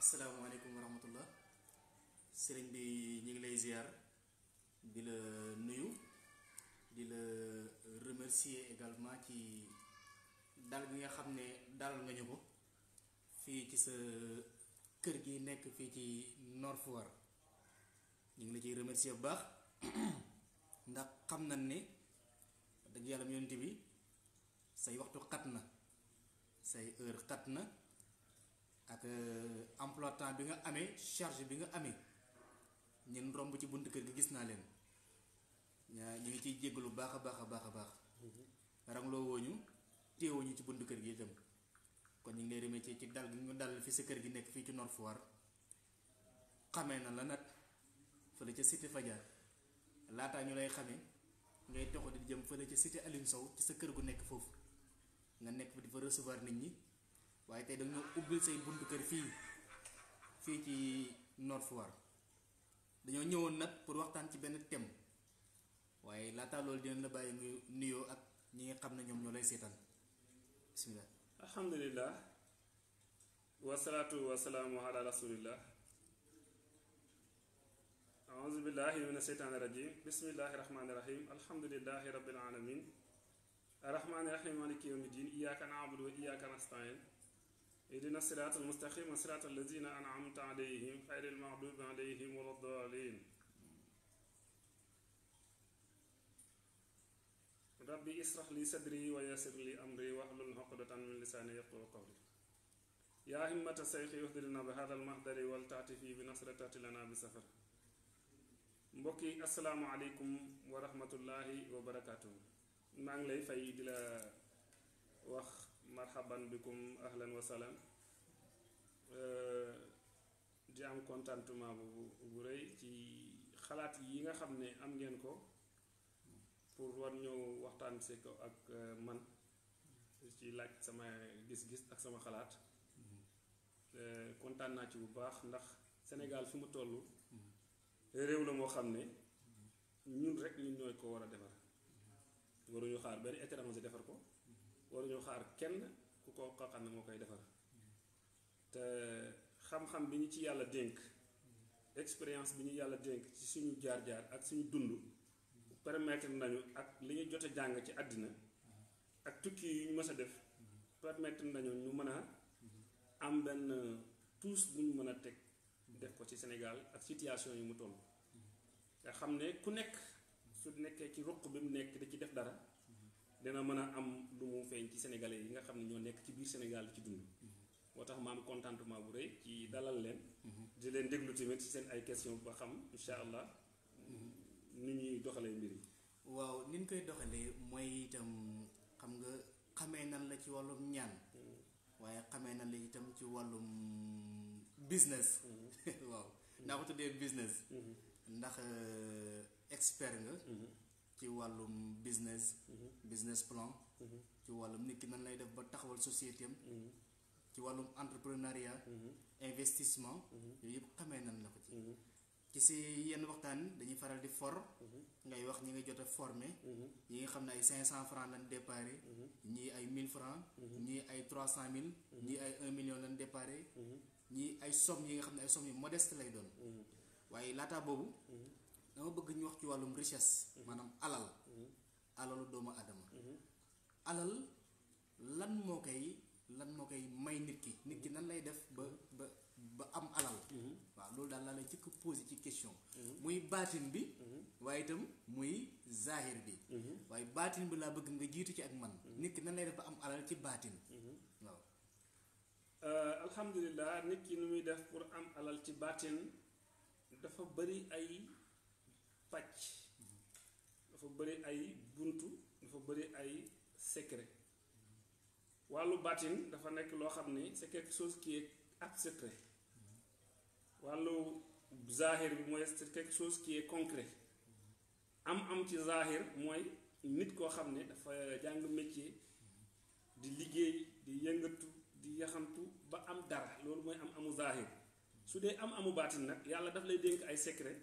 asalaamaaleykum wa rahmatullah sëriñ bi ñu ngi lay ziar di la nuyu di la remercier également ci dal bi nga xam ne dalal nga ñu ko fii ci sa kër gi nekk fii ci Nord Foire ñu ngi la ciy remercier bu baax ndax xam na ne dëgg yàlla yonent bi say waxtu xat na say heure xat na ak euh, emploi bi nga amee charge bi nga amee ñun romb ci buntu kër gi gis naa leen ñu ngi ciy lu baax a baax a baax a baax mm-hmm. rangloo woo ñu téewoo ñu ci buntu kër gi itam kon ñu ngi lay remercier ci dal gi ñu dal fi sa kër gi nekk fii ci Nord Foire xamee na la nag fële ca cité fajar laataa ñu lay xame ngay toxo di jëm fële ca cité alin Sow ci sa kër gu nekk foofu nga nekk fa di fa recevoir nit ñi waaye tey dañoo ubbil say buntu kër fii fii ci Nord Foire dañoo ñëwoon nag pour waxtaan ci benn thème waaye laata loolu dinañ la bàyyi nga nuyoo ak ñi nga xam ne ñoom ñoo lay seetaan bisimilah. alhamdulilah. wasalaatu wasalaamu ala rasulillah. aouzu billahi min aseytaani rajim bismillahi rahmaani rahim alhamdulilahi rabbil alamin arrahmaani rahim maliki yawmi din iyaaka naabudu wa iyaaka nastain ihdina siraat almustaqim siraat alladina anamta alayhim xayri almaxdubi alayhim wala dalin rabbi israx li sadri wa yasir li amri wahlul xoqdatan min lisaani yaqoo qawli yaa himmata sayxi yuxdirna bi hada almaxdari wal taati fii bi nasratati lana bi safar mbokk yi asalaamualeykum wa rahmatullahi wa barakaatu lay fay di la wax marhaban bikum ahlan wa salaam euh, di am contentement bu bu rëy ci xalaat yi nga xam ne am ngeen ko pour war ñëw waxtaan si ko ak euh, man ci laaj sama gis-gis ak sama xalaat euh, kontaan naa ci bu baax ndax Sénégal fi mu toll réew la moo xam ne ñun rek ñun ñooy ko war a defar waruñu xaar benn étranger defar ko waruñoo xaar kenn ku ko xam ne moo koy defar te xam-xam bi ñu ci yàlla dénk expérience bi ñu yàlla dénk ci suñu jaar-jaar ak suñu dund permettre nañu ak li ñu jote jàng ci àddina ak tukki yu ñu mës a def permettre nañu ñu mën a am benn tous bu ñu mën a teg def ko ci Sénégal ak situation yi mu toll nga xam ne ku nekk su nekkee ci ruq bi mu nekk da ci def dara dana mën a am lu mu feeñ ci sénégalais yi nga xam ne ñoo nekk ci biir Sénégal ci dund. moo tax ma am contentement bu rëy ci dalal leen. di leen déglu tamit ci seen ay question ba xam incha allah. ni ñuy doxalee mbir yi. waaw ni koy doxalee mooy itam xam nga xamee nan la ci wàllum ñaan. waaye xamee na la itam ci wàllum business. Mm-hmm. waaw naa ko tuddee business. Mm-hmm. ndax euh, expert nga. Mm-hmm. ci wàllum business. Mhm. business plan. Mhm. ci wàllum nit ki nan lay def ba taxawal société mhm. ci wàllum entrepreneuriat. investissement. yooyu yëpp xamee nan na ko ci. ci si yenn waxtaan dañuy faral di for. ngay wax ñi nga jot a formé. ñi nga xam ne ay 500 francs lañ déparé. ñi ay mille francs. ñii ay 300000. ñii ay 1 million lañ déparé. ñi ay somme yi nga xam ne ay somme yu modeste lay doon. waaye laata boobu. dama bëgg ñu wax ci wàllum richesse. Mhm. maanaam alal. Mhm. alalu doomu adama mhm. alal lan moo koy lan moo koy may nit ki nit ki nan lay def ba ba ba am alal. waaw loolu daal laa lay jëkk posé ci question. muy baatin bi. waaye itam muy zahir bi. waaye baatin bi laa bëgg nga jiitu ci ak man. nit ki nan lay def ba am alal ci baatin. waaw. Euh, alhamdulilah nit ki nu muy def pour am alal ci baatin dafa bari ay. pàcc dafa bëri ay buntu dafa bëri ay secret wàllu baatin dafa nekk loo xam ni c'est quelque chose qui est abstrait wàllu zahir bi mooy c'est quelque chose qui est concret am am ci zahir mooy nit koo xam ne dafa jàng métier di liggéey di yëngatu di yaxantu ba am dara loolu mooy am amu zahir su dee am amu baatin nag yàlla daf lay dénk ay secret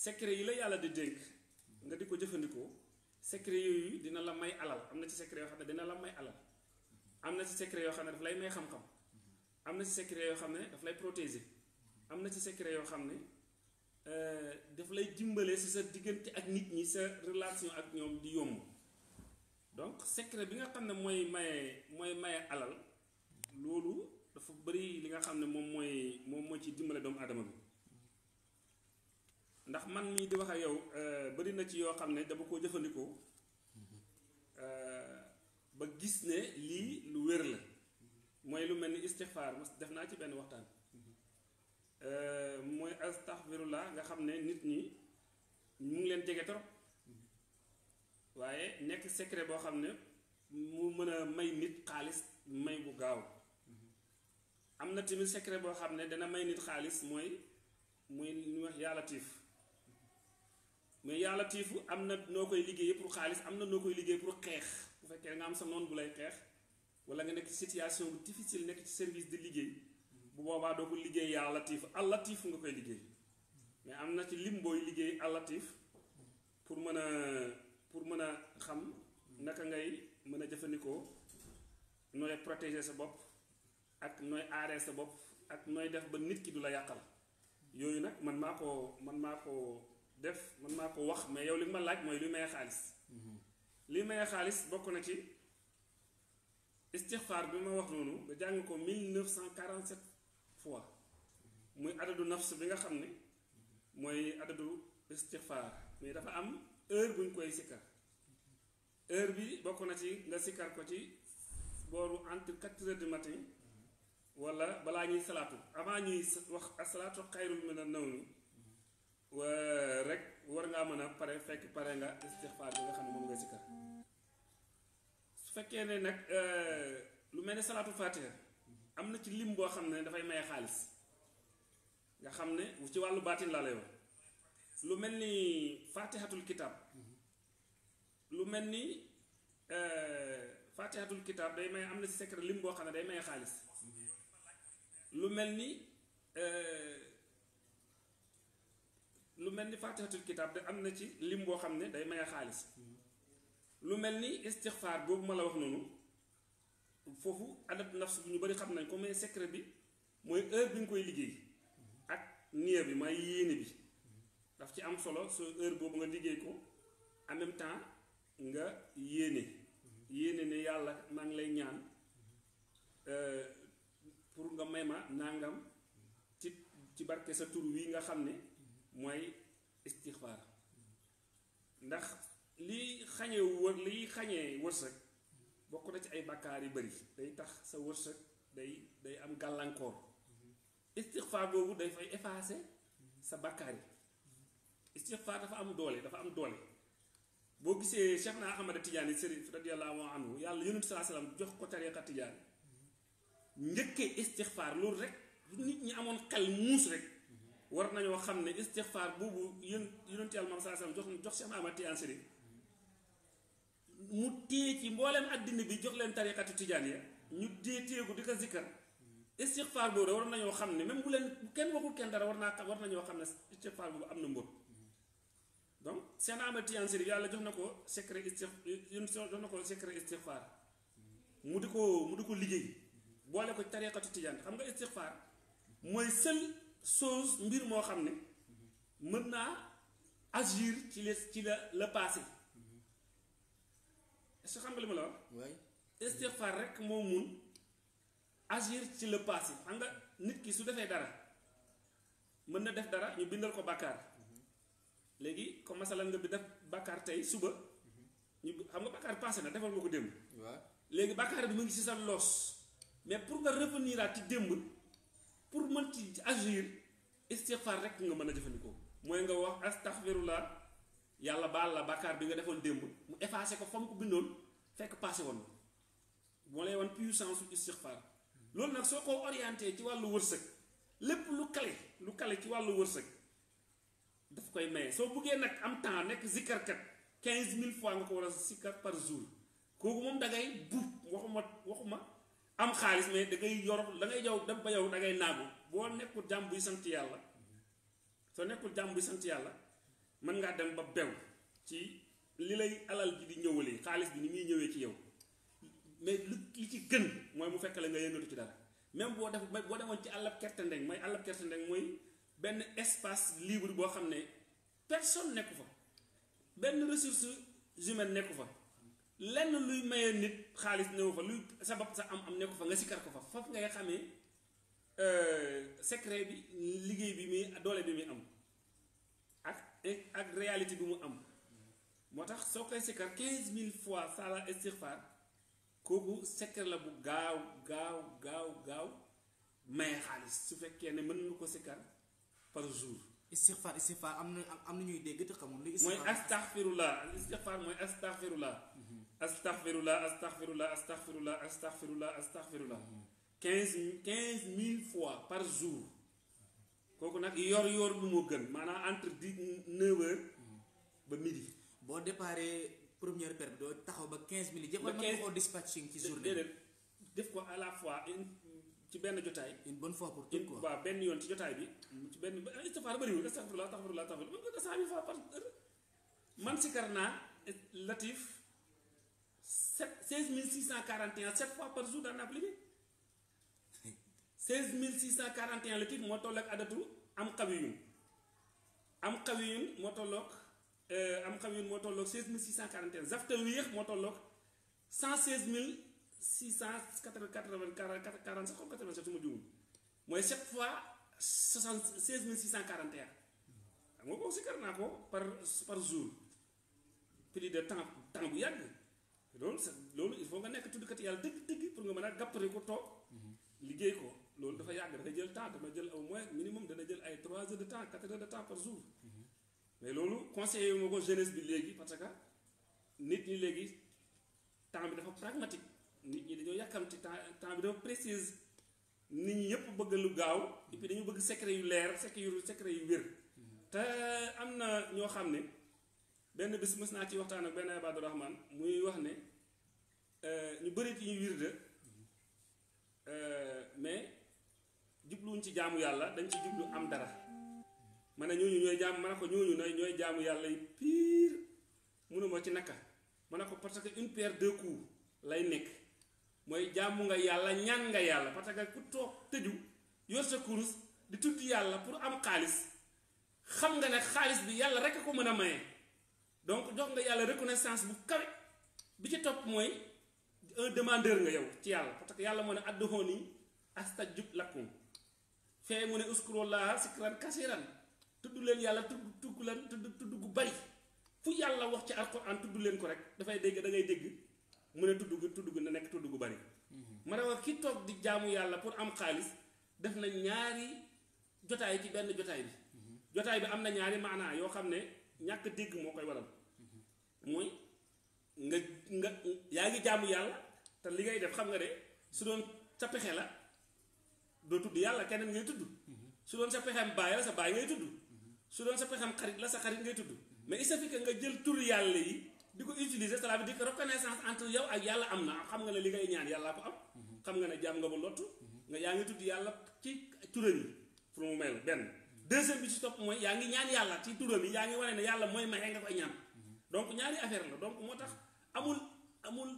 secret yi la yàlla di dénk nga di ko jëfandikoo secret yooyu dina la may alal am na ci secret yoo xam ne dina la may alal am na ci yoo xam ne daf lay may xam-xam am na ci secret yoo xam ne daf lay protéger am na ci secret yoo xam ne euh, daf lay dimbale si sa diggante ak nit ñi sa relation ak ñoom di yomb donc secret bi nga xam ne mooy maye mooy maye alal loolu dafa bëri li nga xam ne moom mooy moom mooy ci dimbale doomu aadama bi ndax man mii di wax ak yow euh, bari na ci yoo xam ne dama ko jëfandikoo euh, ba gis ne lii lu wér la mooy lu mel ni istixfaar def naa ci benn waxtaan euh, mooy astaxfirullah nga xam ne nit ñi mu ngi leen jege trop waaye nekk secret boo xam ne mu mën a may nit xaalis may bu gaaw am na tamit secret boo xam ne dana may nit xaalis mooy muy ñu wax yàlla tiif mais yàlla tiifu am na noo koy liggéeyee pour xaalis am na noo koy liggéey pour xeex bu fekkee nga am sa noon bu lay xeex wala nga nekk ci situation bu difficile nekk ci service di liggéey bu boobaa doo ko liggéey yaa latif al latif nga koy liggéey mais am na ci lim booy liggéey al latif pour mën a pour mën a xam naka ngay mën a jëfandikoo nooy protéger sa bopp ak nooy aaree sa bopp ak nooy def ba nit ki du la yàqal yooyu nag man maa ko man maa ko def man maa ko wax mais yow li ma laaj mooy luy maye xaalis mhm. luy maye xaalis bokk na ci istixfaar bi ma wax noonu nga jàng ko 1947 fois muy adadu nafs bi nga xam ne mooy adadu istixfaar mais dafa am heure buñ koy sikkar heure bi bokk na ci nga sikkar ko ci booru entre 4 heures du matin wala balaa ñuy salaatu avant ñuy wax asalaatu xayrun mina nawmi rek war ngaa mën a pare fekk pare nga istixfaar bi nga xam ne moom nga sikkar su fekkee ne nag euh, lu mel ni salaatu faatiha am na ci lim boo xam ne dafay maye xaalis nga xam ne ci wàllu baatin mel ni faatihatul kitaab lu mel ni faatihatul kitaab euh, day may am na ci secret lim boo xam ne day maye xaalis lu mel ni euh, lu mel ni fatihatul kitaab de am na ci lim boo xam ne day maye xaalis lu mel ni istixfaar boobu ma la wax noonu foofu adab nafs bu ñu bari xam nañ ko mais secret bi mooy heure bi nga koy liggéey ak niya bi may yéene bi daf ci am solo so heure boobu nga liggéey ko en temps nga yéene yéene ne yàlla maa ngi lay ñaan euh, pour nga may ma nangam ci ci barke sa tur wi nga xam ne mooy istixfaar ndax liy xañee wër liy xañee wërsëg bokk na ci ay bàkkaar yu bari day tax sa wërsëg day day am gàllankoor istixfaar boobu day fay effacer sa bàkkaar yi istixfaar dafa am doole dafa am doole boo gisee Cheikh na Ahmada Tidiane Sëriñ radiyallahu anhu yàlla yonent saa salaam jox ko tariqa Tidiane njëkkee istixfaar loolu rek nit ñi amoon xel muus rek war nañoo xam ne istixfaar boobu yéen yonent Yàlla moom saa sallam jox jox si am amati ansari mu téye ci ak addina bi jox leen tariqatu tijaan ya ñu téye téyeku di ko zikkar istixfaar boobu war na nañoo xam ne même bu leen kenn waxul kenn dara war naa war nañoo xam ne istixfaar boobu am na mbóot donc seen amati ansari yàlla jox na ko secret istix yéen jox na ko secret istixfaar mu di ko mu di ko liggéey boole ko tariqatu tijaan xam nga istixfaar mooy chose mbir moo xam ne mën naa agir ci la ci la la passé est-ce que ma la wax. istixfaar rek moo mun agir ci le passé xam nga nit ki su defee dara mën na def dara ñu bindal ko bàkkaar léegi comme masalan nga bi def bàkkaar tey suba ñu xam nga bàkkaar passé na defal nga ko démb. waaw léegi bàkkaar bi mu ngi ci sa loos mais pour nga revenir ci démb. pour mën ci agir istixfaar rek nga mën a jëfandikoo mooy nga wax astaxfirullah yàlla baal la bàkkaar bi nga defoon démb mu effacé ko fa mu ko bindoon fekk passé woon moo lay wan puissance su istixfaar loolu nag soo ko orienté ci wàllu wërsëg lépp lu kale lu kale ci wàllu wërsëg daf koy maye soo buggee nag am temps nekk zikkarkat quinze mille fois nga ko war a zikkar par jour kooku moom dangay buub waxuma waxuma am xaalis mais da ngay dangay da ngay yow dem ba yow da ngay naagu boo nekkul jàmm buy sant yàlla soo nekkul jàmm buy sant yàlla mën ngaa dem ba bew ci li lay alal ji di ñëwalee xaalis bi ni muy ñëwee ci yow mais lu li ci gën mooy mu fekk la nga yëngatu ci dara mais boo def boo demoon ci àllab kerte ndeng mooy àllab kerte ndeng mooy benn espace libre boo xam ne personne nekku fa benn ressource humaine nekku fa lenn luy maye nit xaalis néew fa luy sabab sa am am ne ko fa nga sikkar ko fa foofu ngay xamee euh, secret bi liggéey bi muy doole bi muy am ak ak réalité bi mu am moo tax soo koy sikkar quinze mille fois sala istighfar kooku secret la bu gaaw gaaw gaaw gaaw maye xaalis su fekkee ne mën nga ko sikkar par jour istighfar istighfar am na am na ñuy dégg te xamul lu istighfar mooy astaghfirullah istighfar mooy astaghfirullah astaghfirullah astaghfirullah astaghfirullah astaghfirullah astaghfirullah quinze quinze mille fois par jour kooku nag yor yor bu moo gën maanaa entre dix neuf heures ba midi boo déparé première paire bi doo taxaw ba quinze mille jëpp ba mën koo dispatching ci journée déedéet def ko à fois ci benn jotaay une bonne fois pour tout quoi waaw benn yoon ci jotaay bi ci benn istifaar bëriwul astaghfirullah astaghfirullah astaghfirullah mën ko cent man si kar naa latif 7 16641 7 fois par jour daan naa ko liggéey 16641 le titre moo tolloog adatu am xawiyun am xawiyun moo tolloog euh, am xawiyun moo tolloog 16641 zafta wéex moo tolloog 116684 47 comme 87 su ma juumul mooy 7 fois 60 16641 xam nga boobu si kar naa ko par par jour pris de temps temps bu yàgg. loolu sa loolu il faut nga nekk tuddkat yàlla dëgg-dëgg pour nga mën a gàppari ko toog mhm. liggéey ko loolu dafa yàgg dafa jël temps dafa jël au moins minimum dana jël ay 3 heures de temps 4 heures de temps par jour mhm. mais loolu conseiller yu ma ko jeunesse bi léegi parce que nit ñi léegi temps bi dafa pragmatique nit ñi dañoo yàkkamti temps temps bi dafa précise nit ñi yëpp bëgg lu gaaw et puis dañu bëgg secret yu leer secret yu secret yu wér mhm. te am na ñoo xam ne benn bis mës naa ci waxtaan ak benn Abdou Rahman muy wax ne Euh, ñu bëri ci ñu wirde euh, mais jubluwuñ ci jaamu yàlla dañ ci jublu am dara ma ne ñooñu ñooy jaam ma ne ko ñooñu ñooy jaamu yàlla yi pire mënuma ci naka ma ne ko parce que une pierre deux coups lay nekk mooy jaamu nga yàlla ñaan nga yàlla parce que ku toog tëju yor sa kurus di tudd yàlla pour am xaalis xam nga ne xaalis bi yàlla rek ko mën a maye donc jox nga yàlla reconnaissance bu kawe bi ci topp mooy. un demandeur nga yow ci yàlla parce que yàlla moo ne adduhooni astajib lakum fee mu ne uskurullaha sikran kasiran tudd leen yàlla tudd tudd leen tudd tudd gu bari fu yàlla wax ci alquran tudd leen ko rek dafay dégg da ngay dégg mu ne tudd gu tudd gu na nekk tudd gu bari mm-hmm. ma ne wax ki toog di jaamu yàlla pour am xaalis def na ñaari jotaay ci benn jotaay bi mm-hmm. jotaay bi am na ñaari maanaa yoo xam ne ñàkk dégg moo koy waral mm-hmm. mooy nga nga yaa ngi jàmm yàlla te li ngay def xam nga de su doon sa pexe la doo tudd yàlla keneen ngay tudd su doon sa pexeem baay la sa baay ngay tudd su doon sa pexeem xarit la sa xarit ngay tudd mais il suffit nga jël tur yàlla yi di ko utiliser cela veut dire que reconnaissance entre yow ak yàlla am na xam nga ne li ngay ñaan yàllaa xam nga ne jaam nga ba lottu nga yaa ngi tudd yàlla ci turam yi pour mu mel benn deuxième bi ci topp mooy yaa ngi ñaan yàlla ci turam yi yaa ngi wane ne yàlla mooy maye nga koy ñaan donc ñaari affaire la donc moo tax amul amul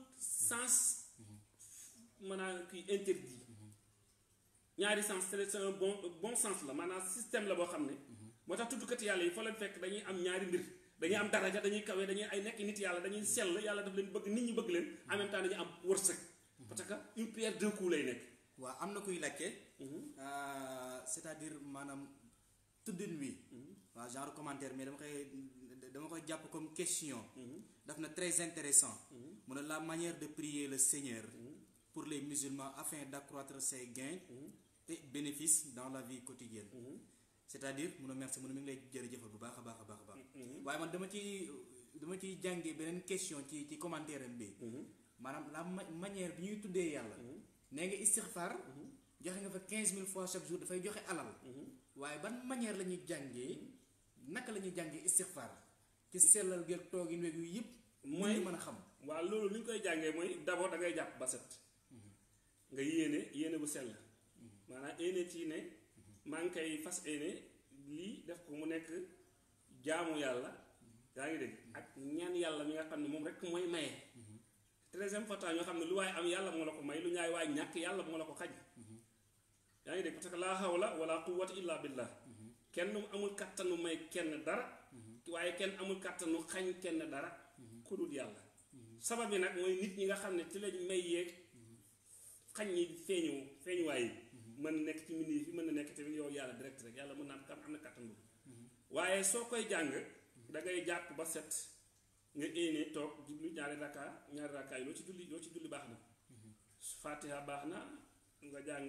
sens maanaam kii interdit ñaari sens c'est un bon bon sens la maanaam système la boo xam ne moo tax tuddkati yàlla yi foo leen fekk dañuy am ñaari mbir dañuy am daraja dañuy kawe dañuy ay nekk nit yàlla dañuy sell yàlla daf leen bëgg nit ñi bëgg leen en même temps dañuy am wërsëg parce que une pierre deux coups lay nekk waa am na kuy lakke mhm. euh, c'est-à-dire maanaam tuddin wi mhm. waaw genre commentaire mais dama koy dama ko jàpp comme question. Mhm. daf na très intéressant mhm. mu ne la manière de prier le Seigneur. Mhm. pour les musulmans afin d'accroître ses gains. et bénéfices dans la vie quotidienne. c'est-à-dire mu ne merci mu ne mi ngi lay jërëjëfal bu baax a baax a baax a baax. man ci dama ciy jàngee beneen question ci ci commentaire am bi. maanaam la manière bi ñuy tuddee yàlla. nee nga istixfaar. joxe nga fa quinze 15000 fois chaque jour dafay joxe alal. waaye ban manière la ñuy jàngee naka la ñuy jàngee istixfaar. ci sellal geeg toogin weeg yu yëpp. mooy mën a xam. waaw loolu li ñu koy jàngee mooy d'abord da ngay jàpp ba set mm-hmm. nga yéene yéene bu sell. Mm-hmm. maanaam yéene ci ne mm-hmm. maa ngi koy fas yéene lii def ko mu nekk jaamu yàlla. yaa ngi dégg ak ñaan yàlla mi nga xam ne moom rek mooy maye très important ñoo xam ne lu waaye am yàlla moo la ko may lu ñaay waay ñàkk yàlla moo la ko xaj yaa ngi dégg parce que la hawla wala quwwata illa billah kenn mu amul kattanu may kenn dara waaye kenn amul kàttanu xañ kenn dara ku dul yàlla sabab bi nag mooy nit ñi nga xam ne ci lañ may yéeg xañ ñi feeñu feeñuwaay yi mën na nekk ci yi fi mën na nekk tamit yow yàlla direct rek yàlla mën naa am am na kàttan bu waaye soo koy jàng dangay jàpp ba set nga éenee toog jublu ñaari rakka ñaari rakka yi loo ci julli loo ci julli baax na fatiha baax na nga jàng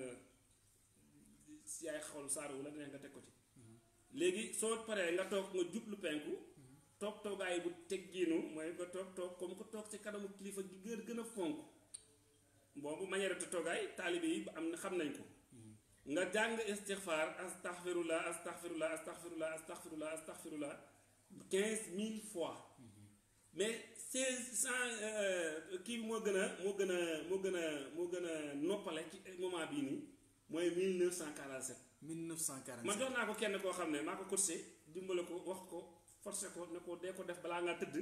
yaay xawlu saaru la neex nga teg ko ci léegi soo paree nga toog nga jublu penku toog toogaay bu teggiinu mooy nga toog toog comme ko toog ci kanamu kilifa gi gër gën a fonk boobu manière te toogaay taalibe yi am na xam nañ ko nga jàng istixfaar astaxfirullah astaxfirullah astaxfirullah astaxfirullah astaxfirullah quinze mille fois mais seize cent euh, kii bi moo gën a moo gën a moo gën a moo gën a noppale ci moment bii nii mooy mille neuf cent quarante 1940 man jox naa ko kenn koo xam ne maa ko cotisé dimbale ko wax ko forcé ko ne ko dee ko def balaa ngaa tëdd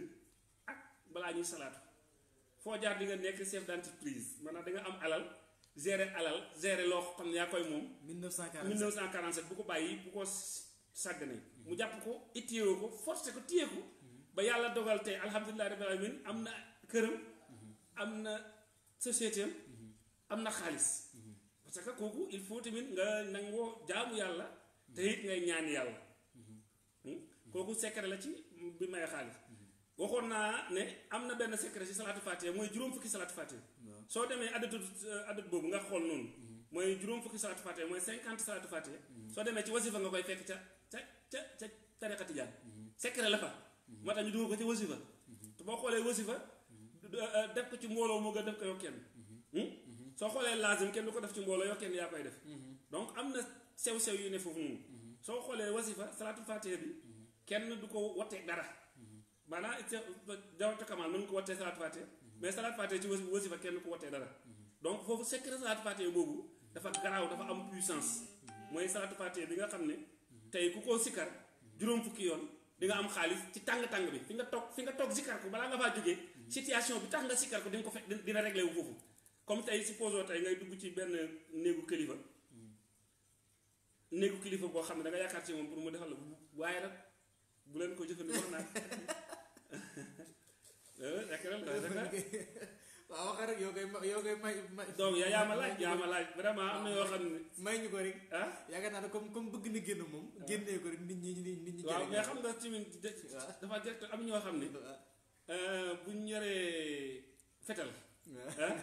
ak balaa ñuy salaatu foo jaar di nga nekk chef d'entreprise maanaam da nga am alal gérer alal gérer loo xam ne yaa koy moom. 1947 1947 bu ko bàyyi bu ko sàgganee. mu jàpp ko itteewoo ko forcé ko téye ko. Mm-hmm. ba yàlla dogal tey alhamdulilah rabbil alamin am na këram. Mm-hmm. am na société am mm-hmm. na xaalis. parce que kooku il faut tamit nga nangoo jaamu yàlla te ngay ñaan yàlla hmm? kooku secret la ci bi may xaalis waxoon naa ne am na benn secret ci salaatu fatiha mooy juróom fukki salaatu fatiha soo demee addatu addatu boobu nga xool noonu hmm. mooy juróom fukki salaatu fatiha mooy cinquante salaatu fatiha hmm. soo demee ci wasifa nga koy fekk ca ca ca ca tariqa tijaan secret la fa moo tax ñu dugal ko ci wasifa te boo xoolee wasifa euh, def ko ci mbooloo moo gën def ko yow soo xoolee laazim kenn du ko def ci mbooloo yoo kenn yaa koy def mhm. donc am na sew-sew yu ne foofu noonu mhm. soo xoolee wasifa salaatul faatiha bi mhm. kenn du ko watee dara maanaam jawatu kamal mën ko watee salaatul faatiha mais salaatul faatiha ci wasifa kenn du ko watee dara donc foofu secret salaatul faatiha boobu dafa garaaw dafa am puissance mooy salaatul faatiha bi nga xam ne tey ku ko sikkar juróom fukki yoon di nga am xaalis ci tàng-tàng bi fi nga toog fi nga toog sikkar ko balaa nga faa jógee situation bi tax nga sikkar ko di nga ko comme tey supposons tey ngay dugg ci benn néegu kilifa néegu kilifa boo xam ne da nga yaakaar ci moom pour mu defal la waaye nag bu leen ko jëfandikoo wax naa eh, waaw wax rek yow kay yow kay may may. yaa ma laaj yaa ma laaj vraiment am na yoo xam ne. may ñu ko rek. ah yaakaar naa ne comme comme bëgg na génn moom. Ah. génnee ko rek nit ñi nit ñi. waaw mais xam nga tamit dafa direct am ñoo xam ne. Euh, bu ñu yoree fetal. ah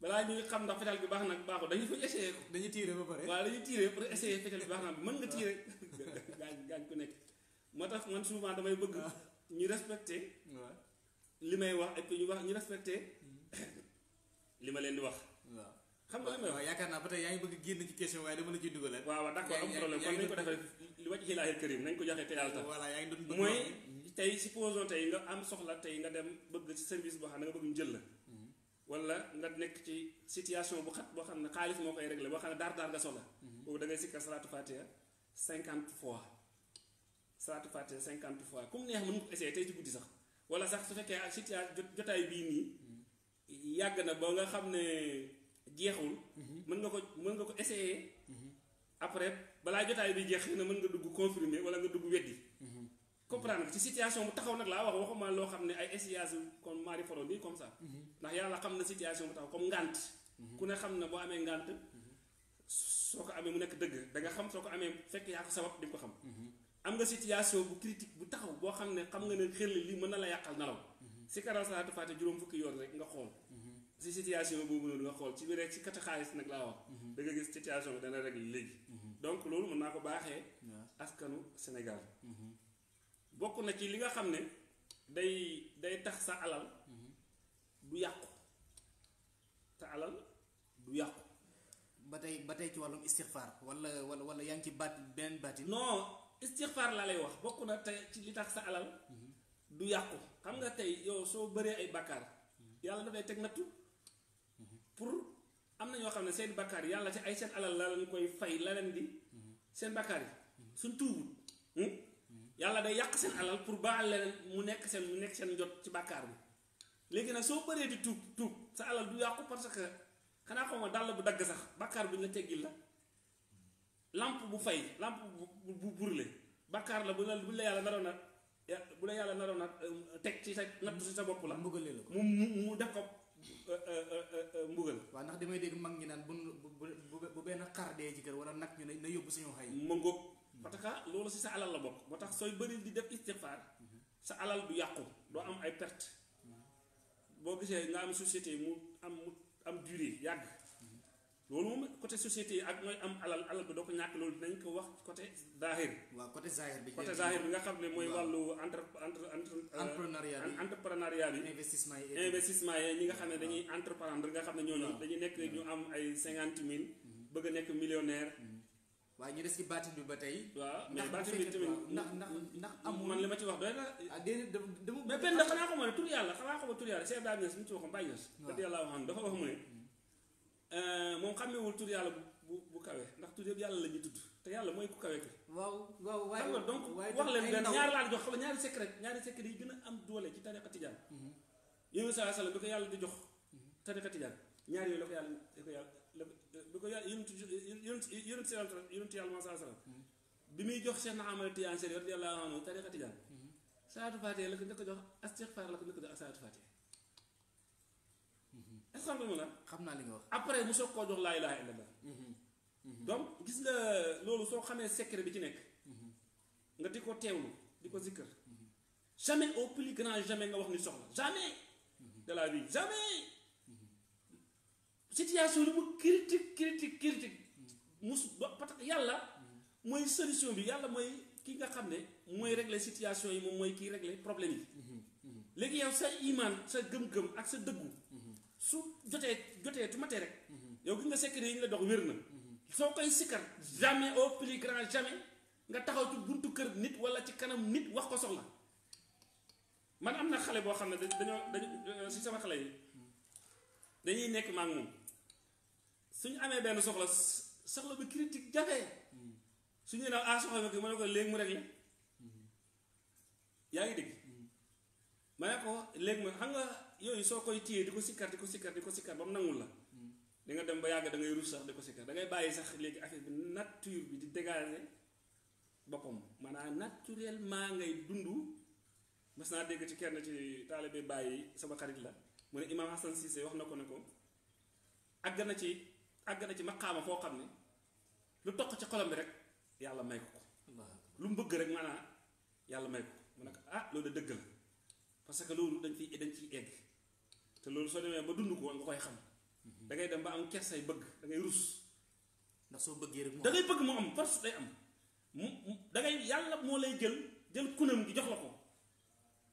balaa ñuy xam ndax fetal bi baax nag baaxul dañuy fa essayer ko. dañuy tiire ba pare. waaw dañuy tiire pour essayer fetal bi baax na mën nga tiire gaañ gaañ ku nekk. moo tax man souvent damay bëgg. Ah. ñu respecté. li may wax et puis ñu wax ñu respecté mm-hmm. li ma leen di wax. waaw xam nga li may wax yaakaar naa ba tey yaa ngi bëgg génn ci la yaa ngi doon mooy tey supposons tey nga am soxla tey nga dem bëgg ci service boo xam ne nga bëgg ñu jël la wala nga nekk ci situation bu xat boo xam ne xaalis moo koy réglé boo xam ne daar daar nga soxla. boobu da ngay sikkar salaatu cinquante fois salaatu fatiha cinquante fois comme neex mën nga ko essayé tey ci guddi sax wala sax su fekkee ak situation jotaay bii nii yàgg na ba nga xam ne jeexul. mën nga ko mën nga ko essayé. Mhm. après balaa jotaay bi jeex na mën nga dugg confirmé wala nga dugg weddi. comprendre nga ci situation bu taxaw nag laa wax waxuma loo xam ne ay essayage comme mari foro nii comme ça. ndax yàlla xam na situation bu taxaw comme ngànt ku ne xam na boo amee ngànt soo ko amee mu nekk dëgg da nga xam soo ko amee fekk yaa ko sabab di nga ko xam. am nga situation bu critique bu taxaw boo xam ne xam nga ne xel li mën na la yàqal nelaw. si karal salaatu faate juróom fukki yoon rek nga xool. si situation boobu noonu nga xool ci biir rek ci kati xaalis nag laa wax. da nga gis situation bi dana régler léegi. donc loolu mën naa ko baaxee. askanu Sénégal. bokk na ci li nga xam ne day day tax sa alal du yàqu sa alal du yàqu ba tey ba tey ci wàllum istixfaar wala wala wala yaa ngi ci baat beneen baati noon istixfaar laa lay wax bokk na tey ci li tax sa alal du yàqu xam nga tey yow soo bëree ay bakkaar yàlla dafay teg nattu pour am na ñoo xam ne seen bakkaar yàlla ci ay seen alal la ñu koy fay la leen di seen bakkaar yi suñ tuubut hmm? yàlla day yàq seen alal pour baaxal leen mu nekk seen mu nekk seen njot ci bàkkaar bi léegi nag soo bëree di tuub tuub sa alal du yàqu parce que xanaa xaw ma dàll bu dagg sax bàkkaar bu ñu la teggil la làmp bu fay làmp bu bu brûlé bàkkaar la bu la bu la yàlla naroon a bu la yàlla naroon a euh, teg ci sa natt ci sa bopp la. mbugalee la ko mu mu mu def ko euh, euh, mbugal. waaw ndax damay dégg mag ñi naan bu bu bu benn xar dee ci kër wala nag ñu ne na yóbbu suñu xay. mu ngoog. parce que loolu si sa alal la bokk moo tax sooy bëri di def istixfaar sa alal du yàqu doo am ay perte boo gisee nga am société mu am mu am durée yàgg loolu moom côté société yi ak mooy am alal alal bi doo ko ñàkk loolu dinañ ko wax côté zahir. waaw côté zahir bi. côté zahir bi nga xam ne mooy wàllu entre entre euh, entrepreneuriat bi entrepreneuriat bi. investissement yi investissement yi ñi nga xam ne dañuy entreprendre nga xam ne ñooñu. dañuy nekk ñu am ay cinquante mille. Mhm. bëgg a nekk millionnaire. Mhm. waaye ñu des ci baatin bi ba tey. waaw mais baatin bi tamit ndax ndax ndax amul man li ma ci wax doy na. ah déedéet dama dama. mais benn xanaa ko ma tur yàlla xanaa ko ma tur yàlla Cheikh Daara suñu ci waxoon bàyyi na. yàlla waxoon dafa wax mu ne hmm. euh, moom xàmmewul tur yàlla bu bu kawe ndax tur yëpp yàlla la ñuy tudd te yàlla mooy ku kawe ki. waaw waaw waaye xam nga donc wax leen benn ñaari laa jox xam nga ñaari secret ñaari secret yi gën a am doole ci tariqa tijaan. yéen a saa yàlla bi ko yàlla di jox hmm. tariqa tijaan ñaari yooyu la ko yàlla bi ko yàlla yonent yonent si yonent yàlla moom saa bi muy jox Cheikh na Ahmad Tijaan Chérif radiyallaahu anhu tariqa Tijaan salaatu faatiha la ko njëkk a jox astixfaar la ko njëkk a jox ak salaatu faatiha est-ce que mu la xam naa li nga wax après mu soog koo jox laa ilaaha illallaah mm-hmm. donc gis nga loolu soo xamee secret bi ci nekk mm-hmm. nga di ko teewlu di ko zikkër mm-hmm. jamais au plus grand jamais nga wax ni soxla jamais de la vie jamais situation li mu critique critique critique mus ba parce que yàlla mooy solution bi yàlla mooy kii nga xam ne mooy régler situation yi moom mooy kii régler problème yi mhm, mhm. léegi yow sa imaan sa gëm-gëm ak sa dëggu mhm. su jotee jotee tu matee rek yow gi nga secret yi ñu dox wér na soo koy sikkar jamais au plus grand jamais nga taxaw ci buntu kër nit walla ci kanam nit wax ko soxla man am na xale boo xam ne dañoo dañu si sama xale yi dañuy nekk maa ngi suñu amee benn soxla soxla bi critique jafe suñu ne ah soxla bi mu ne ko léegi mu réglé yaa ngi dégg ma ne ko léegi ma xam nga yooyu soo koy téye di ko sikkar di ko sikkar di ko sikkar ba mu nangul la di dem ba yàgg da ngay ruus sax di ko da ngay bàyyi sax léegi affaire bi nature bi di dégager boppam maanaam naturellement ngay dund mas naa dégg ci kenn ci taalibe bàyyi sama xarit la mu ne Imam Hassan Cissé wax na ko ne ko àgg na ci. àgg na ci maqaama foo xam ne lu toq ci xolam bi rek yàlla may ko ko lu mu bëgg rek maanaam yàlla may ko mu na ko ah loolu dëgg la parce que loolu dañ ciy dañ ciy egg te loolu soo demee ba dund ko nga koy xam da ngay dem ba am kersay bëgg da ngay rus ndax soo bëggee rek da ngay bëgg mu am force day am mu da ngay yàlla moo lay jël jël kunam gi jox la ko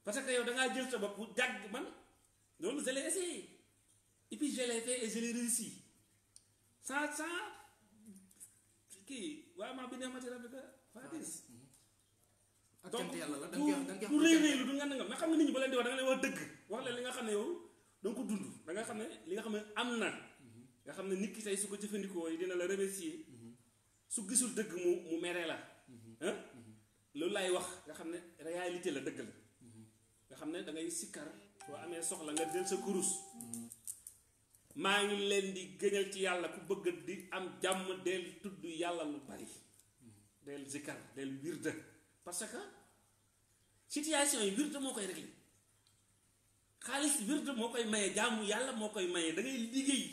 parce que yow da ngaa jël sa bopp jàgg man loolu je l'ai essayé et réussi sans sans kii waaye maa bi neex ma ci rafet fatis donc du rëy rëy lu du nga nangam nga xam ne nit ñi ba leen di wax da nga leen wax dëgg wax leen li nga xam ne yow danga ko dund da nga xam ne li nga xam ne am na mhm. nga xam ne nit ki tey su ko jëfandikoo yi dina la remercier mhm. su gisul dëgg mu mu meree la mhm. loolu laay wax nga xam ne réalité la dëgg la nga xam ne da ngay sikkar soo amee soxla nga jël sa kurus maa ngi leen di gëñal ci yàlla ku bëgg di am jàmm del tudd yàlla lu bari del zikar del wirda parce que situation yi wirda moo koy réglé xaalis wirda moo koy maye jàmm yàlla moo koy maye da ngay liggéey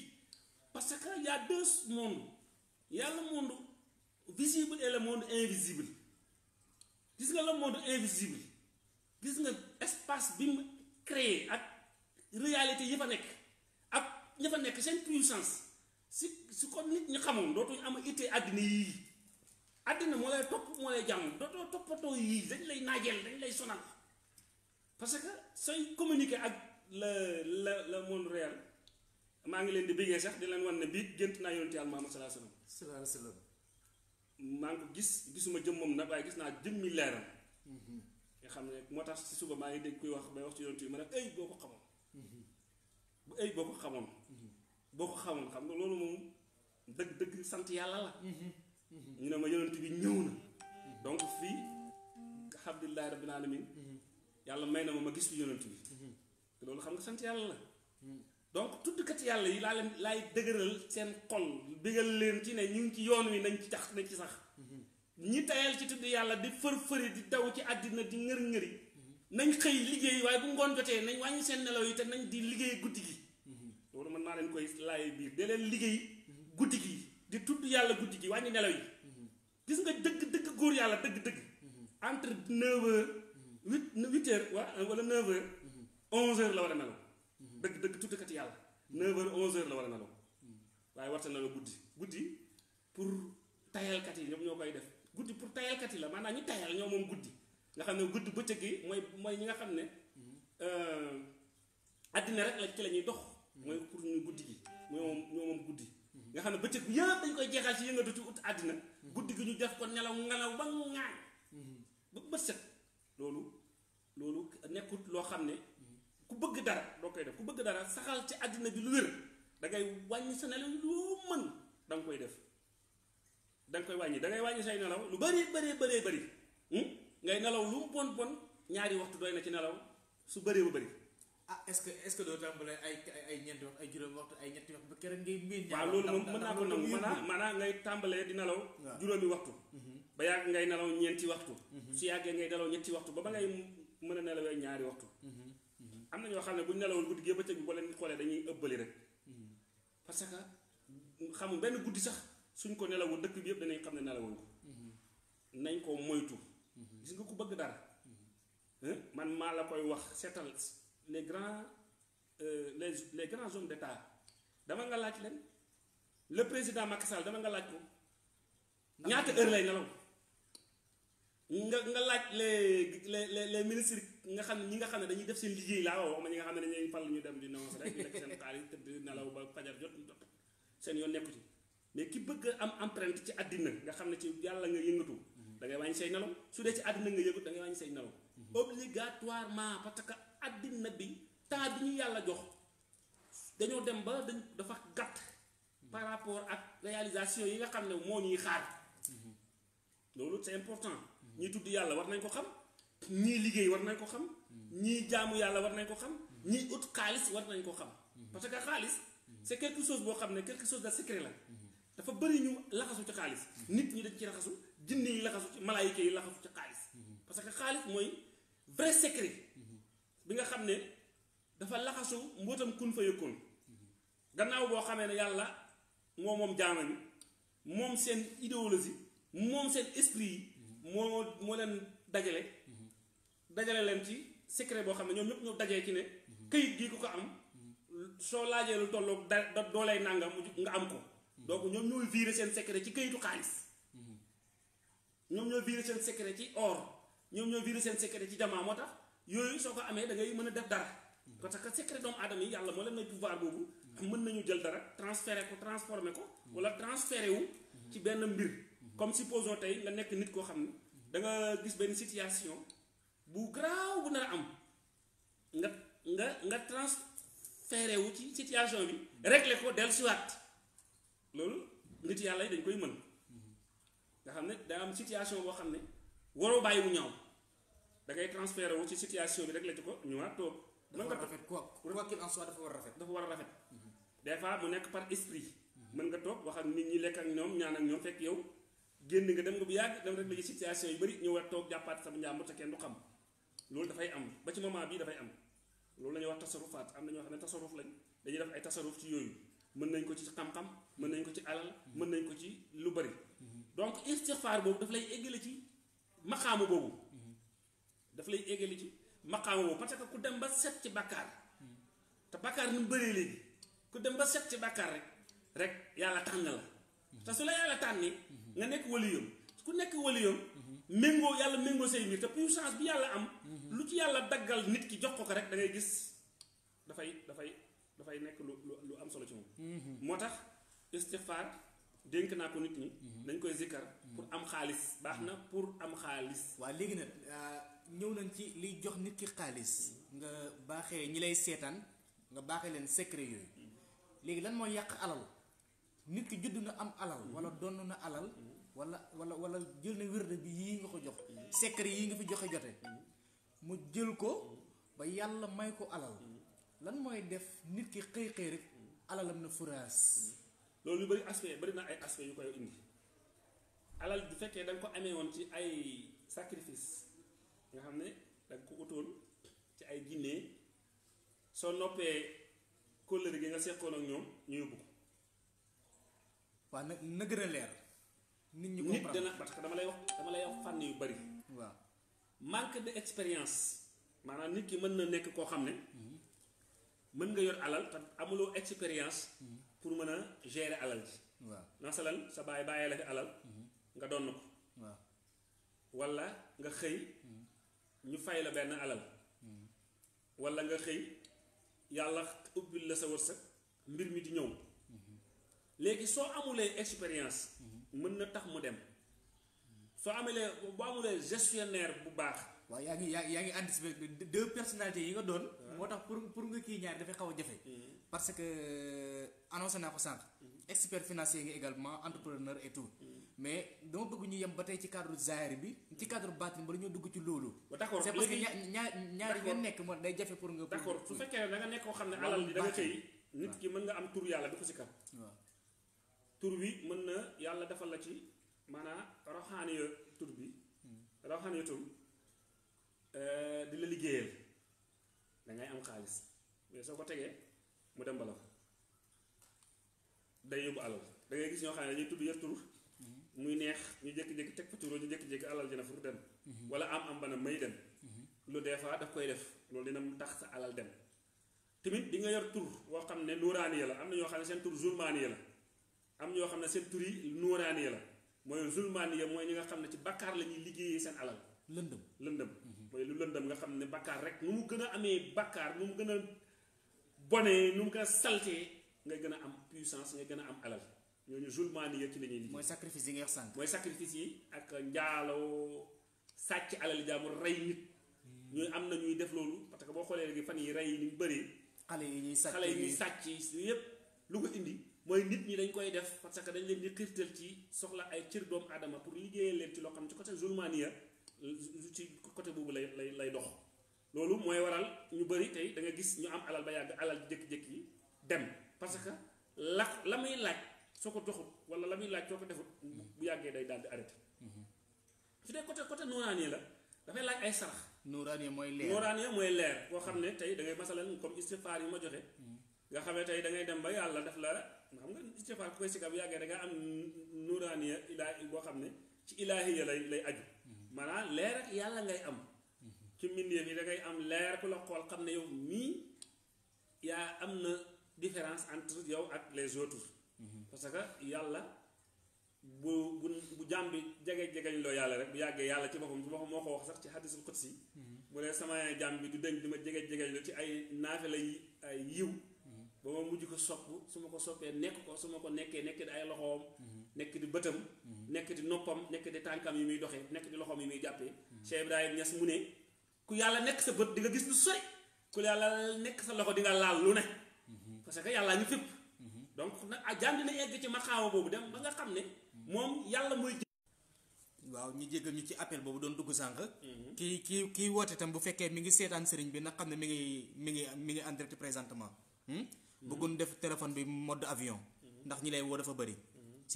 parce que y a deux mondes yàlla monde visible et le monde invisible gis nga le monde invisible gis nga espace bi mu créé ak réalité yi fa nekk ña fa nekk seen puissance si si ko nit ñi xamoon dootuñu am ittee àddina yii àddina moo lay topp moo lay jàmm dootoo toppatoo yii dañ lay naajeel dañ lay sonal parce que sooy communiquer ak la la le monde réel maa ngi leen di bëggee sax di leen wan ne bii gént naa yonent Yàlla Muhammad sallallahu alayhi maa ngi ko gis gisuma moom nag waaye gis naa jëmmi leeram mm-hmm. nga xam ne moo tax si suba maa ngi dégg kuy wax bay wax ci yonent yi ma ne ay boo ko xamoon bu mm-hmm. boo ko boo ko xamul xam nga loolu moom dëgg dëgg sant yàlla la mhm. Mhm. ñu ne ma yonent bi ñëw na mhm. donc fii alhamdulilahi rabbil alamin yàlla may na ma ma gis fi yonent bi loolu xam nga sant yàlla la donc tuddkat yàlla yi laa leen laay dëgëral seen xol bégal leen ci ne ñu ngi ci yoon wi nañ ci tax nañ ci sax ñi tayal ci tudd yàlla di fër-fëri di daw ci àddina di ngër-ngëri nañ xëy liggéey waaye bu ngoon jotee nañ wàññi seen nelaw yi te nañ di liggéey guddi gi maa leen koy laay biir de leen liggéey guddi gi di tudd yàlla guddi gi wàññi nelaw yi gis nga dëgg dëgg góor yàlla dëgg dëgg entre neuf heures huit huit heures wala neuf heures onze heures la war a nelaw dëgg dëgg tuddkat yàlla neuf onze heures la war a nelaw waaye warta nelaw guddi guddi pour tayalkat yi ñoom ñoo koy def guddi pour tayalkat yi la maanaam ñu tayal ñoo moom guddi nga xam ne guddi bëccëg gi mooy mooy ñi nga xam ne euh, àddina rek la ci la ñuy dox mooy pour ñu guddi gi mooy moom moom guddi nga xam ne bëccëg bi yëpp dañ koy jeexal ci yëngatu ci ut àddina guddi gi ñu def ko nelaw ngelaw ba ŋaañ ba bët set loolu loolu nekkut loo xam ne ku bëgg dara doo koy def ku bëgg dara saxal ci àddina bi lu wér da ngay wàññi sa nelaw loo mën da koy def da koy wàññi da ngay wàññi say nelaw lu bëree bëree bëree bëri hmm? ngay nelaw lu mu bon bon ñaari waxtu doy na ci nelaw su bëree ba bëri ah est-ce que est-ce que doo tàmbalee ay ay ñeenti waxtu ay juróomi waxtu ay ñetti waxtu ba ko nangu maanaam maanaam ngay tàmbalee di nelaw. Mhm. yàgg ngay nelaw ñeenti waxtu. Mhm. su yàggee ngay nelaw ñetti waxtu ba ba ngay mën a nelawee ñaari waxtu. Mhm. am na ñoo xam ne bu ñu nelawul guddi gi bëccëg bi boo leen xoolee dañuy ëbbali rek. parce que xamu benn guddi sax suñ ko nelawul dëkk bi yëpp danañ xam ne nelawul ko. nañ ko moytu. gis nga ku bëgg dara. man maa la koy wax seetal le grands euh, les les grands hommes d'État dama nga laaj leen le président Macky Sall dama nga laaj ko. ñaata heure lay nelaw. nga nga laaj les les les ministres nga xam ne ñi nga xam ne dañuy def seen liggéey laa wax ma ñi nga xam ne dañuy fal ñu dem di nonce nelaw ba fajar jot jot seen yoon nekku ci mais ki bëgg am am prent ci àddina nga xam ne ci yàlla nga yëngatu. da ngay wàññi say nelaw su dee ci àddina nga yëngu da ngay wàññi say nelaw. Mhm. obligatoirement parce que àddina bi temps bi ñu yàlla jox dañoo dem ba dañ dafa gàtt mhm. par rapport ak réalisation yi nga xam ne moo ñuy xaar mhm. loolu c'est important ñi tudd yàlla war nañ ko xam ñii liggéey war nañ ko xam ñii jaamu yàlla war nañ ko xam ñii ut xaalis war nañ ko xam parce que xaalis c'est quelque chose boo xam ne quelque chose de secret la dafa bëri ñu laxasu ci xaalis nit ñi dañ ci raxasu jinne yi laxasu ci malaayika yi laxasu ci xaalis parce que vrai secret bi nga xam ne dafa laxasu mbootam kun fa yëkkoon gannaaw boo xamee ne yàlla moo moom jaama ñi moom seen idéologie moom seen esprit yi moo moo leen dajale dajale leen ci secret boo xam ne ñoom ñëpp ñoo dajee ci ne këyit gii ku ko am soo laajee lu tolloog da doolay nangam nga am ko donc ñoom ñooy viré seen secret ci kayitu xaalis ñoom ñooy viré seen secret ci or ñoom ñoo viré seen secret ci jamaa moo tax yooyu soo ko amee da ngay mën a def dara parce que secret doomu aadama yi yàlla moo leen may pouvoir boobu mën nañu jël dara transféré ko transformé ko wala transféré wu ci benn mbir comme supposons tey nga nekk nit koo xam ne da nga gis benn situation bu garaaw bu nar am nga nga nga transféré wu ci situation bi réglé ko dellusiwaat loolu nit yàlla yi dañ koy mën nga xam ne daa am situation boo xam ne waroo bàyyi mu ñaaw da ngay transféré wu ci situation bi rek la ci ko ñëwaat toog. a rafet quoi quoi rafet. dafa war a rafet mhm. des fois mu nekk par esprit. Mhm. mën nga toog wax ak nit ñi lekk ak ñoom ñaan ak ñoom fekk yow génn nga dem nga bu yàgg dem rek la ci situation yu bëri ñëwaat toog jàppaat sama njàmbur te kenn du xam loolu dafay am ba ci moment bii dafay am loolu la ñuy wax tasarufaat am na ñoo xam ne tasaruf lañ dañu def ay tasaruf ci yooyu mën nañ ko ci xam-xam mën nañ ko ci alal mhm. mën nañ ko ci lu bëri donc istixfaar boobu daf lay éggale ci maqaamu boobu daf lay égali ci maqaamu boobu parce ku dem ba set ci bàkkaar te bàkkaar nu mu bëree léegi ku dem ba set ci bàkkaar rek rek yàlla tànn la te su la yàlla tànnee nga nekk waliyam ku nekk waliyam méngoo yàlla méngoo say mbir te puissance bi yàlla am lu ci yàlla daggal nit ki jox ko ko rek da ngay gis dafay dafay dafay nekk lu lu am solo ci moom mhm. moo tax istifaar dénk naa ko nit ñi mhm. dañ koy zikkar pour am xaalis baax na pour am xaalis. waaw léegi nag euh, ñëw nañ ci liy jox nit ki xaalis. nga baaxee ñi lay seetaan nga baaxe leen secret yooyu. léegi lan mooy yàq alal nit ki judd na am alal. wala donn na alal. wala wala wala jël na wérde bi yii nga ko jox. secret yii nga fi joxe jote. mu jël ko ba yàlla may ko alal. lan mooy def nit ki xëy xëy rek alalam na furaas. loolu yu bëri aspect bëri na ay aspect yu koy indi. alal bu fekkee da ko amee woon ci ay sacrifice nga xam ne da nga ko utoon ci ay jinne soo noppee kóllëre gi nga seqoon ak ñoom ñu yóbbu ko. waaw nag na gën a leer. nit ñi comprendre nit parce que dama lay wax dama lay wax fànn yu bari. waaw manque de expérience maanaam nit ki mën na nekk koo xam ne. mën nga yor alal te amuloo expérience. Mm-hmm. pour mën a gérer alal ji. waaw nasalan sa baay bàyyee la fi alal. Mm-hmm. nga donn ko waaw walla nga xëy hmm. ñu fay la benn alal hmm. walla nga xëy yàlla ubbil la sa wërsëg mbir mi di ñëw hmm. léegi soo amulee expérience mën na tax mu dem soo amulee bu amulee gestionnaire bu baax waaw yaa ngi yaa ngi anticipé deux personnalités yi nga doon moo tax pour pour nga kii ñaar dafay xaw a jafe parce que euh, annoncé naa ko sànq expert financier nga également entrepreneur et tout mais dama bëgg ñu yem ba tey ci cadre zaahir bi ci cadre baatin ba ñoo dugg ci loolu. d'accord c'est parce que ñaar ñaar yi nga nekk moom day jafe pour nga. d'accord su fekkee ne nekk koo xam ne alal bi da nga nit ki mën nga am tur yàlla di ko si kam waaw tur wi mën na yàlla defal la ci maanaam roxaaniya tur bi hmm. roxaaniya tur euh, di la liggéeyal da ngay am xaalis mais soo ko tegee mu dem bala ko day yóbbu alal da ngay gis ñoo xam ne dañuy tudd yëpp tur muy neex ñu jékki-jékki teg fa tuuroo ñu jékki-jékki alal jana fur dem mhm. wala am am bana may dem mhm. lu des fois daf koy def loolu dina tax sa alal dem tamit di nga yor tur boo xam ne nuuraani ya la am na ñoo xam ne seen tur zulmaani ya la am ñoo xam ne seen tur yi nuuraani ya la mooy zulmaani ya mooy ñi nga xam ne ci bakkaar la ñuy liggéeyee seen alal lëndëm lëndëm mhm. mooy lu lëndëm nga xam ne bakkaar rek nu mu gën a amee bakkaar nu mu gën a bonee nu mu gën a saltee nga gën a am puissance nga gën a am alal ñooñu zulmaani ya ci la ñuy mooy sacrifice yi nga wax sànq. mooy sacrifice yi ak njaaloo sàcc alal jaamur rey nit. Hmm. ñooñu am na ñuy def loolu parce que boo xoolee léegi fan yi rey yi ni mu bëree. xale yi ñuy sàcc yi ñuy sàcc yëpp lu ko indi. mooy nit ñi dañ koy def parce que dañ leen di xiirtal ci soxla ay cër doomu aadama pour liggéeyal leen ci loo xam ci côté zulmaani ya ci côté boobu lay lay lay dox. loolu mooy waral ñu bëri tey da nga gis ñu am alal ba yàgg alal jékki-jékki yi dem parce que la la muy laaj. soo ko joxut wala la muy laaj soo ko defut bu yàggee day daal di arrêté su dee côté côté nooraanee la dafay laaj ay sarax nooraanee mooy leer nooraanee mooy leer koo xam ne tey da ngay masalan comme istifaar yi ma joxe hmm. nga xam ne dangay dem ba yàlla def la xam nga istifaar ku koy sikka bu yàggee da am nooraanee ilaa boo xam ne ci ilaahiya lay lay aju hmm. maanaam leer ak yàlla ngay am hmm. ci mbindeef yi da ngay am leer ku la xool xam ne yow mii yaa am na différence entre yow ak les autres parce que yàlla bu bu bu jaam bi jegeñ loo yàlla rek bu yàggee yàlla ci boppam ci moo ko wax sax ci xaddisul qudsi mu mhm. ne sama jaam bi du denc di ma jege jegeñ loo ci ay naafila la yiw mhm. ba ma mujj ko sopp su ma ko soppee nekk ko su ma ko nekkee nekk di ay loxoom mhm. nekk di bëtam nekk di noppam nekk di tànkam yi muy doxee nekk di loxoom yi muy jàppee Cheikh Ibrahima Niass mu ne ku yàlla nekk sa bët di nga gis lu sori ku yàlla nekk sa loxo di nga laal lu ne parce que yàlla ñu fépp donc nag ah, jaam dina egg ci maxaawa boobu dem ba nga xam ne moom yàlla mooy waaw ñu jéggal ñu ci appel boobu doon dugg sànq. Mhm. kii kii kii woote itam bu fekkee mi ngi seetaan sëriñ bi na xam ne mi ngi mi ngi mi ngi en direct présentement. Hmm? Mhm. bëggoon def téléphone bi mode avion. Mhm. ndax ñi lay woo dafa bëri.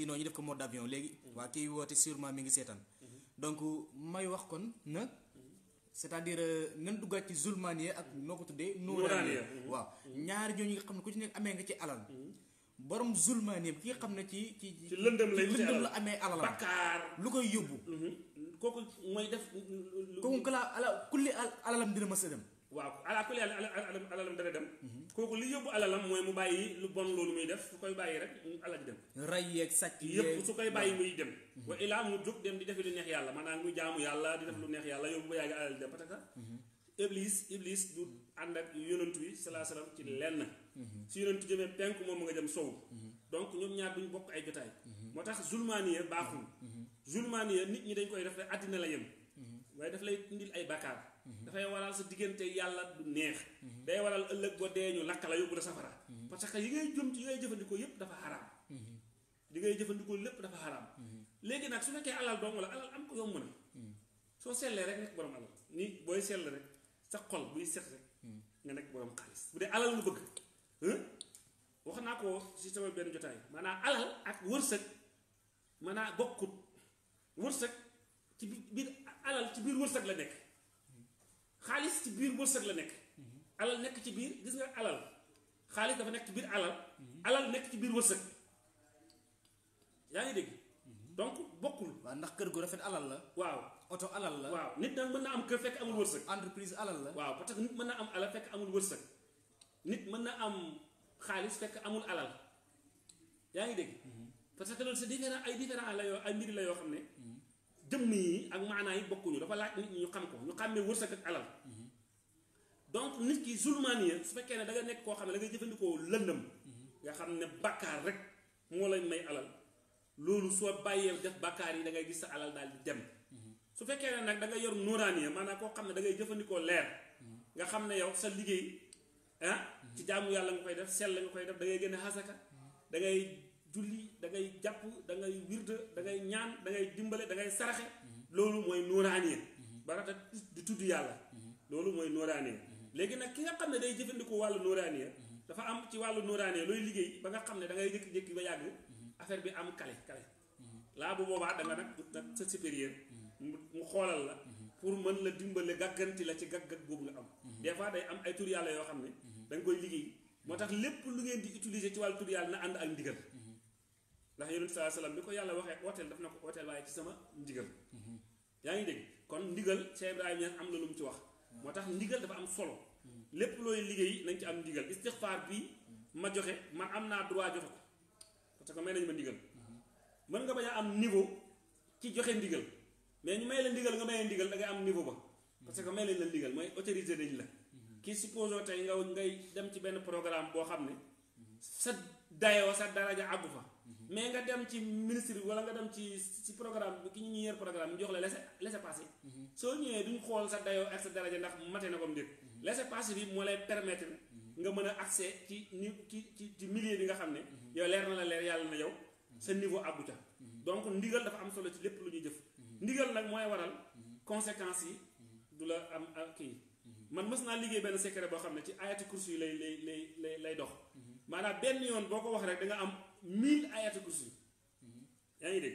noo ñu def ko mode avion léegi. waa kii woote sûrement mi ngi seetaan. donc may wax kon na. c'est-à-dire euh, nan duggaat ci zulmanier ak noo ko tuddee. nuuraanier waaw ñaar ñooñu nga xam ne ku ci amee nga ci alal. borom zulmaani ki nga xam ne ci ci ci lëndëm la lëndëm la amee alalam bakkaar lu koy yóbbu mhm. kooku mooy def kooku kala ala kulli alalam dina ma a dem waaw ala kulli alalam dana dem mhm. kooku li yóbbu alalam mooy mu bàyyi lu bon loolu muy def su koy bàyyi rek alal dem rey yeeg sàcc yëpp su koy bàyyi muy dem mhm. wa ilaa mu jóg dem di def lu neex yàlla naa mu jaamu yàlla di def lu neex yàlla yóbbu ba yàgg alal dem parce iblis iblis du ànd ak yonent bi salaa ci lenn su yonent jëmee penk moom mu nga jëm sow donc ñoom ñaar duñ bokk ay jotaay moo tax zulmaaniya baaxul zulmaaniya nit ñi dañ koy def rek àddina la yem waaye daf lay indil ay bàkkaar dafay waral sa diggante yàlla du neex day waral ëllëg boo dee ñu lakk la yóbbu la safara parce que yi ngay jëm ci yi ngay jëfandikoo yépp dafa xaraam li ngay jëfandikoo lépp dafa xaraam léegi nag su fekkee alal dong la alal am ko yomb na soo sellee rek nekk ni booy sell rek sa xol buy set rek nga nekk borom xaalis bu dee alal lu bëgg wax naa ko si sama benn jotaay maanaam alal ak wërsëg maanaam bokkut wërsëg ci biir alal ci biir wërsëg la nekk xaalis ci biir wërsëg la nekk alal nekk ci biir gis nga alal xaalis dafa nekk ci biir alal alal nekk ci biir wërsëg yaa ngi dégg mhm. donc bokkul waaw ndax kër gu rafet alal la waaw oto alal la waaw nit nag mën naa am kër fekk amul wërsëg. entreprise alal la. waaw parce que nit mën naa am alal fekk amul wërsëg nit mën na am xaalis fekk amul alal yaa ngi dégg. Mhm. parce que loolu c'est différent ay différent la yoo ay mbir la yoo xam ne. jëmm yi ak maanaa yi bokkuñu dafa laaj nit ñi ñu xam ko ñu xàmmee wërsëg ak alal. Mhm. donc nit ki zulmaaniya su fekkee ne da nekk koo xam ne da nga jëfandikoo lëndëm. Mhm. nga xam ne bàkkaar rek moo lañ may alal loolu soo bàyyee def bàkkaar yi da ngay gis sa alal daal di dem. su fekkee ne nag da nga yor nooraaniya maanaa koo xam ne dangay jëfandikoo leer nga xam ne yow sa liggéey ah ci jaamu yàlla nga koy def sell nga koy def dangay ngay génne xasaka dangay ngay julli da jàpp dangay ngay wirde da ngay ñaan da ngay dimbale da ngay saraxe loolu mooy nooraaniya barata di tudd yàlla loolu mooy nooraaniya léegi nag ki nga xam ne day jëfandikoo wàllu nooraaniya dafa am ci wàllu nooraaniya looy liggéey ba nga xam ne dangay ngay jékki-jékki ba yàgg bi am kale kale laa boobaa da nga nag sa supérieur mu xoolal la pour mën la dimbale gàgganti la ci gàggag boobu nga am mhm. des fois day am ay tur yàlla yoo xam ne mhm. dañ koy liggéey moo tax lépp lu ngeen di utiliser ci wàllu tur yàlla na ànd ak ndigal mhm. ndax yonent saa salaam bi ko yàlla waxee ooteel daf na ko ooteel waaye ci sama ndigal yaa ngi dégg kon ndigal Cheikh Ibrahima Niass am na lu mu ci wax moo tax ndigal dafa am solo lépp looy liggéey nañ ci am ndigal istixfaar bi ma joxe man am naa droit joxe ko parce que may nañ ma ndigal mën nga bañ a am niveau ci joxe ndigal mais ñu may la ndigal nga may ndigal da ngay am la ndigal mooy autorisé dañ la. Mhm. kii supposons tey nga ngay dem ci benn programme boo xam ne. sa dayoo sa daraja àggu fa. Mhm. mais nga dem ci ministre bi wala nga dem ci ci programme bi ki ñu yor programme ñu jox la laisser laisser passer. Mhm. soo ñëwee duñ xool sa dayoo ak sa daraja ndax mate na ko mbir. laisser passer bi moo lay permettre. nga mën a accès ci ni ci ci bi nga xam ne. yow leer na la leer yàlla na yow. sa niveau àggu ca. donc ndigal dafa am solo ci lépp lu ñuy jëf. ndigal nag mooy waral mhm. conséquences yi du la am ak ah, kii mhm. man mës naa liggéey benn secret boo xam ne ci ayatu kursi yi lay lay lay dox mhm. maanaa benn yoon boo ko wax rek da am mille ayati kursi yi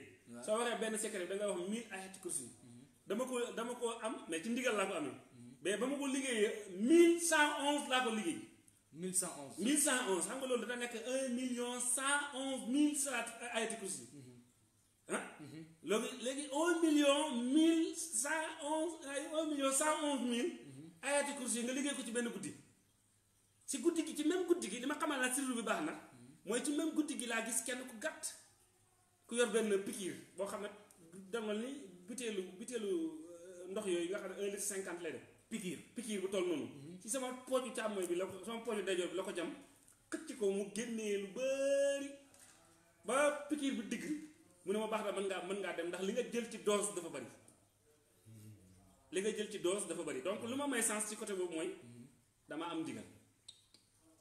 soo waxee benn secret da wax mille dama ko dama ko am mais ci ndigal laa ko amee mais ba ma ko liggéeyee mille cent onze laa ko liggéey mille cent onze xam nga loolu dana nekk un million cent onze mille euh, ayatu kursi yi léegi léegi un million mille cent onze un million cent onze mille ayaati kursi nga liggéey ko ci benn guddi ci guddi gi ci même guddi gi li ma xamal la sirru bi baax na mooy ci même guddi gi laa gis kenn ku gàtt ku yor benn pikiir boo xam ne demal ni butéelu butéelu euh, ndox yooyu nga xam ne un cinquante le def pikiir pikiir bu toll noonu mhm. ci sama pooju càmmooy bi la ko sama pooju dajoor bi la ko jam xëcc ko mu génnee lu bari ba pikiir bi digg mu ne ma baax na mën ngaa mën ngaa dem ndax li nga jël ci dose dafa bari li nga jël ci dose dafa bari donc lu ma may sens ci côté boobu mooy dama am ndigal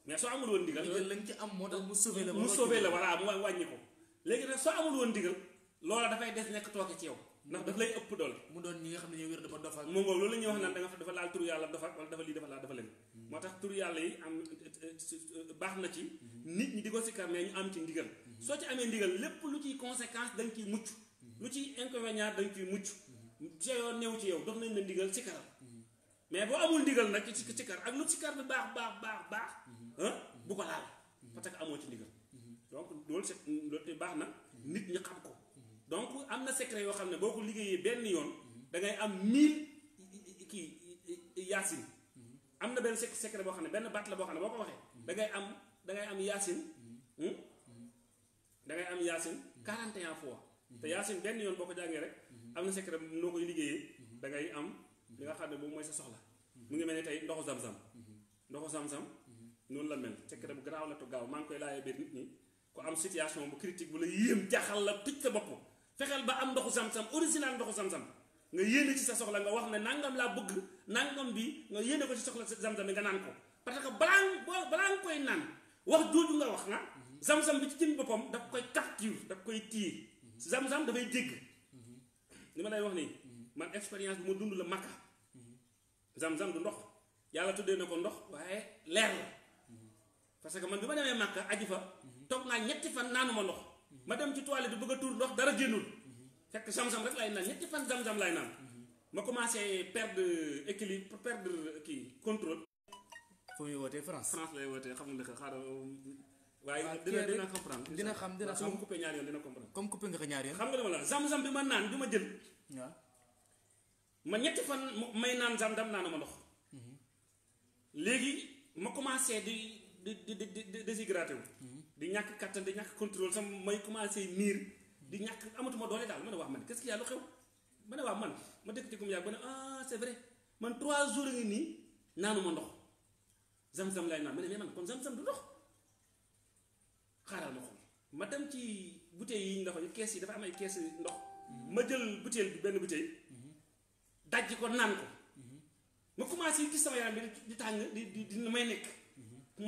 mais soo amul woon ndigal. la ci am moo tax mu sauvé la. mu sauvé la voilà mu wàññi ko léegi nag soo amul woon ndigal loola dafay des nekk tooke ci yow. ndax daf lay ëpp doole. mu doon ñi nga xam ne ñoo wér dafa dof ak. mu ngoog loolu la ñuy wax naan mm. da nga fa dafa laal turu yàlla dof ak dafa lii dafa laal dafa leen. Mm. moo tax tur yàlla yi am euh, euh, euh, baax na ci. Mm. nit ñi di ko sikkar mais ñu am ci ndigal soo ci amee ndigal lépp lu ciy conséquence da nga ciy mucc mm-hmm. lu ci inconvénient dañ nga ciy mucc mm-hmm. sa new ci yow dox nañ la ndigal ci karam mm-hmm. mais boo amul ndigal nag ci ci kar ak lu ci kar bi baax baax baax baax bu ko laal parce que amoo ci ndigal donc loolu c'est loolu baax na nit ñi xam ko donc am na secret yoo xam ne boo ko liggéeyee benn yoon da ngay am mille kii yaasin am na benn secret boo xam ne benn baat la boo xam ne boo ko waxee da ngay am da am yaasin hmm? da ngay am yaasin 41 fois te yaasin benn yoon boo ko jàngee rek mhm. am na secret noo koy liggéeyee mhm. da am mhm. li nga xam ne boobu mooy sa soxla mu ngi mel ne tey ndoxu zam-zam ndoxu zam noonu la mel secret bu garaaw la to gaaw maa ngi koy laajee biir nit ñi ku am situation bu critique bu la yéem jaxal la tuj sa bopp fexeel ba am ndoxu zam-zam original ndoxu zam-zam nga yéene ci sa soxla nga wax ne nangam laa bëgg nangam bi nga yéene ko ci soxla zam-zam bi nga naan ko parce que balaa balaa nga koy naan wax jooju nga wax ah, zam-zam bi ci jëm boppam daf koy capture daf koy téye zam-zam dafay dégg li ma lay wax nii man expérience bi ma la makka zam ndox yàlla tuddee na ko ndox waaye leer parce que man bi ma demee aji fa toog naa ñetti fan naanuma ndox ma dem ci toilette bi bëgg a ndox dara génnul fekk zam-zam rek lay naan fan zam-zam lay naan ma commencé perdre équilibre pour perdre kii contrôle. fu muy wootee France. France lay wootee xam nga ne xaaral. waaye dina dina comprendre dina xam dina xam su ma coupé ñaari yoon dina comprendre. comme coupé nga ko ñaari yoon. xam nga li ma la zam-zam bi ma naan bi ma jël. waaw ma ñetti fan may naan zam-zam naanu ma ndox. Mhm. léegi ma commencé di di di di déshydraté wu. Mhm. di ñàkk kattan di ñàkk contrôle sama may commencé miir. di ñàkk amatuma doole daal ma ne wax man qu'est-ce qu'il y a lu xew. ma ne waaw man ma dëkk ci kum yàgg ba ne ah c'est vrai man trois jours a ngi nii naanu ma ndox zam-zam laay naan ma ne mais man kon zam-zam du ndox. xaaral ma xool ma dem ci bouteille yi ñu la kees yi dafa am ay kees ndox. ma jël bouteille bi benn bouteille. dajji ko naan ko. ma commencé gis sama yaram bi di tàng di di di may nekk.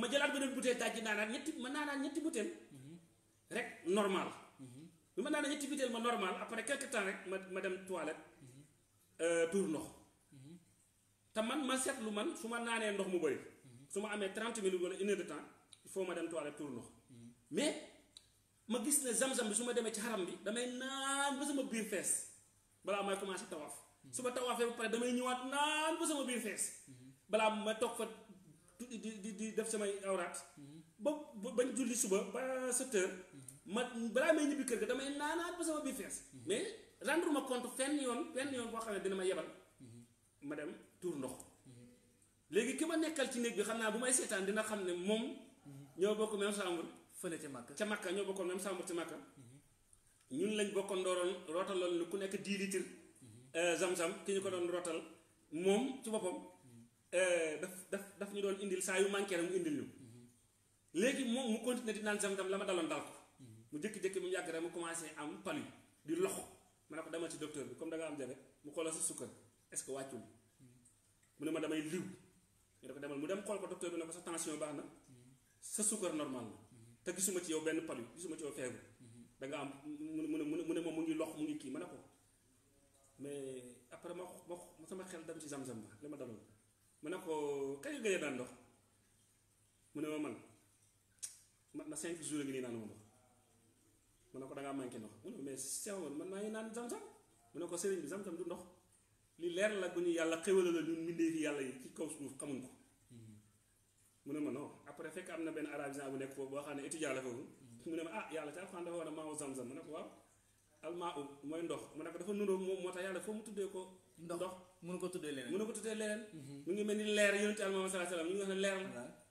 ma jëlaat beneen bouteille dajji naanaat ñetti ma naanaat ñetti bouteille. rek normal. bi ma naanaat ñetti bouteille ma normal après quelque temps rek ma ma dem toilette. Euh, tuur ndox. te man ma seetlu man su ma naanee ndox mu bëri. su ma amee 30 minutes wala une heure de temps il faut ma dem toilette tuur ndox. mais ma gis ne zam-zam bi su ma demee ci xaram bi damay naan ba sama biir fees balaa may commencé tawaaf su ma tawaafee ba pare damay ñëwaat naan ba sama biir fees balaa ma toog fa di di di def samay awraat ba bañ julli suba ba sept heures ma balaa may ñibbi kër ga damay naanaat ba sama biir fees mais rendre ma compte fenn yoon fenn yoon boo xam ne dina ma yebal ma dem tuur ndox léegi ki ma nekkal ci néeg bi xam naa bu may seetaan dina xam ne moom ñoo bokk même chambre fële ca Makka. ca Makka ñoo bokkoon même Sambour ca Makka. Mhm. ñun lañ bokkoon dooroon rootaloon lu ku nekk 10 litres. Mhm. Euh, zam-zam ki ñu ko doon rootal moom ci boppam. Mhm. Euh, daf daf daf ñu doon indil saa yu manqué rek mu indil ñu. léegi moom mu continué di naan zam la ma daloon dal ko. mu jékki-jékki mu yàgg rek mu commencé am palu di loxo ma ne ko demal ci docteur bi comme danga am diabète mu xoolal sa sukkar est-ce que wàccul. mu ne ma damay liw ñu ne ko demal mu dem xool ko docteur bi ne ko sa tension baax na sa sukkar normal na. te gisuma ci yow benn palu gisuma ci yow feebu mhm. da nga am mu ne mu ne mu ne moom mu ngi lox mu ngi kii ma ne ko mais après ma ma sama xel dem ci zam-zam ba ma daloon ma ne ko kañ ndox mu ne ma man ma cinq jours ngi nii naan ma ndox ko da ngaa ndox mu ne man maa ngi naan zam mu ne ko sëriñ bi zam-zam du ndox li leer la bu ñu yàlla xéwale la mbindee fi yàlla yi ci kaw suuf xamuñ ko mhm. mu ne ma non. après fekk am na benn arabisant bu nekk foofu boo xam ne étudiant la foofu mu ne ah yàlla ci alxuraan a mhm. la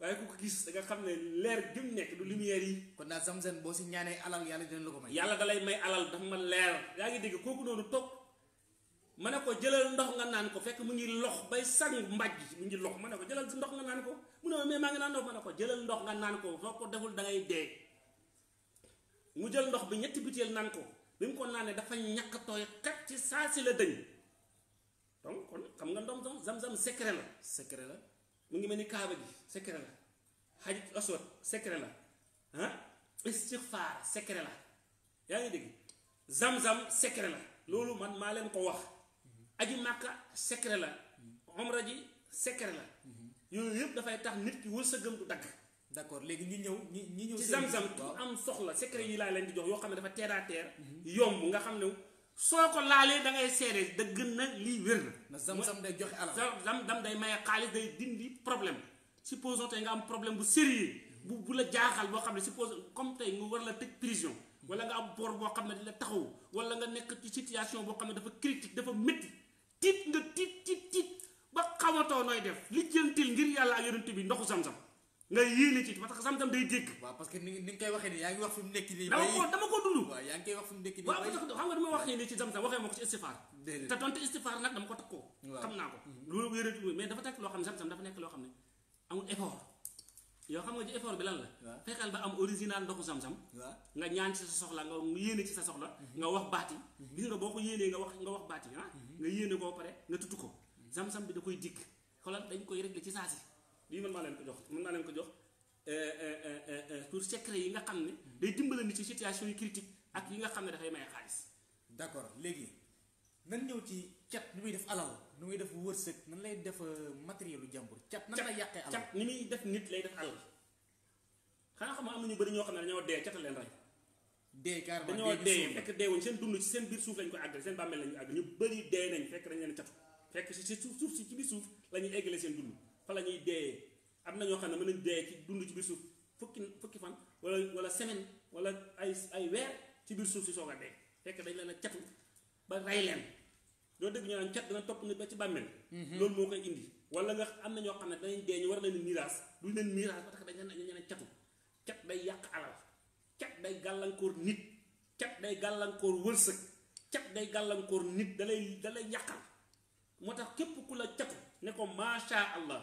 waaye xam ne leer gi nekk du lumière yi kon daal zam boo si ñaanee alal yàlla dina la ko may yàlla da lay may alal dafa ma leer yaa ngi dégg kooku noonu toog ma ne ko jëlal ndox nga naan ko fekk mu ngi lox bay sang mbàjj mu ngi lox ma ne ko jëlal ndox nga naan ko mu ne ma maa ngi naan ndox ma ne ko jëlal ndox nga naan ko soo da ngay dee mu jël ndox bi ñetti butéel naan ko bi mu ko naanee ñàkk tooy xet ci si la dëñ kon xam nga ndox ndox zam-zam secret la secret la mu ngi mel ni kaaba gi secret la xajit aswad secret la ah istixfaar secret la yaa ngi dégg la loolu man maa leen ko wax. aji màkka secret la omra ji secret la yooyu yëpp dafay tax nit ki wërsëgam du dakk d' accord léegi ñu ñëw ñi ñi ñëw ci sam zam ku am soxla secret yi laa leen di jox yoo xam ne dafa terre à mhm. yomb nga xam ne soo ko laalee da ngay seede gën na lii wér na zam-zam day joxe alal zam-zam day maye xaalis day dindi problème supposons tey nga am problème bu sérieux bu bu la jaaxal boo xam ne suppose comme tey nga war la tëj prison wala nga am bor boo xam ne di la taxaw wala nga nekk ci situation boo xam ne dafa critique dafa métti tiit nga tiit tiit tiit ba xamatoo nooy def li ngir yàlla ak yonent bi ndoxu sam-sam nga yéene ci parce que sam-sam day dégg. waaw parce ni ni nga koy waxee nii yaa ngi wax fi mu nekk nii. dama ko wax fi mu nekk nii. waaw parce que xam nga dama waxee nii ci sam-sam waxee ma ko ci istifaar. te donte istifaar nag dama ko takkoo. waaw xam naa ko. Mhm. loolu yëre mais dafa nekk loo xam ne sam-sam dafa nekk loo xam ne amul effort yow xam nga ci effort bi lan la. fexeel ba am original ndoxu sam-sam. nga ñaan ci sa soxla nga yéene ci sa soxla. Mhm. nga wax baati. Mhm. gis nga boo ko yéenee nga wax nga wax baati ah. Mhm. nga yéene koo pare nga tuttu ko. sam-sam bi da koy dikk xoolal dañ koy régler ci saa si bii mën naa leen ko jox mën naa ko jox eh, eh, eh, pour secret yi nga xam ne. day dimbale nit ci situation yi critique ak yi nga xam ne dafay maye xaalis. d'accord léegi nan ñëw ci cat lu muy def alal. nu muy def wërsëg nan lay def euh, matériel lu jàmbur cat nan lay yàqee alal cat ni muy def nit lay def alal xanaa xam nga am na ñu bëri ñoo xam ne dañoo dee cata leen rey dee carrément dañoo dee fekk deewuñ seen dund ci seen biir suuf lañ ko àggale seen bàmmeel lañu àgg ñu bëri dee nañ fekk dañ leen catu fekk si suuf suuf si ci biir suuf la ñuy eggale seen dund fa la ñuy dee am na ñoo xam ne mën nañ dee ci dund ci biir suuf fukki fukki fan wala wala semaine wala ay ay weer ci biir suuf si soog a dee fekk dañ leen a catu ba rey leen doo dégg ñu naan cat dana topp nit ba ci bàmmeel mhm. loolu moo koy indi wala nga am na ñoo xam ne danañ dee ñu war leen miraas du leen miraas parce que dañ dañ leen catu cat day yàq alal cat day gàllankoor nit cat day gàllankoor wërsëg cat day gàllankoor nit dalay dalay yàqal moo tax képp ku la catu ne ko maasha allah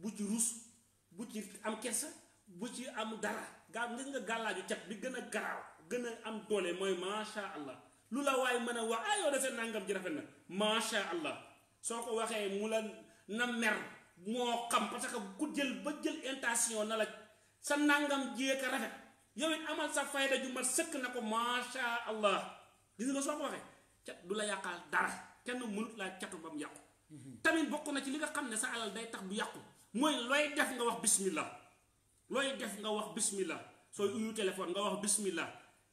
bu ci rus bu ci am kersa bu ci am dara gaa ngis nga gàllaaju cat bi gën a garaaw gën a am doole mooy maasha allah lu la waaye mën a wax ah yow defee nangam ji rafet na macha allah soo ko waxee mu la na mer moo xam parce que ku jël ba jël intention na la sa nangam jéeg a rafet yow it amal sa fayda ju sëkk na ko macha allah gis nga soo ko waxee cat du la yàqaal dara kenn mënut laa catu ba mu yàqu. tamit bokk na ci li nga xam ne sa alal day tax bu yàqu mooy looy def nga wax bismillah looy def nga wax bismillah sooy uyu téléphone nga wax bismillah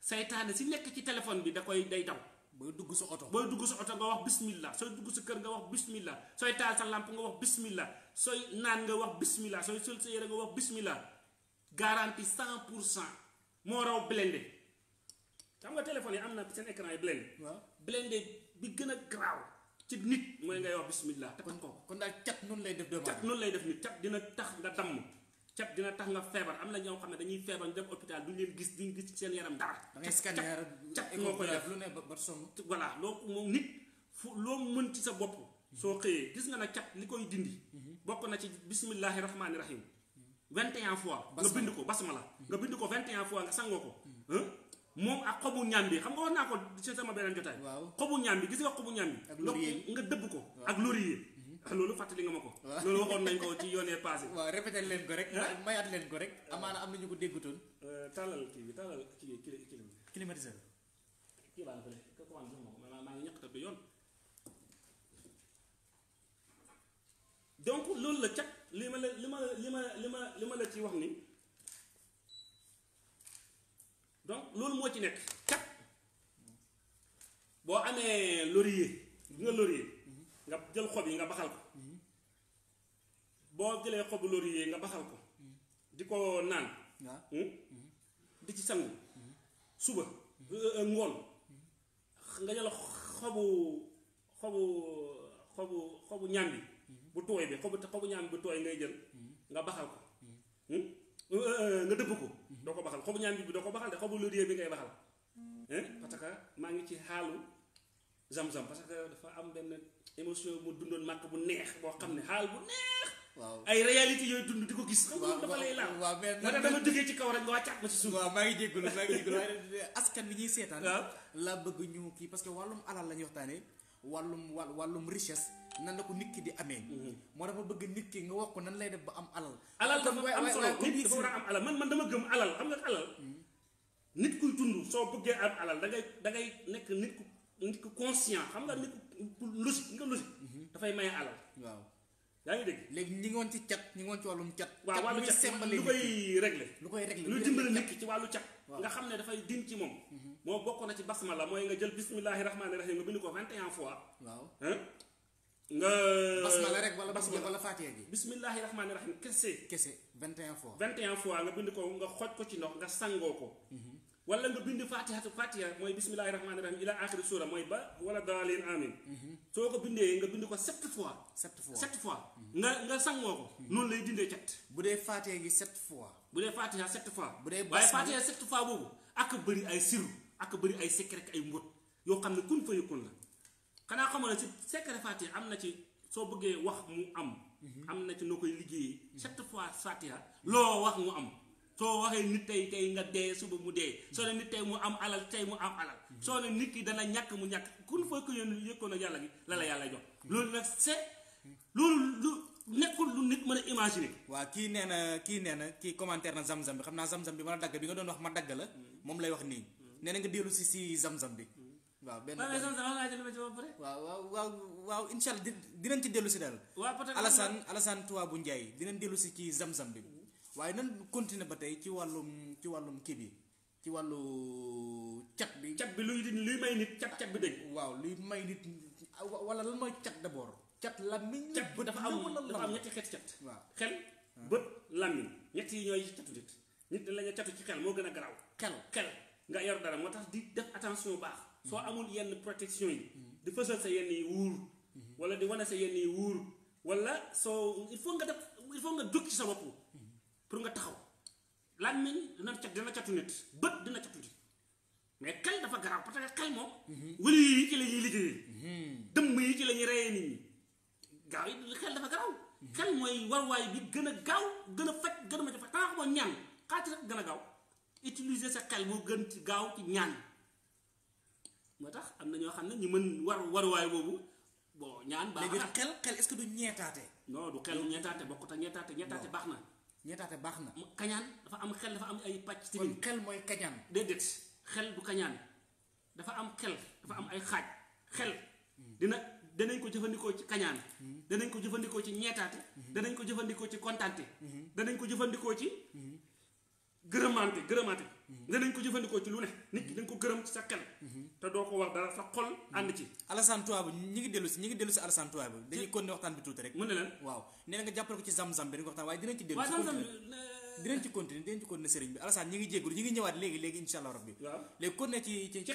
seytaane si nekk ci téléphone bi da koy day daw. booy dugg sa oto booy dugg sa oto nga wax bismillah sooy dugg sa kër nga wax bismillah sooy taal sa làmp nga wax bismillah sooy naan nga wax bismillah sooy sol sa yére nga wax bismillah garantie cent pour cent moo raw blende xam nga téléphone yi am na seen écran yi blende waaw blende bi gën a garaaw ci nit mooy ngay wax bismillah ko kon daal cat noonu lay def doomu cat noonu lay def nit cat dina tax nga damm cat dina tax nga feebar am na ñoo xam ne dañuy feebar ñu dem hôpital duñ leen gis duñ gis ci seen yaram dara. da ngay scanner cat moo koy def lu loo moom nit fu loo mën ci sa bopp. soo xëyee gis nga ne cat li koy dindi. Mhm. bokk na ci bismillahi rahmaani rahim. 21 fois. Mhm. nga bind ko basmala nga bind ko 21 fois nga sangoo ko. Mhm. moom ak xobu ñaam bi xam nga wax naa ko ci sama beneen jotaay. waaw xobu ñaam bi gis nga xobu ñaam bi. ak laurier nga dëbb ko ak laurier. loolu fàttali nga ma ko. loolu waxoon nañ ko ci yoonee passé. waaw répété leen ko rek. mayaat leen ko rek. amaana am na ñu ko déggutoon. tàllal kii bi tàllal kii kii climatiseur. kii baa la fële kooku wàllu sax moo ko maa ngi ñaq te yoon. donc loolu la cat li ma la li ma li ma li ma li ma la ci wax ni donc loolu moo ci nekk cat boo amee laurier bi nga laurier nga jël xob yi nga baxal ko boo jëlee xobu laurier nga baxal ko di ko naan hmm? di ci sangu suba euh, euh, ngoon nga jël xobu xobu xobu xobu ñàmbi bu tooy bi xobu xobu ñàmbi bu tooy ngay jël nga baxal ko hmm? euh, nga dëpp ko doo ko baxal xobu ñàmbi bi doo ko baxal de xobu laurier bi ngay baxal hmm? parce maa ngi ci xaalu zam-zam parce que dafa am benn émotion mu dundoon màkk bu neex boo xam ne xaal bu neex. waaw ay réalité yooyu dund di ko gis. xam nga dafa waaw mais nag dama ci kaw rek nga wàccaat waaw maa ngi jégalu maa ngi jégalu waaye askan bi ñuy seetaan. waaw la bëgg ñu kii parce que wàllum alal la ñuy waxtaanee wàllum wà wàllum richesse. nan la ko nit ki di amee. Mhm. moo dafa bëgg nit ki nga wax ko nan lay def ba am alal. alal dafa am solo dafa war a am alal man man dama gëm alal xam nga alal. Mhm. nit kuy dund soo bëggee am alal da ngay da ngay nekk nit nit ko conscient xam nga nit ku logique nga logique mhm. dafay maye alal waaw yaa ngi dégg léegi ñi ngi woon ci cat ñi ngi woon ci wàllum cat waaw wàllu cat lu koy réglé lu koy réglé lu dimbali nit ci wàllu cat nga xam ne dafay din ci moom mhm. moo bokk na ci la mooy nga jël bismillahi rahmaani rahim nga bind ko vingt et un fois waaw nga basmala rek wala basmala wala faatiha gi bismillahi rahmaani rahim kese kese vingt et un fois vingt fois nga bind ko nga xooj ko ci ndox nga sangoo ko mhm. wala nga bind faatihatu faatiha mooy bismillahi rahmaani rahim ila axiri suura mooy ba wala daalin amin soo ko bindee nga bind ko sept fois sept fois sept fois nga nga sangoo ko noonu lay dindee cat bu dee faatiha gi sept fois bu dee faatiha sept fois bu dee waaye faatiha sept fois boobu ak bëri ay siru ak bëri ay secret ay mbóot yoo xam ne kun fa yëkkun la xanaa xamoon ne si secret faatiha am na ci soo bëggee wax mu am mhm. am na ci noo koy liggéeyee sept fois faatiha loo wax mu am soo waxee nit tey tey nga dee suba mu dee soo ne nit tey mu am alal tey mu am alal soo ne nit ki dana ñàkk mu ñàkk kun foo ko yónni yëkkoon ak yàlla gi la la yàlla jox loolu nag c'est loolu lu nekkul lu nit mën a imaginer waaw kii nee na kii nee na kii commentaire na zam-zam bi xam naa zam-zam bi mën a dagg bi nga doon wax ma dagg la moom lay wax nii nee na nga dellu si si zam-zam bi waaw benn waaw waaw waaw incha allah dinañ ci dellu si daal Alassane Alassane Touabou Ndiaye dinañ dellu si ci zam-zam bi waaye nan continuer ba tey ci wàllum ci wàllum kii bi ci wàllu cat bi. cat bi luy luy may nit cat cat bi dañ. waaw luy may nit wala lan mooy cat d'abord. cat làmmiñ cat dafa am dafa am ñetti xeeti cat. waaw xel ah. bët làmmiñ ñett yi ñooy catu nit. nit lañu catu ci xel moo gën a garaaw. xel xel nga yor dara moo tax di def attention baax. soo mm-hmm. amul yenn protection yi. Mm-hmm. di fësal sa yenn yi wuur. Mm-hmm. wala di wane sa yenn yi wuur. wala soo il faut nga def il faut nga jóg ci sa bopp. pour nga taxaw làmmiñ dina cat dina catu nit bët dina catu nit mais xel dafa garaaw parce que xel moom. Mhm. wëli yi ci la ñuy liggéeyee. Mhm. dëmm yi ci la ñuy reyee nit ñi gaaw yi xel dafa garaaw. Mhm. xel mooy warwaay bi gën a gaaw gën a faj gën a mën a faj xanaa xamoo ñaan gën a gaaw utiliser sa xel moo gën ci gaaw ci ñaan moo tax am na ñoo xam ne ñu mën war warwaay boobu bon ñaan. baax na léegi xel xel est-ce que du ñeetaate. non du xel ñeetaate bokkut ak ñeetaate ñeetaate baax na. ñeetaate baax na. mu kañaan dafa am xel dafa am ay pàcc. tamit kon xel mooy kañaan. déedéet xel du kañaan dafa am xel dafa am ay xaaj xel. dina danañ ko jëfandikoo ci kañaan. danañ ko jëfandikoo ci ñeetaate. Mm-hmm. danañ ko jëfandikoo ci kontaante. Mm-hmm. danañ ko jëfandikoo ci. Mm-hmm. gërëmante gërëmante mhm. ne nañ ko jëfandikoo ci lu ne nit ki dañ mhm. ko gërëm ci sa xel mhm. te doo ko wax dara sa xol ànd ci Alassane Touba ñi ngi dellu si ñu ngi dellu si Alassane Touba dañuy continuer waxtaan bi tuuti rek mu ne leen waaw nee na jàppale ko ci zam-zam bi rek waxtaan waaye dinañ ci dellu euh, dinañ ci continuer dinañ ci continuer sëriñ bi Alassane ñi ngi jéggul ñi ngi ñëwaat léegi léegi insha allah rabbi waaw léegi continuer ci ci ci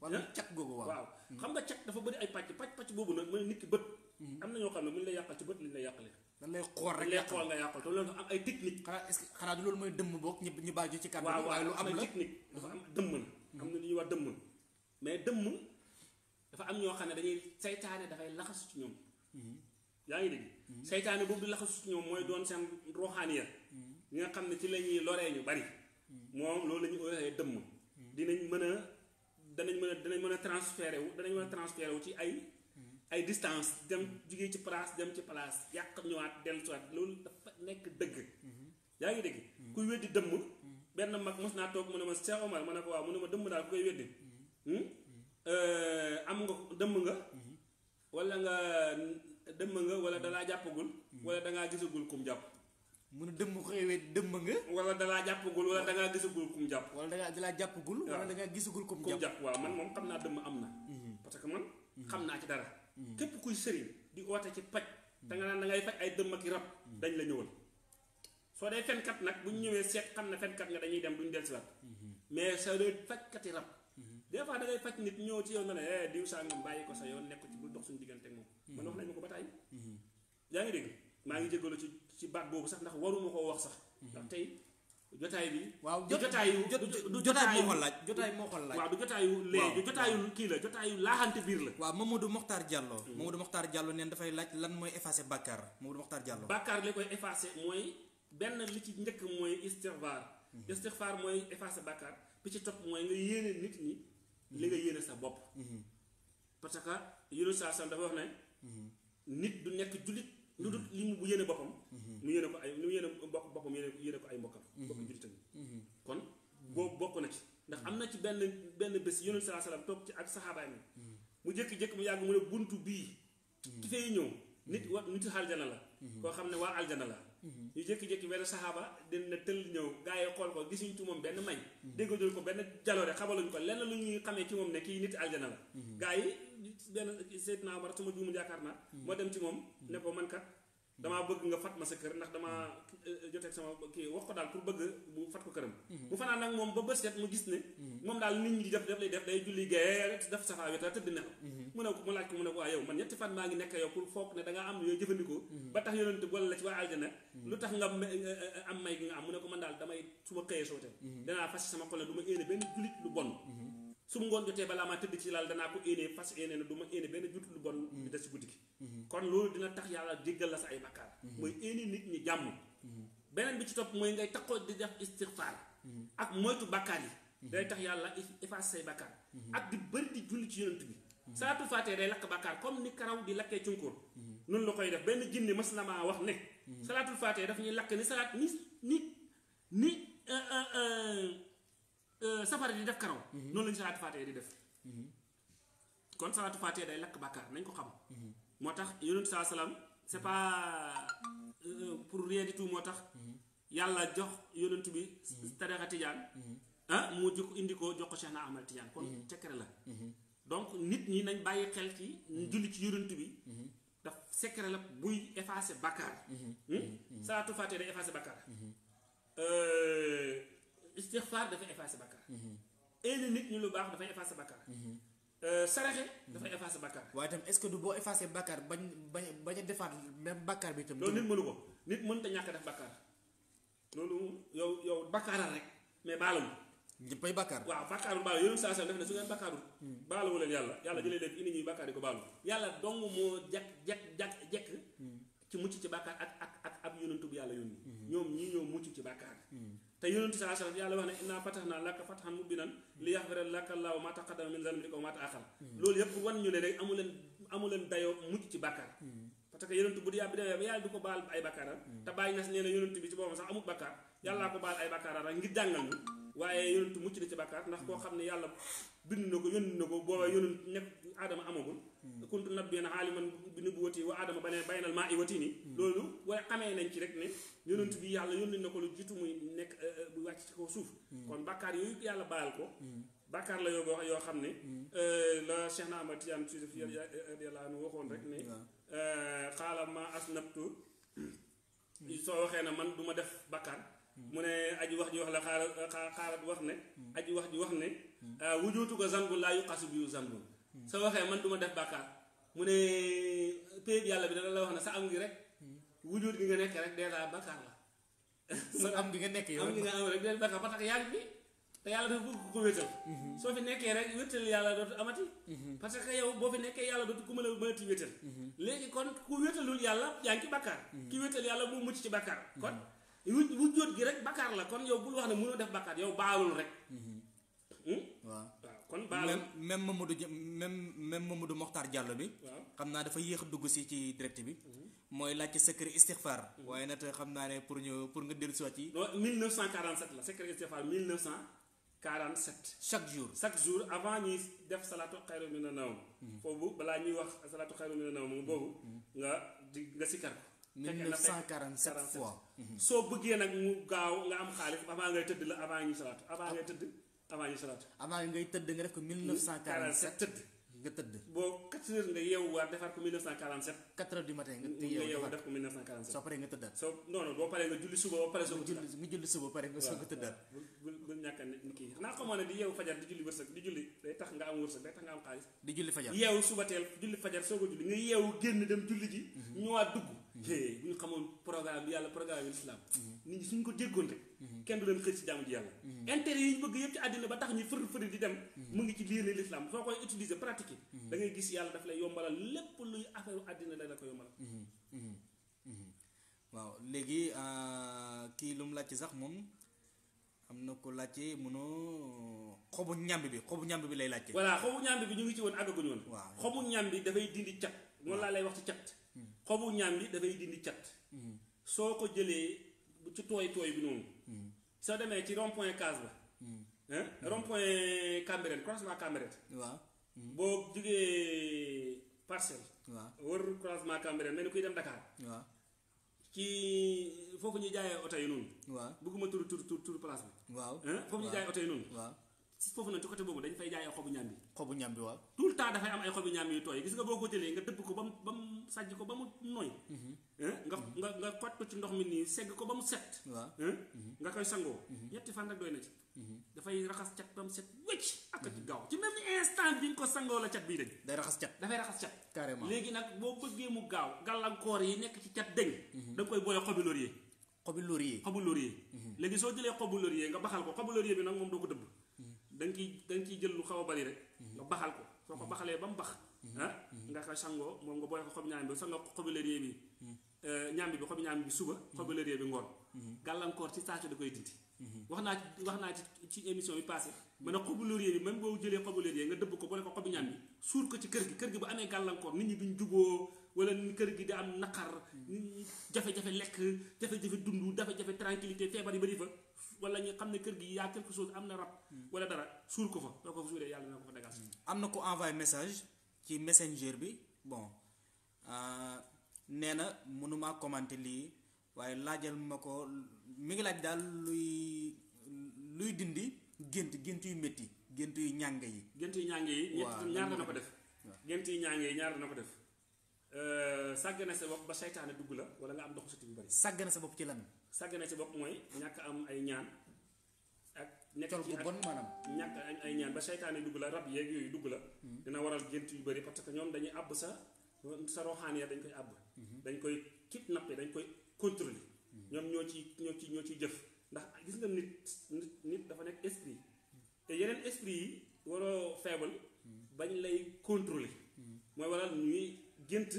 wàllu ci cat nga dafa bëri ay pàcc pàcc pàcc boobu nag mooy nit ki bët am na ñoo xam ne mu ñu lay ci bët yàqale dañ lay xool rek lay xool nga yàqal te loolu am ay technique. xanaa est-ce que xanaa du mooy dëmm boog ñu ñu bàyyi ci kàddu. waaye lu am la waaw dafa am dëmm na. am na lu ñuy wax dëmm mais dëmm dafa am ñoo xam ne dañuy seytaane dafay laxasu ci ñoom. yaa ngi dégg. seytaane boobu di laxasu ci mooy doon seen ruuxaaniya. ñi nga xam ne ci la ñuy loree ñu bari. moom loolu la ñuy waxee dëmm. mën a danañ mën a danañ mën a transféré wu danañ mën a transféré wu ci ay. ay distance dem jugee ci place dem ci place yàq ñëwaat dellusiwaat loolu dafa nekk dëgg. yaa ngi dégg. kuy weddi dëmm. benn mag mos naa toog mu ne ma Cheikh Omar ma ne ko waaw mu ne ma dëmm daal ku koy weddi. Hmm? Euh, nga dëmm nga. wala nga dëmm nga wala dalaa jàppagul. wala dangaa gisagul kum jàpp. mu ne dëmm koy weddi dëmm nga. wala dalaa jàppagul wala dangaa gisagul kum jàpp. wala dangaa dalaa jàppagul. wala dangaa gisagul kum jàpp. waa man moom xam naa dëmm am na. Mhm. parce que man mhm. xam naa ci dara. Mm. képp kuy sëriñ di oote ci paj mm. da nga naan da ngay faj ay dëmm ki rab mm. dañ la ñëwal soo dee fenkat nag bu ñu ñëwee seet xam ne fenkat nga dañuy dem duñ dellusiwaat mm-hmm. mais soo dee fajkati rab mm-hmm. des fois da ngay faj nit ñëw ci yow nga ne eh, diw sàngam bàyyi ko sa yoon nekk ci bul dox suñu diggante ak moom mm-hmm. man wax nañ ma ko ba tàyyi yaa ngi dégg maa ngi jégalu ci ci baat boobu sax ndax waruma koo wax sax ndax tey jotaay bi. waaw jotaayu jotaay moo ko laaj laaj. waaw du jotaayu lu jotaayu kii la jotaayu laaxante biir la. waaw Mamadou Mokhtar Diallo. Mm. Mamadou Mokhtar Diallo neen dafay laaj lan mooy effacer bàkkaar Mamadou Mokhtar Diallo. bàkkaar li koy effacer mooy benn li ci njëkk mooy istixfaar. Mm. istixfaar mooy effacer bàkkaar bi ci topp mooy nga yéene nit ñi. Mm. li nga yéene sa bopp. Mm-hmm. parce que Yunus saa dafa wax ne. Mm-hmm. nit du nekk jullit. lu dul li mu yéene boppam mu yéene ko ay lu mu yéene bokk boppam yéene yéene ko ay mbokkam mm-hmm. bokk jullitam mm-hmm. kon boo bokk na ci ndax am na ci benn benn bés yonent salaa salaam toog ci ak saxaabaay mi mm-hmm. mu jékki-jékki mu yàgg mu ne buntu bii ki fay ñëw nit wa nit aljana la koo xam ne waa aljana la ñu jékki-jékki benn saxaaba dina tëll ñëw gars yi xool ko gisuñ ci moom benn may déggaduñ ko benn jaloore xamaluñ ko lenn lu ñuy xamee ci moom ne kii nit aljana la gars yi benn Seydina Omar sama juumul yaakaar naa. moo dem ci moom. ne ko man kat damaa bëgg nga fat ma sa kër ndax damaa euh, joteeg sama kii wax ko daal pour bëgg bu fat ko këram. bu fanaan nag moom ba bës set mu gis ne. moom daal nit ñi di def def lay def day julli gaye def safaa weta tëdd na. mu ne ñetti fan maa ngi nekk yow pour am yooyu jëfandikoo. ba tax yonent lu tax nga euh, euh, am may gi nga am mu ne ko man daal damay su ma xëyee sootee. Mm-hmm. danaa fas sama xol ne du ma éene benn jullit lu bon. su ngoon jotee balaa maa tëdd ci laal danaa ko éenee fas yéene na du ma éene benn jut lu bon bi des ci guddi gi mhm. kon loolu dina tax yàlla jéggal la sa ay bakkaar mhm. mooy éene nit ñi jàmm mhm. beneen bi ci topp mooy ngay taxoo di def istigfaar ak moytu bakkaar yi day tax yàlla efface say bakkaar ak di bëri di julli ci yonent bi salaatu faatee day lakk bakkaar comme ni karaw di lakkee cunkóor noonu la koy def benn jinne mas na maa wax ne salaatul faatee daf ñuy lakk ni Euh, safara di def karaw. Mhm. noonu lañu salaatu faatee di def. Mhm. kon salaatu faatee day lakk bàkkaar nañ ko xam. Mhm. moo tax yonent saa salaam c'est pas euh, euh, pour rien du moo tax. yàlla jox yonent bi. tarixa ah, indi ko jox ko Cheikh na Ahmad Tijaan la. donc nit ñi nañ bàyyi xel ci. julli ci yonent bi. daf secret la buy effacer bàkkaar. Hmm? salaatu faatee day effacer bàkkaar. istixfaar dafay effacer bakkaar. indi mhm. nit ñu lu baax dafay effacer bakkaar. Mhm. Euh, saraxe dafay mhm. effacer bakkaar. waaye ce que boo effacer bakkaar bañ bañ bañ a defaat même bi itam. loolu nit mënu ko nit mënut a ñàkk a def loolu yow yow bakkaaral rek mais baaluñu. ñëppay bakkaar. waaw bakkaar bu baalu yéen saa saa def na su ngeen bakkaaru. Hmm. baaluwu leen yàlla yàlla hmm. jëlee leen indi ñuy bakkaar yi ko baalu. yàlla dong moo jekk jekk jekk jekk. Hmm. ci mucc ci bakkaar ak ak ak ab yonantu bu yàlla yónni. ñoom ñii ñoo mucc ci bakkaar. te yonent saa sallam yàlla wax ne innaa fatahnaa laka fathan mubiinan li yaxfira laka llaahu maa taqaddama min zanbika wa maa ta'axxara hmm. loolu yëpp wan ñu ne rek amu leen amu leen dayoo mucc ci bàkkaar hmm. parce que yonent bu di yàlla bi demee ba yàlla du ko baal ay bàkkaaram hmm. te bàyyi na si nee na yonent bi ci boppam sax amul bàkkaar yàllaa ko baal ay bàkkaaram rek ngir jàngal ñu waaye yonent mucc na ci bàkkaar ndax koo xam ne yàlla bind na ko yónni na ko booba yonent nekk aadama amagul rabbiyan aaliman bi nubuwwati wa adama bane baynal maa i watini hmm. loolu wala xamee nañ ci rek ne yonent bi yàlla yónni na ko lu jiitu muy nekk eh, eh, bu wàcc ci kaw suuf hmm. kon bàkkaar yooyu yàlla baal ko hmm. bàkkaar la yoo yoo xam ne eh, la Cheikh na Ahmad a si def radiyallaahu anhu waxoon rek ne xaala ma asnabtu soo waxee na man du ma def bàkkaar mu aji wax ji wax la xaaral wax ne aji wax ji wax ne wujuutu ko zanbul laa yuqasu bi mu ne péeb yàlla bi dana la wax ne sa am ngi rek wujud gi nga nekk rek dèjà bakkaar la sa am gi nga nekk yow am gi nga am rek dèjà bakkaar parce que yaa ngi fi te yàlla dafa bëgg ko wétal mhm. soo fi nekkee rek wétal yàlla dootu amati mhm. parce que yow boo fi nekkee yàlla dootu ku mën a mënati wétal mhm. léegi kon ku wétalul yàlla yaa ngi ci bakkaar ki wétal yàlla mu mucc ci bakkaar kon wujud gi rek bakkaar la kon yow bul wax ne mënoo def bakkaar yow baalul rek hmm? kon baalu même Mamadou même même Mamadou Mokhtar Diallo bi. xam naa dafa yéex dugg si ci direct bi. Mhm. mooy laajte secret istixfaar. Mhm. waaye nag xam naa ne pour ñu pour nga dellu si waat ci. non 1947 la secret istixfaar 1947. chaque jour chaque jour avant ñuy def salaatu mhm. xayru mina nawm. boobu balaa ñuy wax salaatu xayru mina nawm boobu. nga di nga sikkar ko. 1947 fois. soo bëggee nag mu gaaw nga am xaalis avant ngay tëdd la avant ñuy salaatu avant ah. ngay tëdd. avant salaatu. avant ngay tëdd nga def ko 1947 tëdd. nga tëdd boo 4 heures nga yeewuwaat defaat ko 1947. 4 heures du matin nga yeewu def ko 1947. soo paree nga tëddaat. soo non boo paree nga julli suba ba pare nga soo ko tëddaat. bu bu ñàkk a ne kii xanaa xamoo ne di yeewu fajar di julli wërsëg di julli day tax nga am wërsëg day tax nga am xaalis. di julli fajar yeewu suba teel julli fajar soo ko Mhm. bu ñu xamoon programme bi yàlla programme l'islam mhm. nit ñi suñ ko jéggoon rek mhm. kenn du leen xëy si jaamu ji yàlla intérêt yi ñu bëgg yëpp ci àddina ba tax ñu fër fëri di dem mu ngi ci liir l'islam soo koy utiliser pratiquer da ngay gis yàlla daf lay yombalal lépp luy affaire àddina la la ko yombalal waaw léegi euh, kii lu mu laaj sax moom am na ko laajte munoo xobu ñàmb bi xobu ñàmb bi lay laajte voilà xobu ñàmb bi ñu ngi ci woon àggaguñu woon xobu ñàmb bi dafay dindi cat moom laa lay wax ci cat xobu ñam bi dafay dindi cat hmm. soo ko jëlee bu ci tooy tooy bi noonu hmm. soo demee ci rond point case ba hmm. rond point Cambérène croisement Cambérène waaw boo jugee parcelle waaw wër croisement Cambérène mel ni kuy dem Dakar waaw ci foofu ñuy jaayee oto yi noonu waaw bëgguma tur tur tour tur bi waaw foofu ñuy jaayee oto yi noonu waaw si foofu nag ci côté boobu dañ fay jaay xobu ñaam bi xobu bi waaw tout le temps dafay am ay xobu ñaam yu tooy gis nga boo ko jëlee nga dëbb ko ba mu ba mu sàjj ko ba mu nooy mm-hmm. nga nga nga xot ko ci ndox mi nii segg ko ba mu set waaw mm-hmm. nga koy sangoo mm-hmm. ñetti fan rek doy na ci dafay raxas cat ba mu set wëcc ak ci gaaw ci même instant bi nga ko sangoo la cat bii dañ day raxas cat dafay raxas cat carrément léegi nag boo bëggee mu gaaw gàllankoor yi nekk ci cat dañ da nga koy boolee xobi laurier xobi laurier xobu laurier léegi soo jëlee xobu laurier nga baxal ko xobu laurier bi nag moom doo ko dëbb da nga ciy da ciy jël lu xaw a bari rek. Mhm. nga baxal ko soo ko mhm. baxalee ba mu bax. Mhm. ah nga ko sangoo moom nga boole ko xobu ñaam bi sangoo ko xobu lëriye bi ñaambi bi xobu ñaambi bi suba xobu lëriye bi ngoon. gàllankoor ci saatu da koy dindi. wax naa wax naa ci ci émission bi passé ma ne xobu lëriye bi boo jëlee xobu lëriye nga dëbb ko boole ko xobu ñaam bi suur ko ci kër gi kër gi bu amee gàllankoor nit ñi duñ juboo wala kër gi di am naqar. jafe-jafe lekk jafe-jafe dund jafe-jafe tranquillité feebar yi bari fa wala ñu xam ne kër gi yaa quelque chose am na rab. Hmm. wala dara suul ko fa doo ko fa suuree yàlla dina ko fa dagaas. Hmm. am na ko envoyé message ci messenger bi bon euh, nee na mënumaa commenter lii waaye laajal ma ko mi ngi laaj daal luy luy dindi gént gént yu métti gént yu ñàng yi. gént yu ñàng yi. waaw ñaar dana ko def. gént yu ñàng yi ñaar dana ko def. Euh, sàggane sa bopp ba seytaane dugg la wala nga am ndoxu siti bu bari. sàggane sa bopp ci lan. sàgg na ci bopp mooy ñàkk am ay ñaan ak nekk ci bon maanaam ñàkk ay ñaan ba seytaane dugg la rab yeeg yooyu dugg la hmm. dina waral gént yu bari parce que ñoom dañuy àbb sa sa roxaan ya dañ koy àbb hmm. dañ koy kidnappé dañ koy contrôler hmm. ñoom ñoo ci ñoo ci ñoo ciy jëf ndax gis nga nit nit dafa nekk esprit te yeneen esprit yi waroo faible bañ lay contrôler mooy waral ñuy gént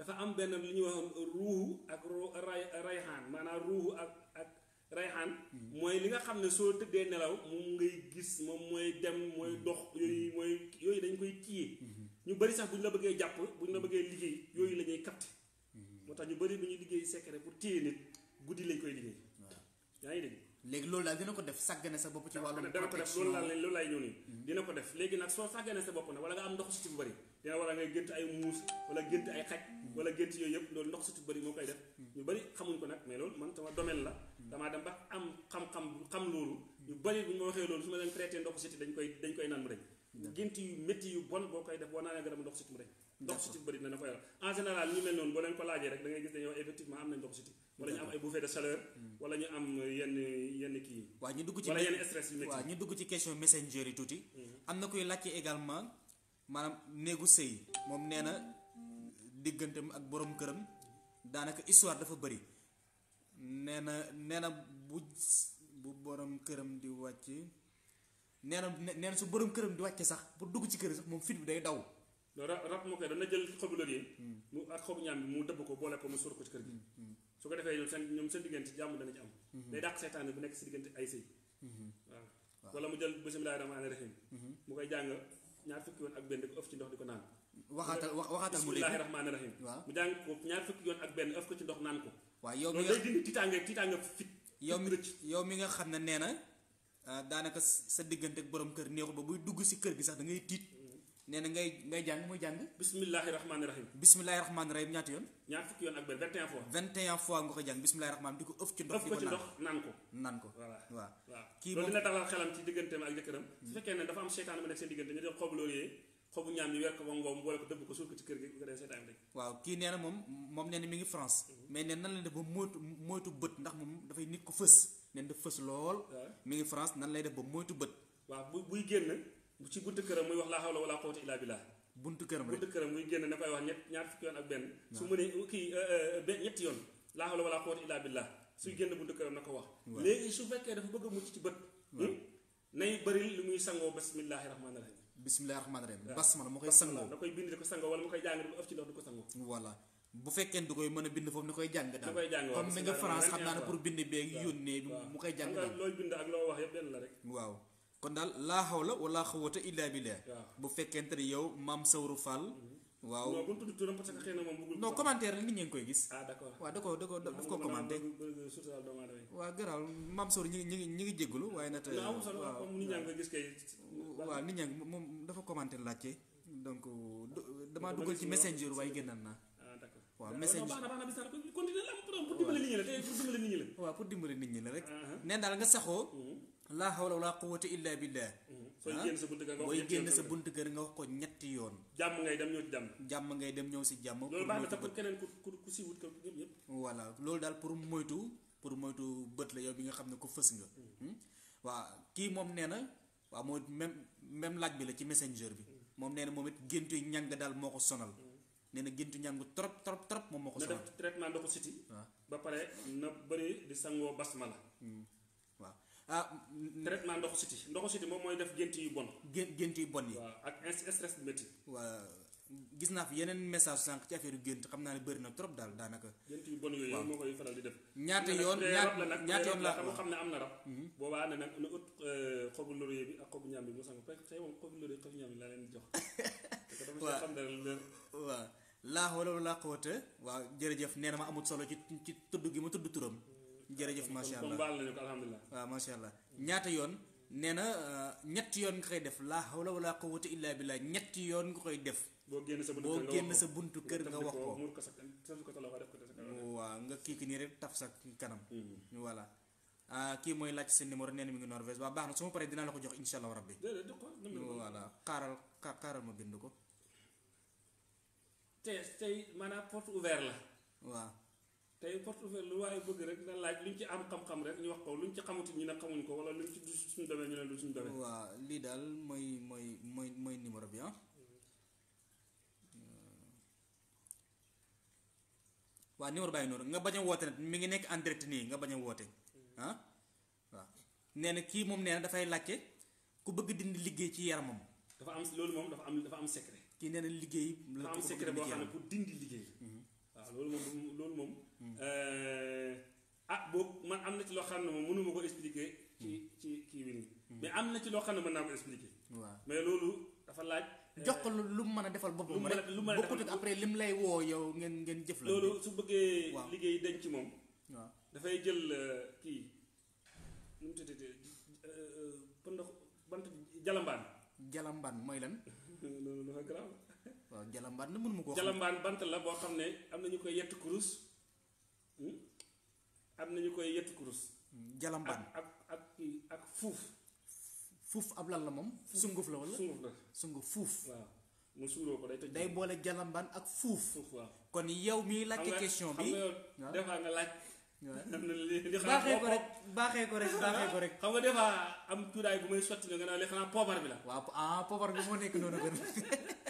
dafa am benn li ñuy wax ruuhu ak ray rayxaan maanaam ruuhu ak ak rayxaan mooy li nga xam ne soo tëddee nelaw moom ngay gis moom mooy dem mooy dox yooyu mooy yooyu dañ koy téye ñu bari sax bu ñu la bëggee jàpp bu ñu la bëggee liggéey yooyu la katt capté moo tax ñu bari bu ñuy liggéey secret pour téye nit guddi lañ koy liggéey yaa ngi dégg léegi loolu daal dina ko def sàggane sa bopp ci wàllum dana ko def loolu laa loolu laay ñëw yi mm-hmm. dina ko def léegi nag soo sàggane sa bopp nag wala nga am ndox si ci bu bëri dina a ngay gént ay muus wala gént ay xaj wala gént yooyu yëpp loolu ndox surtout bëri moo koy def ñu bëri xamuñ ko nag mais loolu man sama domaine la damaa dem ba am xam-xam xam loolu ñu bëri bu ma waxee loolu su ma dañ koy dañ koy naan mu dañ gént yu métti yu bon boo koy def boo na na ko yàlla en général ñu mel noonu boo leen ko laajee rek da ngay gis yenn yenn kii waaw ñu dugg ci wala yenn stress yu métti waaw ñu dugg ci question messenger yi tuuti mhm. am na kuy laajte également maanaam néegu sëy moom nee na digganteem ak borom këram daanaka histoire dafa bëri nee na nee na bu bu borom këram di wàcc nee na nee su borom këram di wàcce sax pour dugg ci kër sax moom fit bi day daw. rab rab moo koy dana jël xobu lëgee mm. mu ak xobu ñaam bi mu dëbb ko boole ko mu suur ko ci kër gi mm, mm. su ko defee ñoom seen ñoom seen diggante jàmm dana ci am mm-hmm. day dàq seytaane bu nekk si diggante ay sëy mm-hmm. waaw wala mu jël bismillaahi rahmaani rahim mm-hmm. mu koy jàng ñaar fukki woon ak benn di ci ndox di ko naan waxaatal waxaatal mu dégg bismillaahi rahmaani rahiim waaw mu jàng ko ñaar yoon benn ëf ko ci ndox naan ko waaw yow mi nga day dindi tiitaange tiitaange fit yow mi yow mi nga xam ne nee na ah, daanaka sa diggante ak borom kër neexu ba buy dugg si kër gi sax da ngay tiit nee na ngay ngay jàng muy jàng bismillaahi rahmaani rahiim bismillaahi rahmaani rahiim ñaata yoon ñaar fukki yoon ak benn 21 fois 21 fois nga ko jàng bismillaahi rahmaani di ko ëf ci ndox naan ko naan ko voilà waaw waaw kii moom dina dalal xelam ci digganteem ak jëkkëram su fekkee ne dafa am seytaane bu nekk seen diggante ñu xobu ñaam yi wekk ko ba ngoom boole ko dëbb ko suuf ko ci kër gi waaw kii nee moom moom nee na mi ngi France mhm. mais neen nan la def ba moytu moytu bët ndax moom dafay nit ko fës neen daf fës lool mi ngi France nan lay def ba moytu bët waaw bu buy génn ci buntu këram muy wax laa xawla wala quwwata illaa billaah buntu këram rek buntu këram muy génn na koy wax ñett ñaar fukki yoon ak benn su mënee uh, kii uh, uh, ñetti yoon laa xawla wala quwwata illaa billaah suy génn buntu këram na ko wax léegi su fekkee dafa bëgg a mucc ci bët hmm, nay bëri lu muy sangoo bismillaahi rahmaani bisimilah rahmaani rahim basmala moo koy mu koy sangoo voilà bu fekkee du koy mën a bind foofu ni koy jàng daal comme ni France xam naa ne pour bind beeg yónnee mu koy jàng daal looy bind ak loo wax la rek waaw kon daal laa hawla wala xawata bu fekkente ne yow maam sawru fall mm-hmm. waaw non bu ñu tudd nit ñi ngi koy gis. Ah, waaw da koo da koo daf ko commenté. waaw gërëm maam Sow ñu ngi ñu ngi ñu ngi jégalu waaye nag. waaw waaw nit ñaa ngi moom dafa commenté laajte. donc damaa dugal ci messenger waaye génnoon naa. Ah, d' accord waaw messenger waaw baax na baax na bis continuer la pour dimbale nit ñi la pour dimbale nit ñi la. waaw pour dimbale nit ñi la rek. Ah, nee daal nga saxoo. Mm-hmm. laa hawla wala quwwata illa billah mm-hmm. sooy ah? génn sa buntu kër nga wax booy sa buntu kër nga wax ko ñetti yoon. jàmm ngay dem ñëw si jàmm. jàmm ngay dem ñëw si jàmm. loolu baax na sax pour keneen ku ku si wut ko yëpp yëpp. voilà loolu daal pour moytu pour moytu bët la yow bi nga xam ne ko fës nga. Hmm. Hmm? waaw kii moom nee na waaw mooy même même laaj bi la ci messenger bi. Hmm. moom nee na moom it géntu ñàng daal moo ko sonal. nee na géntu ñàng trop trop trop moom moo ko sonal. na def ko ndoxu siti. ba pare na bëri di sangoo la ah. traitement ndoxu siti ndox siti moom mooy def gént yu bon. gént yu bon yi. waaw ak stress bu métti. waaw gis naa fi yeneen message sànq ci affaire gént xam naa ne bëri na trop daal daanaka. gént yu bon yooyu moo koy faral di def. ñaata yoon ñaata ñaata yoon laa xam ne am na rab. Mhm. boobaa ne nag na ut euh, xobu laurier bi ak xobu ñaam bi mu sànq fekk tey moom xobu laurier xobu ñaam bi laa leen jox. waaw waaw laa xawla jërëjëf nee ma amut solo ci ci tudd gi ma tudd turam jërëjëf macha allah kon allah ñaata yoon nee na euh, ñetti yoon nga koy def laa hawla wala quwwata illa billah ñetti yoon nga koy def. boo génn sa buntu kër nga wax ko boo sa buntu kër nga wax ko. waaw nga kii ki nii rek taf sa kanam. Mhm. voilà ah, kii mooy laaj seen numéro nee na mi ngi Norvège waaw baax na su ma paree dinaa la ko jox incha allah rabbi. voilà xaaral xaaral ma bind ko. tey tey maanaam porte ouverte la. waaw. tey porte ouverte lu waaye bëgg rek na laaj luñ ci am xam-xam rek ñu wax ko ñu ci xamuti ñi ne xamuñ ko wala luñ ci du suñu domaine ñu ne du suñu domaine. waaw lii daal mooy mooy mooy mooy numéro bi ah. waaw numéro bàyyi noonu nga bañ a woote nag mi ngi nekk en direct nii nga bañ a woote. ah waaw nee na kii moom nee na dafay laajte ku bëgg dindi liggéey ci yaramam. dafa am loolu moom dafa am dafa am secret. kii nee na liggéey. la ko am secret ne pour dindi liggéey. Mhm. waaw loolu Euh, ah boobu man am na ci loo xam ne moom mënuma ko expliquer ci hmm. ci kii bi hmm. mais am na ci loo xam ne mën naa ko expliquer waaw mais loolu dafa laaj euh, jox ko lu mu mën a defal boppam rek lu mën a bokkut ak après lim lay woo yow ngeen ngeen jëf su bëggee liggéey denc moom waaw dafay jël euh, kii nu mu tëddee pëndox bant jalambaan jalambaan mooy lan loolu dafa garaaw waaw jalambaan na mënuma ko jalambaan bant la boo xam ne am na ñu koy yett kurus am na ñu koy yettu kurus. jalambaan ak ak ak fuuf. fuuf ab lan la moom. sunguf la wala sunguf fuuf. waaw mu suuroo ko day day boole jalambaan ak fuuf. fuuf waaw kon yow miy laajte question bi. xam nga xam nga nga laaj. baaxee ko rek baaxee ko rek baaxee ko rek. xam nga des fois am tuuraay bu may sotti nga naan li xanaa poobar bi la. waaw ah poobar bi moo nekk noonu gën.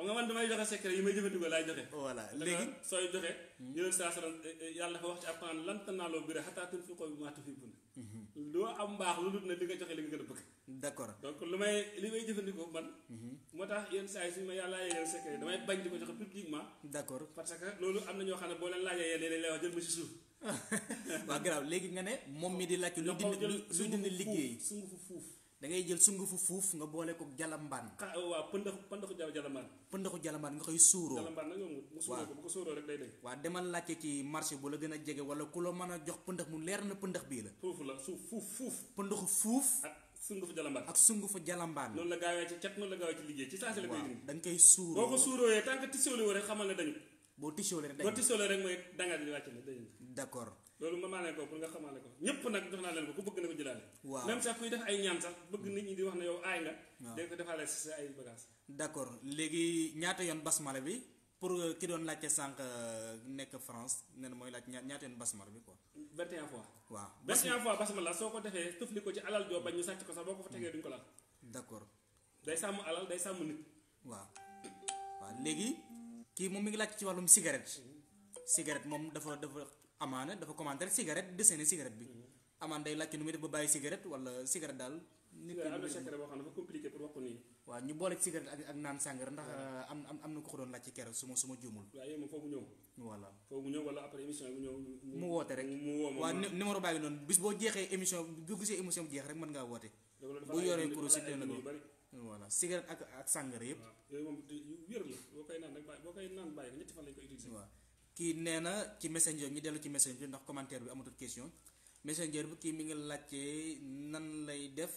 xam nga man damay joxe secret yi may jëfandikoo laay joxe. voilà léegi sooy joxe. Hmm. yeneen saa salaam eh, eh, yàlla dafa wax ci alxuraan lan tanaalul birra hattaa tunfiqu mimmaa tuhibbuun. doo hmm. am mbaax lu dul ne li nga joxe li nga gën a bëgg. d'accord donc lu may may jëfandikoo man. Hmm. moo tax yenn saa yi suñu ma yàlla laajee yeneen secret damay bañ di ko joxe publiquement. d'accord parce que loolu am na ñoo xam ne boo leen laajee yéen dañ lay wax jël ma si suuf. waaw garaaw léegi nga ne moom mi di laaj. lu dindi lu dindi liggéey. sungu fu fuuf da ngay jël sungufu fuuf nga boole ko jalambaan. xa waaw pëndaxu pëndaxu jalambaan. pëndaxu jalambaan nga koy suuroo. jalambaan nag yombul mu suuroo ko bu ko suuroo rek day day. demal laajte ci marché bu la gën a jege wala ku la mën a jox pëndax mu leer na pëndax bii la. foofu la suuf fuuf fuuf. pëndaxu fuuf. ak sungufu jalambaan. ak sungufu jalambaan. noonu la gaawee ci cat noonu la gaawee ci liggéey ci saa si la koy dindi. da nga koy suuroo boo ko suurooyee tant que wàcc na dañu. loolu mën naa leen ko pour nga xamaale ko ñëpp nag jox naa leen ko ku bëgg na ko jëlaale. waaw même sax kuy def ay ñaan sax bëgg nit ñi di wax ne yow aay nga. waaw ko defaale si sa ay bagages. d' léegi ñaata yoon basmala bi pour euh, ki doon laajte sànq euh, nekk France nee na mooy laaj ñaata yoon basmala bi quoi. 21 fois. waaw basmala 21 fois basmala soo ko defee tufli ko ci alal joo bañ ñu sàcc ko sax boo ko fa tegee duñ ko laal. d' day sàmm alal day sàmm nit. waaw waaw léegi. kii moom mu ngi laajte ci wàllum cigarette. Mm-hmm. cigarette moom dafa dafa. amaana dafa commandé rek cigarette dessiné cigarette bi. Mm-hmm. amaan day laajte nu muy def ba bàyyi cigarette wala cigarette daal. nit ki am na ne dafa compliqué pour wax ko nii. waaw ñu boole cigarette ak ak naan sàngara ndax euh, am am na ko doon laaj ci keroog su ma su ma juumul. waaw yow moom foofu ñëw. voilà foofu ñëw mu woote rek mu woo waaw numéro baa ngi noonu bis boo jeexee émission bu gisee émission bi jeex rek mën ngaa woote. bu yoree kuréel si dina la boo koy kii nee na ci messenger ñu dellu ci messenger ndax commentaire bi amatul question messenger bi kii mi ngi laajtee nan lay def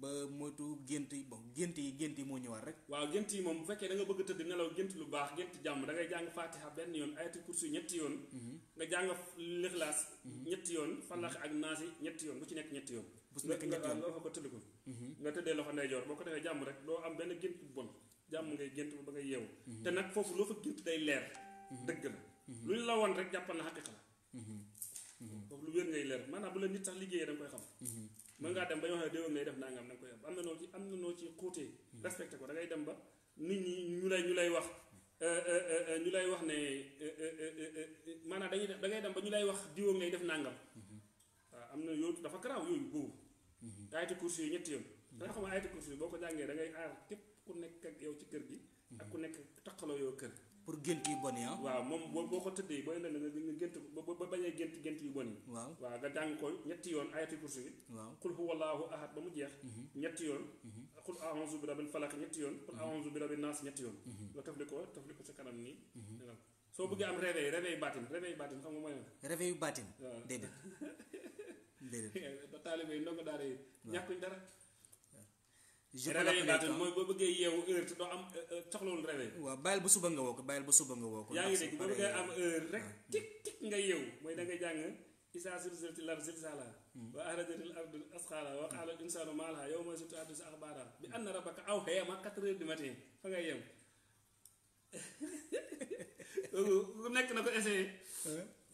ba moytu gént yi boo gént yi gént yi moo rek waaw gént yi moom bu fekkee da nga bëgg tëdd nelaw gént lu baax gént jàmm da ngay jàng faatiha benn yoon ayatul kursi ñetti yoon mhm. nga jàng lixlaas mhm. ñetti yoon falax ak naasi ñetti yoon bu ci nekk ñetti yoon bu ci nekk ñetti yoon loolu ko tëdd ko mhm. nga tëddee loxo ndeyjoor boo ko defee jàmm rek loo am benn gént bu bon jàmm ngay gént ba ngay yeewu te nag foofu loo fa gént day leer dëgg la Mhm. lu ñu la woon rek jàppal na xaqiqa la mhm. Mhm. foofu lu wér ngay leer maanaam bu la nit sax liggéeyee da nga koy xam mën ngaa dem ba yoo xam ne déwén ngay def nangam da nga koy na noo am na noo ci xóotee respecté ko da dem ba nit ñi ñu lay ñu lay wax euh, euh, euh, ñu lay wax ne maanaam dañuy def da ngay dem ba ñu lay wax diwoo ngay def nangam waaw ah, am na yooyu dafa garaaw yooyu boobu ayati kursi yi ñetti yoon da nga xam ne ayati kursi yi boo ko jàngee da ngay aar képp ku nekk ak yow ci kër gi ak ku nekk taqaloo yow kër pour gént yu bon yi ah. waaw moom boo boo ko tëddee booy na nga gént ba ba bañee gént gént yu bon yi. waaw waaw nga jàng ko ñetti yoon ayatul kursi bi. waaw qul huwallaahu ahad ba mu jeex. Mhm. ñetti yoon. Mhm. qul a'uuzu bi rabbil falaq ñetti yoon. qul mhm. a'uuzu bi rabbin naas ñetti yoon. nga tafli ko tafli ko sa kanam nii. soo bëggee am réveil réveil baatin réveil baatin xam nga mooy lan. réveil baatin. waaw déedéet. déedéet. taalibe yi ndongo je me rappelle mooy boo bëggee yeewu heure te doo am euh, euh, soxlawul réveil. waaw bàyyil ba suba nga woo ko bàyyil ba suba nga woo ko. yaa ngi dégg boo bëggee am heure rek tik tik nga yeewu mooy da nga jàng. isaa zulzilat al-ardu zilzaalahaa wa axrajat al-ardu asqaalaa wa qaala al-insaanu maa lahaa yawma izin tuhaddisu axbaarahaa bi anna rabbaka awhamaa quatre heures du matin fa nga yeewu. ku nekk na ko essayé.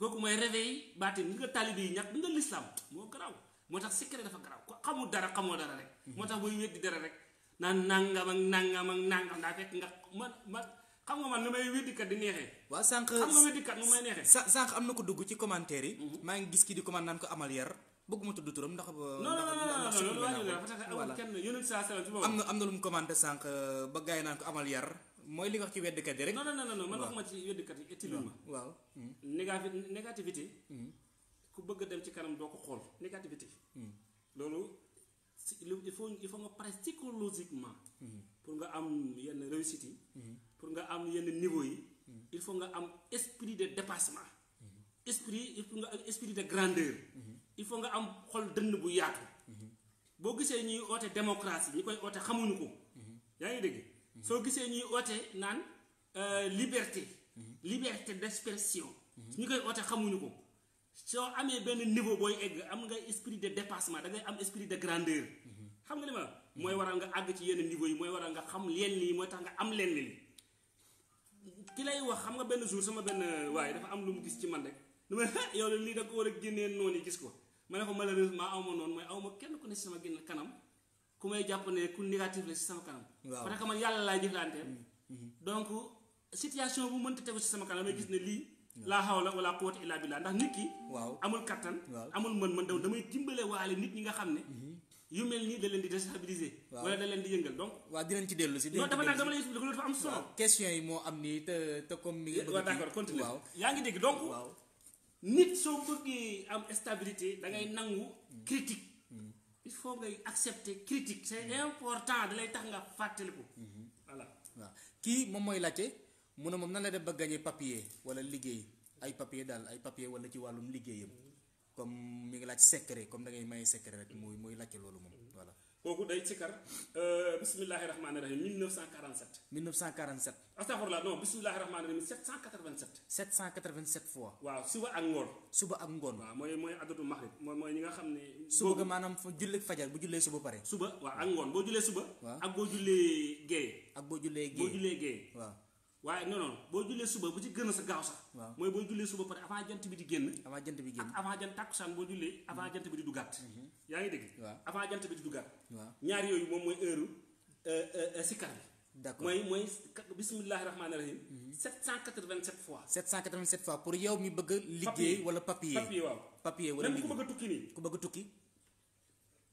kooku mooy réveil baatin nga taalibe yi ñàkk nga lislaam moo garaaw. moo tax si secret dafa garaaw ko xamul dara xamoo dara rek moo tax booy weddi dara rek naan nangam ak nangam ak nangam daa fekk nga man ma xam nga man nu may weddikat di neexee waaw sànq xam nga weddikat nu may neexee am na ko dugg ci commentaire mhm. maa ngi gis ki di commande naan ko amal yar bëgguma tudd turam ndax. non non non loolu waa ñu la parce que am na am na lu mu sànq euh, ba gars yi naan ko amal mooy li nga wax ci weddkat yi rek. non non non man waxuma ci weddkat yi étudiant ma. waaw hmm. négativité. Hmm. ku bëgg a dem ci kanam doo ko xool négativité. Hmm. loolu si il faut il faut nga pare psychologiquement. Hmm. pour nga am yenn réussité hmm. pour nga am yenn niveau yi. il faut nga am esprit de dépassement. esprit il faut nga am esprit de grandeur. il faut nga am xol dënn bu yaatu. boo gisee ñuy oote démocratie ñi koy oote xamuñu ko. yaa ngi dégg soo gisee ñuy oote naan euh, liberté. liberté d'expression. ñi koy oote xamuñu ko. soo amee benn niveau booy egg am nga esprit de dépassement da ngay am esprit de grandeur. xam nga li ma mooy waral nga àgg ci yenn niveau yi mooy waral nga xam leen lii mooy tax nga am leen li ki lay wax xam nga benn jour sama benn waaye dafa am lu mu gis ci man rek dama yow lii da ko war a génnee noonu yi gis ko ma ne ko malheureusement aw ma noonu mooy am ma kenn ku ne sama génn kanam ku may jàpp ne ku négatif la si sama kanam. waaw parce que man yàlla laay jëflante. Mm-hmm. donc situation bu mënta tegu si laa hawla wala quwwata illa billah ndax nit ki waaw amul kattan amul mën-mën daw damay dimbale waale nit ñi nga xam ne mhm. yu mel nii da leen di déstabiliser waaw da leen di yëngal donc waaw dinañ ci dellu si non dafa nag dama lay expliqué loolu dafa am solo question yi moo am nii te te comme mi waaw d'accord continue yaa ngi dégg donc nit soo bëggee am stabilité dangay mhm. nangu mhm. critique il faut ngay accepter critique c'est important dalay tax nga fàttaliku voilà waaw kii moom mooy laajte mu ne moom nan la def ba gañee papier walla liggéey ay papier daal ay papier walla ci wàllum liggéeyam comme mi ngi laaj secret comme dangay ngay maye secret rek muy muy laajte loolu moom voilà. kooku day sikar euh, bisimilahi rahmaani rahim 1947. 1947. astafurlah non bisimilahi rahmaani rahim 787. 787 suba ak ngoon. suba ak ngoon. waaw mooy mooy adatu maxrib mooy mooy nga xam ne. suba ga maanaam fa julli fajar bu jullee suba pare. suba waaw ak ngoon boo jullee suba. waaw ak boo jullee géeye. ak boo jullee géeye boo jullee géeye waaw. waaye non boo jullee suba bu ci gën a sa gaaw sax. waaw mooy boo jullee suba pare avant jant bi di génn. avant jant bi génn ak avant jant tàkkusaan boo jullee avant mm-hmm. jant bi di duggaat. Mm-hmm. yaa ngi dégg. waaw avant jant bi di duggaat. waaw ñaar yooyu moom mooy heure euh, euh, euh, sikar bi. d'accord mooy mooy bismillahi rahmaani rahim. 787 mm-hmm. fois. 787 fois pour yow mi bëgg a. liggéey wala papier papier waaw. papier wala liggéey même ku bëgg tukki nii. ku bëgg tukki.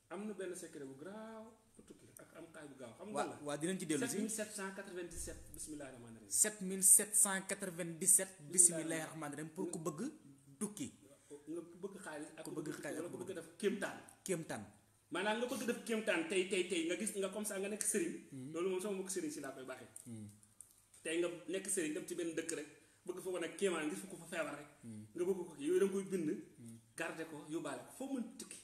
am na benn secret bu garaaw. bu gaaw xam nga la waaw dinañ ci dellu si 7797 bisimilah rahmaani rahim. 7797. bisimilah rahmaani rahim pour ku bëgg tukki. nga bëgg xaalis ak ku bëgg xaalis ak ku bëgg def kéemtaan. kéemtaan. bëgg def kéemtaan tey tey tey hmm. loolu moom sama mbokk sëriñ si laa koy baaxee. Hmm. tey nga nekk sëriñ dem ci benn dëkk rek bëgg fa wane kéemaan gis fa fa feebar rek. Hmm. nga bëgg ko kii yooyu da koy bind. garder ko yóbbaale ko foo mën tukki.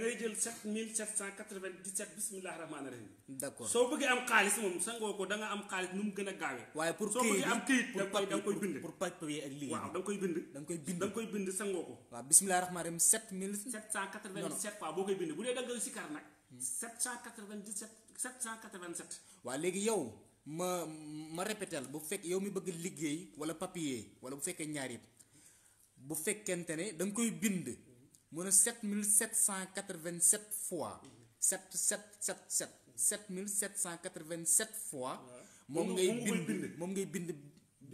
da jël sept mille sept cent quatre-vingt-dix-sept bismillahi rahmaani rahim. d'accord soo bëggee am xaalis moom sangoo ko da nga am xaalis nu mu gën a gaawee. waaye pour soo bëggee am këyit da nga koy bind pour papier ak liggéey. waaw da nga koy bind. da boo koy léegi yow. ma ma répéter bu fekk yow mi bëgg liggéey wala papier wala bu fekkee ñaar yëpp bu fekkente ne da nga koy bind mu ne sept mille sept cent quatre-vingt-sept fois sept sept sept sept sept mille sept cent quatre-vingt-sept fois moom ngay bind moom ngay bind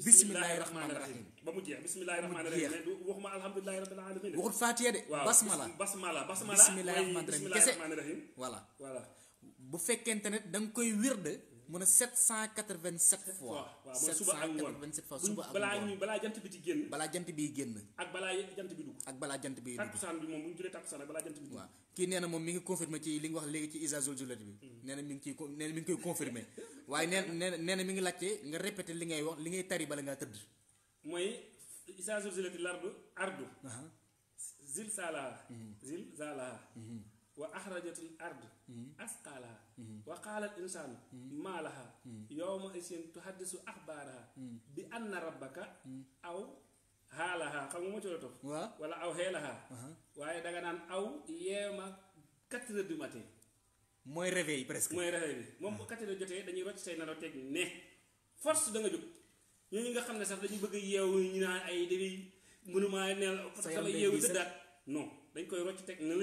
bismillaahi rahmaani rahiim ba mu jeex bismillaahi rahmaani rahiim waxuma alhamdulillaahi rabbil aalamiin waxut faatiya de basmala basmala basmala bismillaahi rahmaani rahiim voilà bu fekkente ne da nga koy wér de mu ne sept cent quatre-vingt-sept fois 787 fois suba ak ngoon balaa jant bi ci génn balaa jant biy génn ak balaa jant bi dugg ak balaa jant biy dugg takkusaan bi moom bu ñu juree takkusaan ak balaa jant bi dugg waaw kii nee na moom mi ngi confirmé ci li nga wax léegi ci isa zulzulati bi mm. nee na mi ngi ciy nee na mi ngi koy confirmé waaye nee nee na mi ngi laajte nga répété li ngay wax li ngay tari bala ngaa tëdd mooy isa zulzulati lardu ardu zil salaha zil salaha waa axrajatil ard hmm. asqaalaha hmm. wa qaala al insaanu hmm. maa lahaa yawma isin tuhaddisu axbaaraha bi anna rabbaka aw xaalaha xam nga ma coola tof wala aw xeelaha waaye danga naan aw yeema quatre heures du matin mooy réveil presque bi moom bu quatre jotee dañuy rocc say naro teg ne force da nga jóg ñooñu nga xam ne sax dañu bëgg yeewu ñu naan ay défi mënumaa neel sama yeewu tëddaat non dañ koy rocc teg na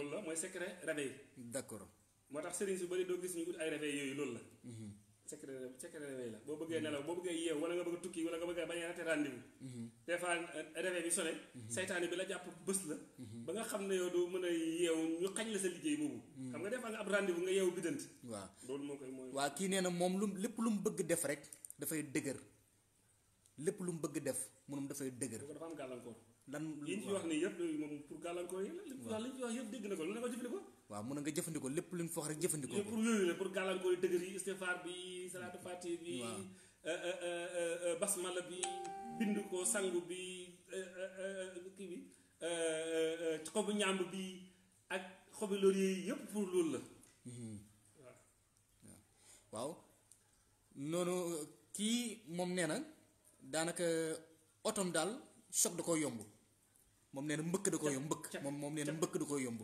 loolu la mooy secret réveil. d'accord moo tax sëriñ su bari doo gis ñu ut ay réveil yooyu loolu la. Mhm. secret secret réveil la boo bëggee nelaw boo bëggee yeew wala nga bëgg tukki wala nga bëgg a bañ a rate rendez-vous. Mhm. des euh, bi sonné. Mhm. saytaane bi la jàpp bés la. ba nga xam ne yow doo mën a yeew ñu xañ la sa liggéey boobu. xam nga des fois nga ab rendez-vous nga yeew biddanti. waaw loolu moo koy mooy. waa kii nee na moom lu lépp lu mu bëgg def rek dafay dëgër lépp lu mu bëgg def munum dafay dëgër. dafa am gàllankoor. lan li ñu ci wax nii yëpp moom pour gàllankoor yi la li ñu wax li ñu ci wax yëpp dégg na ko lu ne ko jëfandikoo waaw mun na nga jëfandikoo lépp lu ñu fa wax rek jëfandikoo pour yooyu la pour gàllankoor yi dëgër yi istifaar bi salaatu fati bi euh, euh, euh, basmala bi bind ko sangu bi kii bi xobu ñàmb bi ak xobi laurier yi yëpp pour loolu la mhm. waaw waaw noonu kii moom nee na daanaka otom daal choc da ko yomb moom nee na mbëkk da ko yomb mbëkk moom moom nee mbëkk da ko yomb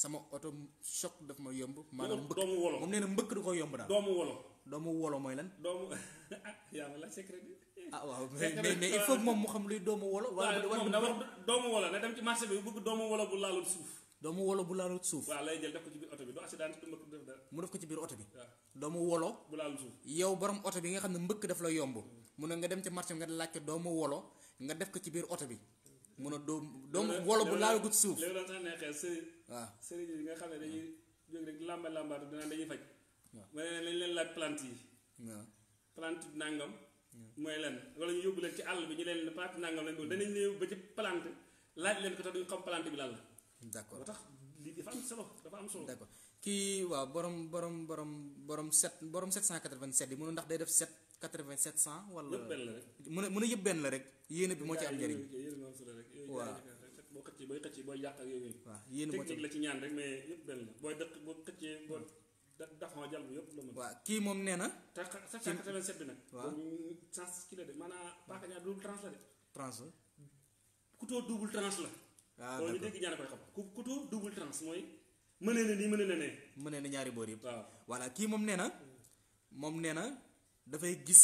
sama oto choc daf ma yomb maanaam mbëkk doomu wolo moom nee mbëkk da ko yomb daal doomu wolo doomu wolo mooy lan doomu ah, ah, mu xam luy doomu wolo wala moom na wax doomu wolo na dem ci bu laalul suuf doomu wolo bu laalul suuf waaw lay jël def ko ci biir oto bi doo accident du mbëkk def dara mu def ko ci biir daf la yomb mu ne nga dem ci marché bi nga laajte doomu wolo nga def ko ci biir oto bi mun a doom doom wolo bu laalagut suuf léegi loolu sax neexee sëriñ waaw yi nga xam ne dañuy jóg rek làmba làmbaatu dinaan dañuy faj waaw ma leen laaj plante yi waaw plante nàngam mooy lan wala ñu yóbbu leen ci àll bi ñu leen plante nàngam lañ ko danañ ñëw ba ci plante laaj leen ko tax duñ xam plante bi lan la d'accord ba tax lii dafa am solo dafa am solo d'accord kii waaw borom borom borom borom sept borom 787 yi mënu ndax day def sept quatre-vingt sept cent wala mën a mën a yëpp benn la rek yéene bi moo ci am njëriñ waaw boo xëccee booy xëccee booy yàq ak moo ci la ci boo xëccee boo hmm. daxoo jàll bi waaw kii moom nee na te sept cent quatre-vingt-sept waaw cent kii de maanaam paaka ñaar double tranche la de tranche couteau la waaw ah, loolu ñu dégg ñaar koy xam couteau double tranche mooy mënee na nii mënee na na ñaari boor yëpp voilà kii moom nee na moom nee na dafay gis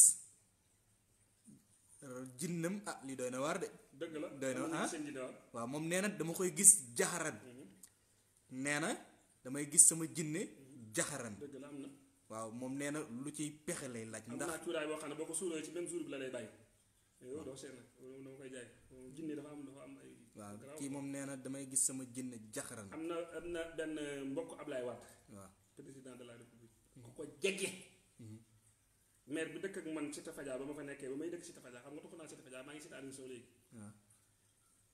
euh, jinnam ah li doy na waar de. dëgg la doy na ah waaw moom nee na dama koy gis jaxaran mhm. nee na damay gis sama jinne jaxaran dëgg la am na waaw moom nee na lu ciy pexe lay laaj. ndax am naa xam ne boo ko suuree ci benn jour bi la lay bàyyi. yow dafa am dafa am ay. waaw kii moom nee na damay gis sama jinne jaxaran am na benn mbokk ab lay waaw président de ko jege. maire bu dëkk ak man Cité Fadia ba ma fa nekkee ba may dëkk si Fadia xam nga toxu naa Cité Fadia maa ngi ah.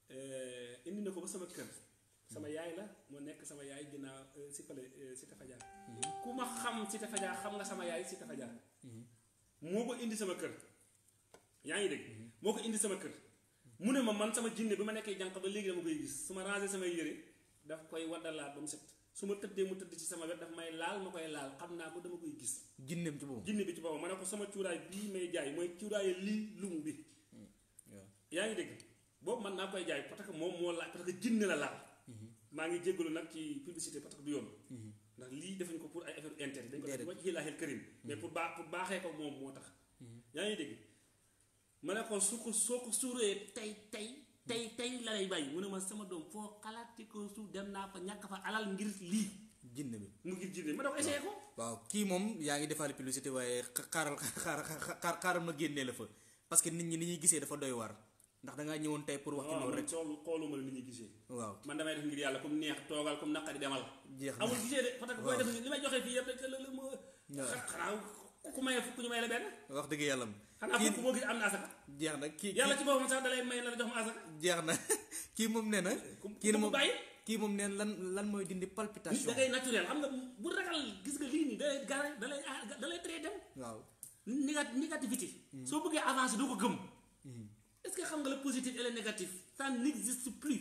eh, indi na ko ba sama kër. sama hmm. yaay la moo nekk sama yaay ginnaaw eh, si fële eh, Cité hmm. ku ma xam Cité Fadia xam nga sama yaay si Fadia. Hmm. moo ko indi sama kër. yaa ngi dégg. moo ko indi sama kër. mu ne ma man sama jinne bi ma nekkee jànq ba léegi dama koy gis su ma ranger samay yére daf koy waddalaat ba mu set. su ma tëddee mu tëdd ci sama wet daf may laal ma koy laal xam naa ko dama koy gis. jinneem ci boobu jinne bi ci boobu ma ne ko sama cuuraay bii may jaay mooy cuuraayu lii lumu bi. Hmm, yaa ngi dëgg boobu man naa koy jaay parce que moom moo laal parce que jinne la laal. Hmm. maa ngi jégalu nag ci publicité parce que du yoon. Hmm. ndax lii defuñ ko pour ay affaire intérêt dañ ko def wàcc xilaaxil kërim mais pour baax pour baaxee ko moom moo tax. yaa ngi dégg ma ne ko su ko soo ko suuree tey tey. tey tey la lay bàyyi mu ne ma sama doom foo xalaati ko suuf dem naa fa ñàkk fa alal ngir lii. jinne bi mu ngir jinne bi ma dafa essayé ko. waaw kii moom yaa ngi defal publicité waaye xaaral xaaral xaaral ma génnee la parce que nit ñi ni ñuy gisee dafa doy war ndax da ñëwoon tey pour wax ci loolu rek waaw man damay def ngir yàlla comme neex toogal comme naqari demal. jeex na amul gisee de parce que joxe fii yëpp rek loolu moo. xanaa ku may fukk ñu may la benn. wax dëgg yàlla xanaa kii moo gis am na asaka. na kii yàlla ci boppam sax dalay may la jox ma na kii moom nee na. Eh, moom bàyyi moom nee lan lan mooy dindi palpitation. da ngay naturel xam nga bu ragal gis nga lii nii da lay gaare da lay da lay traité. waaw négativité. Hmm. soo bëggee avancer doo ko gëm. Hmm. est-ce que xam nga le positif et le négatif. ça n'existe plus.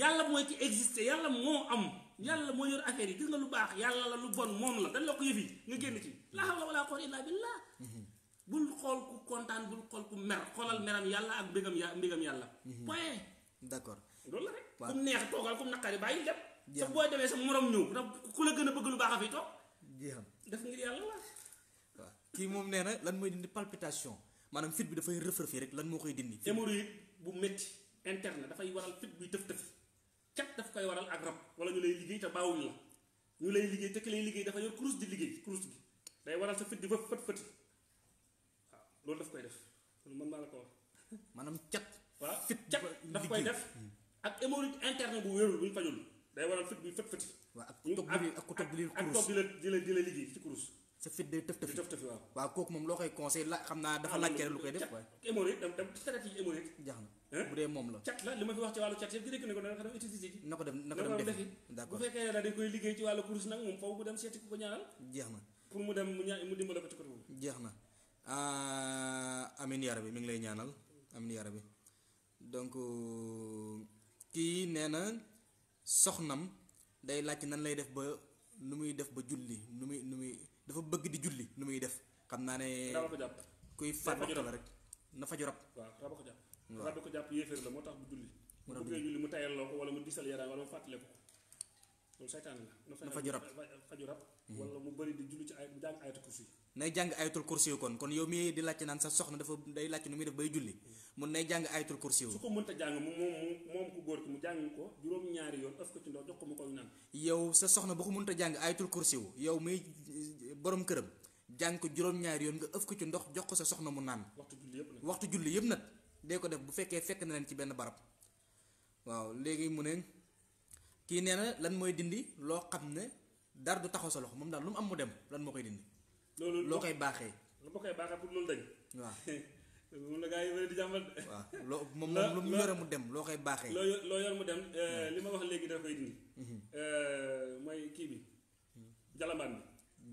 yàlla mooy ci exister yàlla moo am. yàlla moo yor affaire yi gis nga lu baax yàlla la lu bon moom la dañ la ko yëfi nga génn ci. laa hawla wala quwwata illa billah hmm. bul xool ku kontaan bul xool ku mer xoolal meram yàlla ak mbégam ya mbégam yàlla. Mhm. point. d'accord loolu la rek. waaw ku neex toogal ku naqari bàyyi dem. sa boo demee sa morom ñëw ndax ku la gën a bëgg lu baax a fi toog. def ngir yàlla la. kii moom nee na lan mooy dindi palpitation maanaam fit bi dafay rëfër fii rek lan moo koy dindi. hémorroïde bu métti interne dafay waral fit buy tëf tëf cat daf koy waral ak rab wala ñu lay liggéey te baawuñu la ñu lay liggéey te ki lay liggéey dafa yor kurus di liggéey kurus gi day waral loolu daf koy def loolu mën la ko wax. maanaam cat. waaw cat daf koy def. ak hémorroïde interne bu wérul bu fajul day waral fit bi fët fëti. waaw ak toog bi bi leen kurus sa fit day tëf tëf tëf kooku moom loo koy conseil la xam naa dafa ah, laajte lu koy def. waaw hémorroïde dam dam na bu dee moom la. cat la li ma fi wax ci wàllu ko ko ñaanal. jeex na pour mu dem mu ñaan mu dimbale ko ci côté boobu. jeex na Ah, amin yara bi mi ngi lay ñaanal amin yara bi donc kii nee na soxnam day laaj nan lay def ba nu muy def ba julli nu muy nu muy dafa bëgg di julli nu muy def xam naa ne kuy faat waxtu la na faju rab waaw rab ko jàpp rab ko jàpp yéeféer la moo tax bu julli mu bëggee julli mu tayal loo ko wala mu disal yaram wala mu fàttale ko loolu seytaane la na mu bëri di ci ay mu jàng ayatul kursi yi nay jàng ayatul kursi yu kon kon yow mi di laajte naan sa soxna dafa day laajte nu muy def bay julli mun nay jàng ayatul kursi yu su ko mënta jàng moom moom ku jàng ko juróom-ñaari yoon ëf ko ci mu koy naan yow sa soxna ba ko mënta jàng ayatul kursi yu yow muy boroom këram jàng ko juróom-ñaari yoon nga ëf ko ci ndox jox ko sa soxna mu naan waxtu julli yëpp nag julli yëpp nag dee ko def bu fekkee fekk na ci benn barab waaw léegi mu ne kii nee na lan mooy dindi loo xam ne dara du taxaw sa loxo moom daal lu mu am mu dem lan moo koy dindi. loolu loo koy baaxee. lu ma koy baaxee pour loolu la gars yi bëri di jàmbat. loo moom mu dem loo koy baaxee. loo loo yor mu dem euh, li ma wax léegi dafay dindi. Mhm. Euh, mooy kii bi. Mhm. jalambaan bi.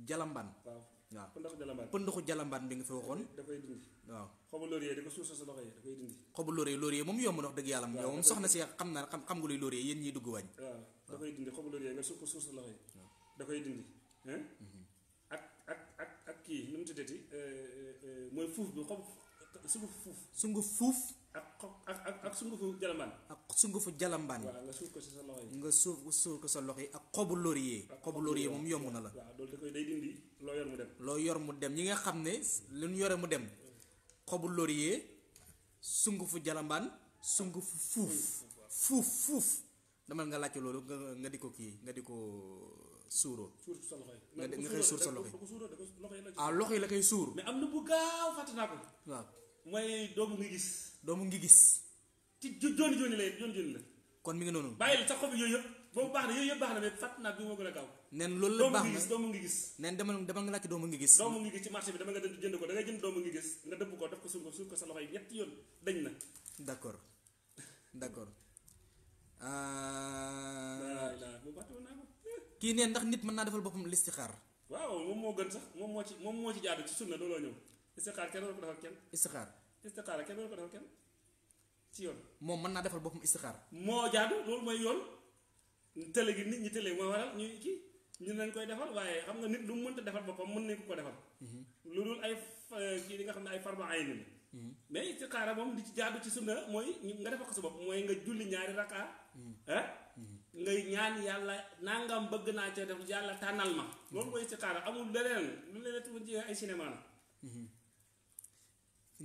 jalambaan. waaw waaw pëndaxu jalambaan pëndaxu jalambaan bi nga fi waxoon. da koy dindi waaw. xobu laurier di ko suusoo sa loxo yi da koy dindi. xobu laurier laurier moom yomb na wax dëgg yàlla moom. moom soxna si xam naa xam dugg wàññi. waaw da koy dindi xobu laurier nga suuf ko suuf ak ak ak kii nu mu tuddati euh, euh, euh, mooy fuuf bi xob sungu fuuf. sungu ak ak ak ak sungufu ak sungufu jalambaan. waaw nga suuf ko sa loxo nga suuf suuf sa loxo yi ak xobu laurier. xobu laurier moom yomb na la. da koy day dindi loo yor mu dem. loo yor mu dem ñi nga xam ne lu ñu yore mu dem xobu laurier sungufu jalambaan sungufu fuuf fuuf fuuf damal nga laajte loolu nga nga di ko kii nga di ko suuroo. suur sa yi nga koy suur sa loxo yi ah loxo yi la koy suur. mais am na bu gaaw fàtte naa ko. waaw mooy doomu ngi gis. doomu ngi gis. ci joni joni la yéen joni joni la. kon mi ngi noonu. bàyyi la sa xob yooyu yëpp boobu baax na yooyu yëpp baax na mais fàtte naa bi moo gën a gaaw. neen loolu la baax na doomu ngi gis neen demal demal nga laajte doomu ngi gis doomu ngi gis ci marché bi dama nga jënd ko da ngay jënd doomu ngi gis nga dëbb ko def ndax nit mën naa defal boppam listixaar waaw moom moo gën moom moo ci moom moo ci jaadu ci sunna looloo ñëw istixaar kenn war ko defal kenn istixaar istixaar kenn war ko defal kenn ci yoon moom mën naa defal boppam istixaar moo jaadu loolu mooy yoon tële gi nit ñi tële moo waral ñuy kii ñun lañ koy defar waaye xam nga nit lu mu mënta defal boppam mën nañ ko ko defal. Mhm. lu dul ay euh, kii li nga xam ne ay farba ay ni mhm. mais istixaara moom di ci jaadu ci sunna mooy nga defal ko sa bopp mooy nga julli ñaari rakaa. Mhm. ah. ngay yàlla nangam bëgg naa cee def yàlla tànnal ma. loolu mooy istixaara amul leneen lu leneen tuuti ci ay cinéma la.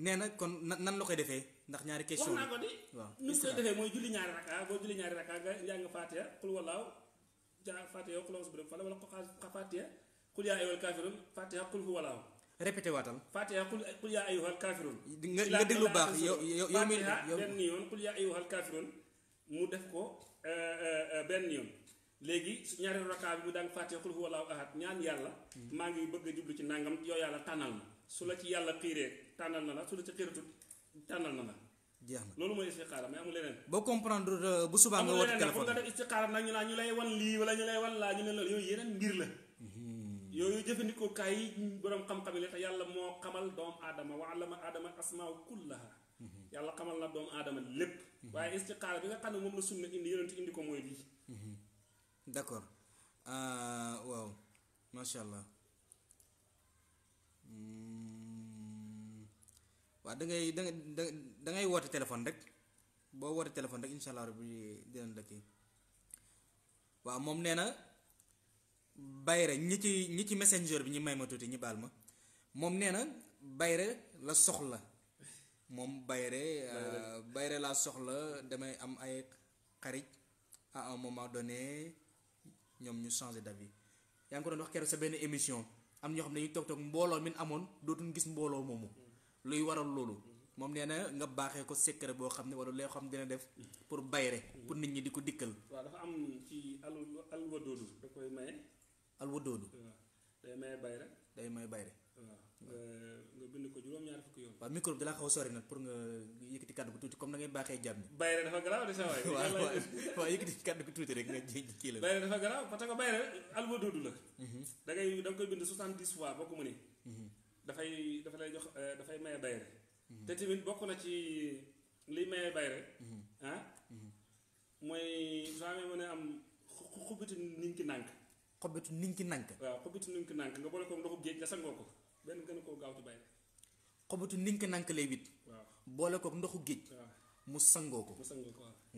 nee na kon nan la koy defee ndax ñaari question wax waaw nu koy defee mooy ñaari rakaa boo julli ñaari rakaa nga jàng ca Fatiha xul auzu bi rabbil falaq wala Fatiha xul yaa ayyuhal kaafiruun Fatiha xul huwa laahu. répété waatal. Fatiha xul xul yaa ayyuhal kaafiruun. nga nga déglu baax yow yow yow mii Fatiha benn yoon xul yaa ayyuhal kaafiruun mu def ko eh, eh, eh, benn yoon. léegi su ñaari rakaa bi mu daan fàttee xul huwa laahu ahad ñaan yàlla maa ngi bëgg a jublu ci nàngam yow yàlla tànnal ma su la ci yàlla xiiree tànnal na la su la ci xiiratul tànnal na la jeex na loolu mooy istixaara mais amul leneen. boo comprendre euh, bu subaa nga woote téléphone amul leneen nag ñu lay wan lii wala ñu lay wan laa ñu ne loolu yooyu yeneen mbir la. Hmm. yooyu jëfandikoo kaay yi borom xam-xam yi la te yàlla moo xamal doomu aadama wa allama aadama asmaa kullaha hmm. yàlla xamal na doomu aadama lépp. Hmm. waaye istixaara bi nga xam ne moom la sunna indi yonent indi ko mooy lii. d' accord euh, waaw macha allah. waaw da ngay dangay woote téléphone rek boo woote téléphone rek insha allah rabbi dinañ la kii waaw moom nee na bayre ñi ci ñi ci messenger bi ñi may ma tuuti ñi baal ma moom nee na bayre la soxla moom bayre bayre euh, laa soxla damay am ay xarit à un moment donné ñoom ñu changé d'avis yaa ngi ko doon wax keroog sa benn émission am ñoo xam ne ñu toog toog mbooloo min amoon dootuñ gis mbooloo moomu mm. luy waral loolu moom nee na nga baaxee ko secret boo xam ne wala loo xam dina def pour bayre pour nit ñi di ko dikkal. waaw dafa am ci al al wadoodu da koy maye. al wadoodu. day maye bayre. day maye bayre. waaw nga bind ko juróom-ñaar fukki yoon. waaw micro a sori nag pour nga yëkkati kàddu ko baaxee jàmm. bayre dafa garaaw de sa tuuti rek kii la. bayre dafa garaaw parce que bayre al mhm. da ngay da nga koy bind soixante-dix fois boo ko mënee. Mhm. dafay dafa lay jox euh, dafay maye bayre. te tamit bokk na ci liy maye bayre mm-hmm. ah mm-hmm. mooy saa amee mën a am xubbitu niñ ki nànk xobbitu niñ ki nànk waaw xobbitu niñ ki nànk nga boole ko ndoxu géej nga sangoo ko benn gën a koo gaaw ci bayre xobbitu niñ boole ko ndoxu géej mu sangoo ko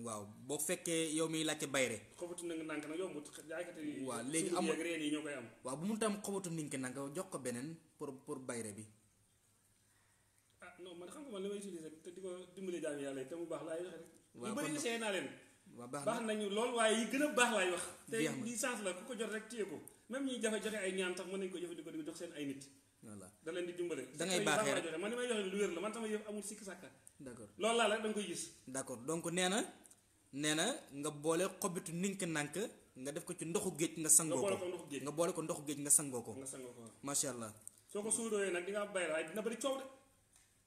waaw boo fekkee yow miy laajte bayre xobatu ninki nànk nag yombut jaaykat yi waaw léegi amul yi ñoo koy am waaw bu mu tam xobatu ninki nànk jox ko beneen pour pour bayre bi non man xam nga man li may utiliser te di ko dimbali jaam yàlla te mu baax laay wax rek. waaw kon bëri naa leen. baax nañu lool waaye yi gën a baax laay wax. te licence la ku ko jot rek téye ko même ñuy jafe joxe ay ñaan sax mën nañu ko jëfandikoo di jox seen ay nit. voilà di dimbale. da ngay d' accord nga na nee boole xobitu nink nànk nga def ko ci ndoxu géej nga sangoo ko nga boole ko ndoxu géej nga sangoo ko. nga allah. soo ko suudooyee nag di am bay la waaye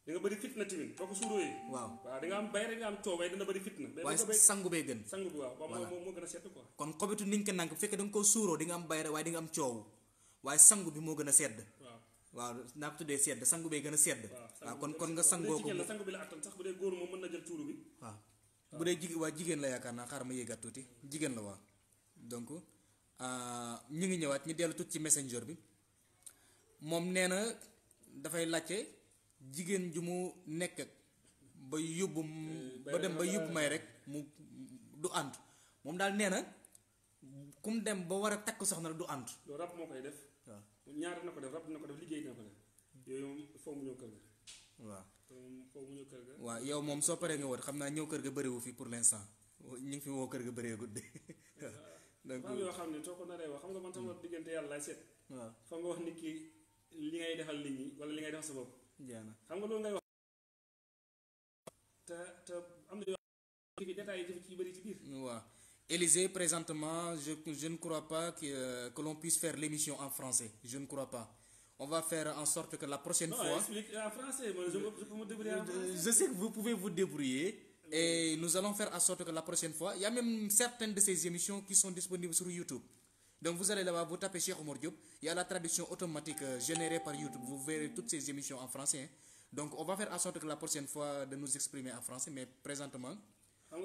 da nga bëri fitna tamit boo ko suurooyee. waaw waaw da nga am bay rek da nga am coow bay dana waaye sangu bay gën. a set quoi. kon xobitu niñ ko bu fekkee da koo suuroo di am bay rek am coow waaye sangu bi moo gën a sedd. waaw waaw naa ko tuddee sedd sangu bay gën a sedd. waaw kon kon nga sangoo ko bu sangu bi la attan sax bu dee góor moom mën na jël tuuru bi. waaw bu dee jigéen waa jigéen la yaakaar naa xaaral ma yéegaat tuuti jigéen la waaw donc euh, ñu ngi ñëwaat ñu dellu tuuti ci messenger bi moom nee na dafay laajte jigéen ju mu nekk ak ba yóbbu eh, ba dem ba yóbbu may rek mu du ànd moom daal nee na ku dem ba war a takk soxna rek du ànd. loolu rab moo koy def. waaw ñaar na ko def rab na ko def liggéey na ko def yooyu moom foo mu ñëw kër ga. waaw foo mu waaw yow moom soo paree nga xam naa ñëw kër ga bëriwu fi pour l'instant ñu ngi fi woo kër ga bëree guddi. donc yoo xam ne soo ko naree xam nga man sama hmm. diggante yàlla laay seet. waaw fa nga wax nit ki li ngay defal nit ñi wala li ngay defal sa bopp. xam nga loolu ngay wax te te am na yoo détails yi ci bëri ci biir waaw Élysée présentement je ne crois pas que que l'on puisse faire l'émission en français je ne crois pas on va faire en sorte que la prochaine non, fois en français, je, sais que vous pouvez vous débrouiller et nous allons faire en sorte que la prochaine fois y a même certaines de ces émissions qui sont disponibles sur YouTube donc vous allez là-bas vous tapez Cheikh Omar Diop il y a la traduction automatique euh, générée par YouTube vous verrez toutes ces émissions en français donc on va faire en sorte que la prochaine fois de nous exprimer en français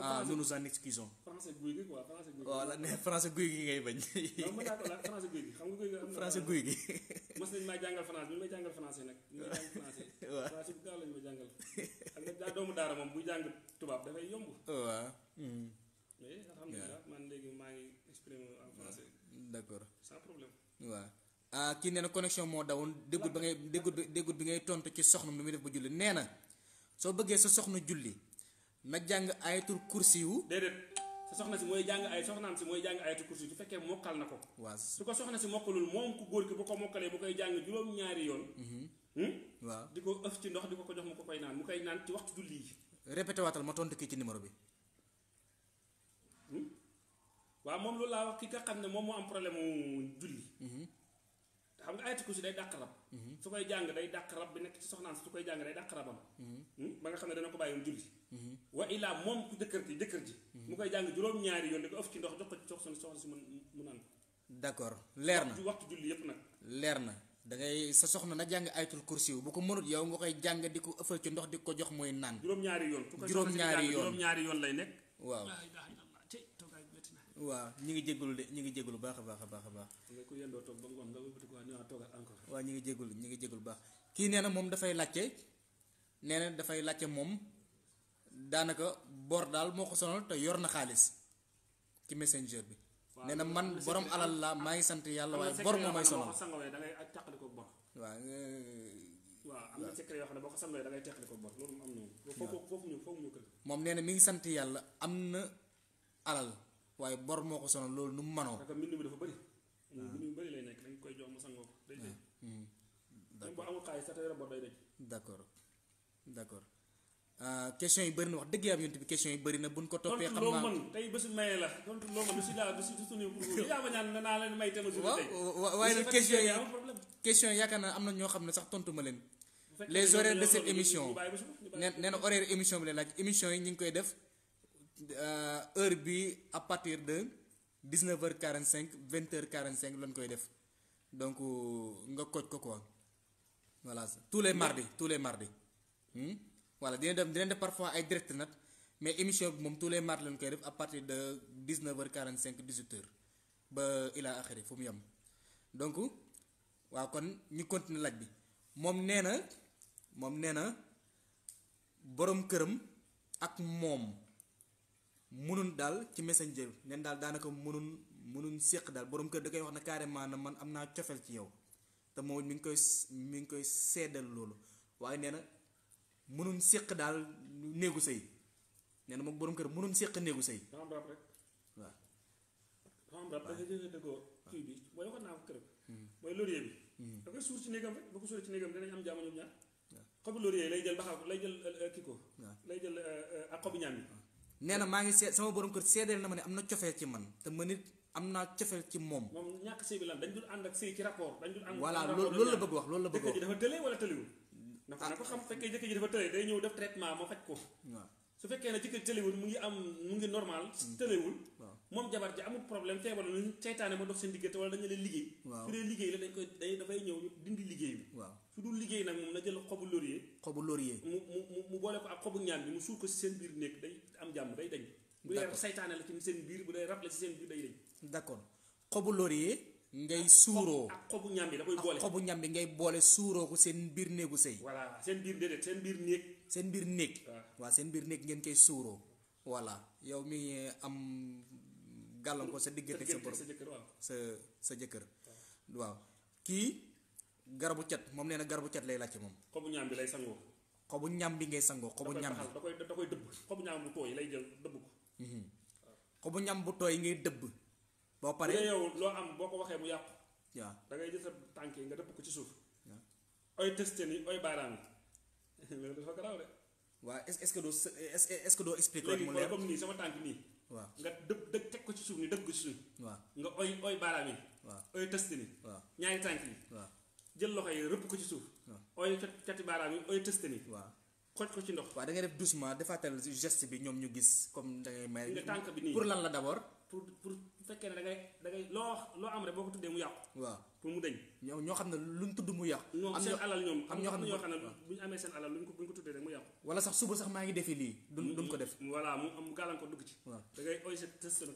ah, euh, guy gi quoi français guy gi. voilà mais français guy gi ngay bañ. français guy gi xam nga guy gi am na. français guy gi. mos nañu maa jàngal français bi may jàngal français nag. bi may jàngal français. waaw ma jàngal. xam moom bu jàng tubaab dafay yomb. waaw. mais hmm. eh, alhamdulilah man léegi français. d' accord sans problème. waaw ah kii nee na connexion moo dawul déggut ba ngay déggut déggut bi ngay tontu ci soxna mu muy def ba julli nee na soo bëggee sa soxna julli na jàng ayatul kursi wu. déedéet sa soxna si mooy jàng ay soxnaam si mooy jàng ayatul kursi bu fekkee mokkal na ko. waa su ko soxna si mokkalul moom ku góor ki bu ko mokkalee boo koy jàng juróom-ñaari yoon. Mm-hmm. Hmm? waaw di ko ëf ci ndox di ko ko jox mu ko koy naan mu koy naan ci waxtu julli yi. répété waatal ma tontu kii ci numéro bi. waaw moom loolu laa wax ki nga xam ne moom moo am problème mu julli. Mhm. xam nga ayatu kursi day dàq rab. Mhm. su koy jàng day dàq rab bi nekk ci soxnaan su koy jàng day dàq rabam. Mhm. Hmm? nga xam ne dana ko bàyyiwoon julli. wa illaa moom ku jëkkër mu koy jàng juróom-ñaari yoon ci ndox jox ko ci soxna soxna si mu leer na waxtu julli yëpp nag. leer na da ngay sa soxna na jàng ayatul kursi bu ko mënut yow nga koy jàng di ko ëffal ci ndox di ko jox mooy naan. juróom-ñaari yoon juróom-ñaari yoon juróom-ñaari yoon lay nekk. waaw waaw ñu ngi jégalu de ñu ngi jégalu baax a baax a baax a baax. nga ku yendoo toog ba ngoon nga wëkkati ko ñu toogal encore. waaw ñu ngi jégalu ñu ngi jégalu baax kii nee na moom dafay laajte nee dafay laajte moom daanaka bor daal moo ko sonal te yor na xaalis ci messenger bi. nee na man borom alal la maa ngi sant yàlla waaye bor moo may sonal. waaw. Euh, waaw am na secret yoo xam ne boo ko sangoo da ngay teqali ko bor loolu am na. waaw foofu ñu foofu ñu moom nee na mi ngi sant yàlla am na alal. waaye bor moo ko sonal loolu nu mu mënoo. parce que mbind mi dafa bëri. mbind nekk dañ koy jox mu sangoo ko day dëj. Hmm. Hmm. même boo accord accord question yi bëri na wax dëgg yàlla yonent bi question yi bëri na buñ ko toppee. xam naa tontu tey bésu maye la tontu loo mën si laa si suñu. yaa ma ñaan naa may thème. waaw waaye nag question yi question yi yaakaar naa am na ñoo xam ne sax tontu ma leen. les horaires de cette émission nee na horaire émission bi laaj émission yi ñu ngi koy def Euh, heure bi à partir de dix neuf heures quarante cinq vingt heures quarante cinq lañ koy def donc euh, nga koj ko quoi voilà tous les mardis tous les mardis. Hmm? voilà dina dem dina def parfois ay direct nag mais émission bi moom tous les mardis lañ koy def à partir de dix neuf heures quarante cinq dix huit heures ba illa axiri fu mu yem donc waaw kon ñu continuer laaj bi moom nee na moom nee na boroom këram ak moom. mënun daal ci messenger neen daal daanaka mënun mënun séq daal boroom kër da koy wax na carrément na man am naa cofeel ci yow te moom mi ngi koy mi ngi koy seddal loolu waaye nee na mënun séq daal néegu sëy nee na moom borom kër mënun séq néegu sëy waaw xam nga dafa mooy waxoon naa ko kër hmm. mooy laurier bi hmm. da koy suur ci néegam rek bu ko suuree ci néegam dinañ am jàmm ñoom ñaar xobu laurier lay jël baxaw lay jël euh, euh, kii ko lay jël euh, ak xobu ñaam bi nee na maa ngi see sama borom kër seedeel na ma ne am na cofeel ci man te man it am naa cofeel ci moom. moom ñàkk sëy bi lan dañ dul ànd ak sëy ci rapport. dañ dul ànd voilà loolu la bëgg wax loolu la bëgg wax. jëkkër ji dafa tëlee wala tëliwul. Ah. dafa na ko xam fekkee jëkkër ji dafa tëlee day ñëw def traitement ma faj ko. waaw su fekkee ne jëkkër tëliwul mu ngi am mu ngi normal. Mm. tëliwul. waaw moom jabar ji amul problème feebar lu seytaane ma dox seen diggante wala dañu leen liggéey. waaw su dee liggéey la dañ dindi liggéey waaw su dul liggéey nag moom na jël xobu laurier. xobu laurier mu mu mu boole ko ak xobu ñaan bi mu suur ko si seen biir nekk day am jàmm day dañ. bu la ci seen biir bu dee rab seen biir day dañ. d' accord xobu laurier. ngay suuroo ak xobu ñam bi da koy xobu ñam bi ngay boole suuroo ko seen biir néegu sëy. voilà seen biir déedéet seen biir néeg. seen biir néeg. waa seen biir néeg ngeen koy suuroo. voilà yow mi ngi am gàllankoor sa diggante sa borom sa sa jëkkër. waaw kii. garabu cat moom nee na garabu cat lay laajte moom. xobu ñaam bi lay sangoo. xobu ñam bi ngay sangoo. xobu ñaam bi da koy koy dëbb xobu ñaam bu tooy lay jël dëbb ko. Mhm. xobu ñam bu tooy ngay dëbb. boo paree loo am boo ko waxee mu yàqu. waaw da ngay jël tànk nga dëpp ko ci suuf. waaw oy testé loolu dafa garaaw de. waaw est ce que doo est ce que doo nii sama tànk nii. waaw nga dëpp dëpp teg ko ci suuf ni dëpp ko ci suuf. waaw nga oy oy baaraam yi. waaw oy testé ni. ñaari tànk yi. jël loxo yi rëpp ko ci suuf. waaw ah. ooy cati baaraam yi ooy tëste nii. waaw ko ci ndox. waaw da ngay def doucement defaatal geste bi ñoom ñu gis comme da ngay may. tànk bi nii pour lan la d' pour pour bu fekkee ne da ngay da ngay loo loo am rek boo ko tuddee mu yàqu. waa pour mu deñ ñoo ñoo xam ne luñ tudd mu yàqu. am seen alal ñoom am ñoo ne bu ñu amee seen alal luñ ko buñ ko tuddee rek mu yàqu. wala sax suba sax maa ngi defee lii. duñ duñ ko def. voilà mu am gàllankoor dugg ci. waaw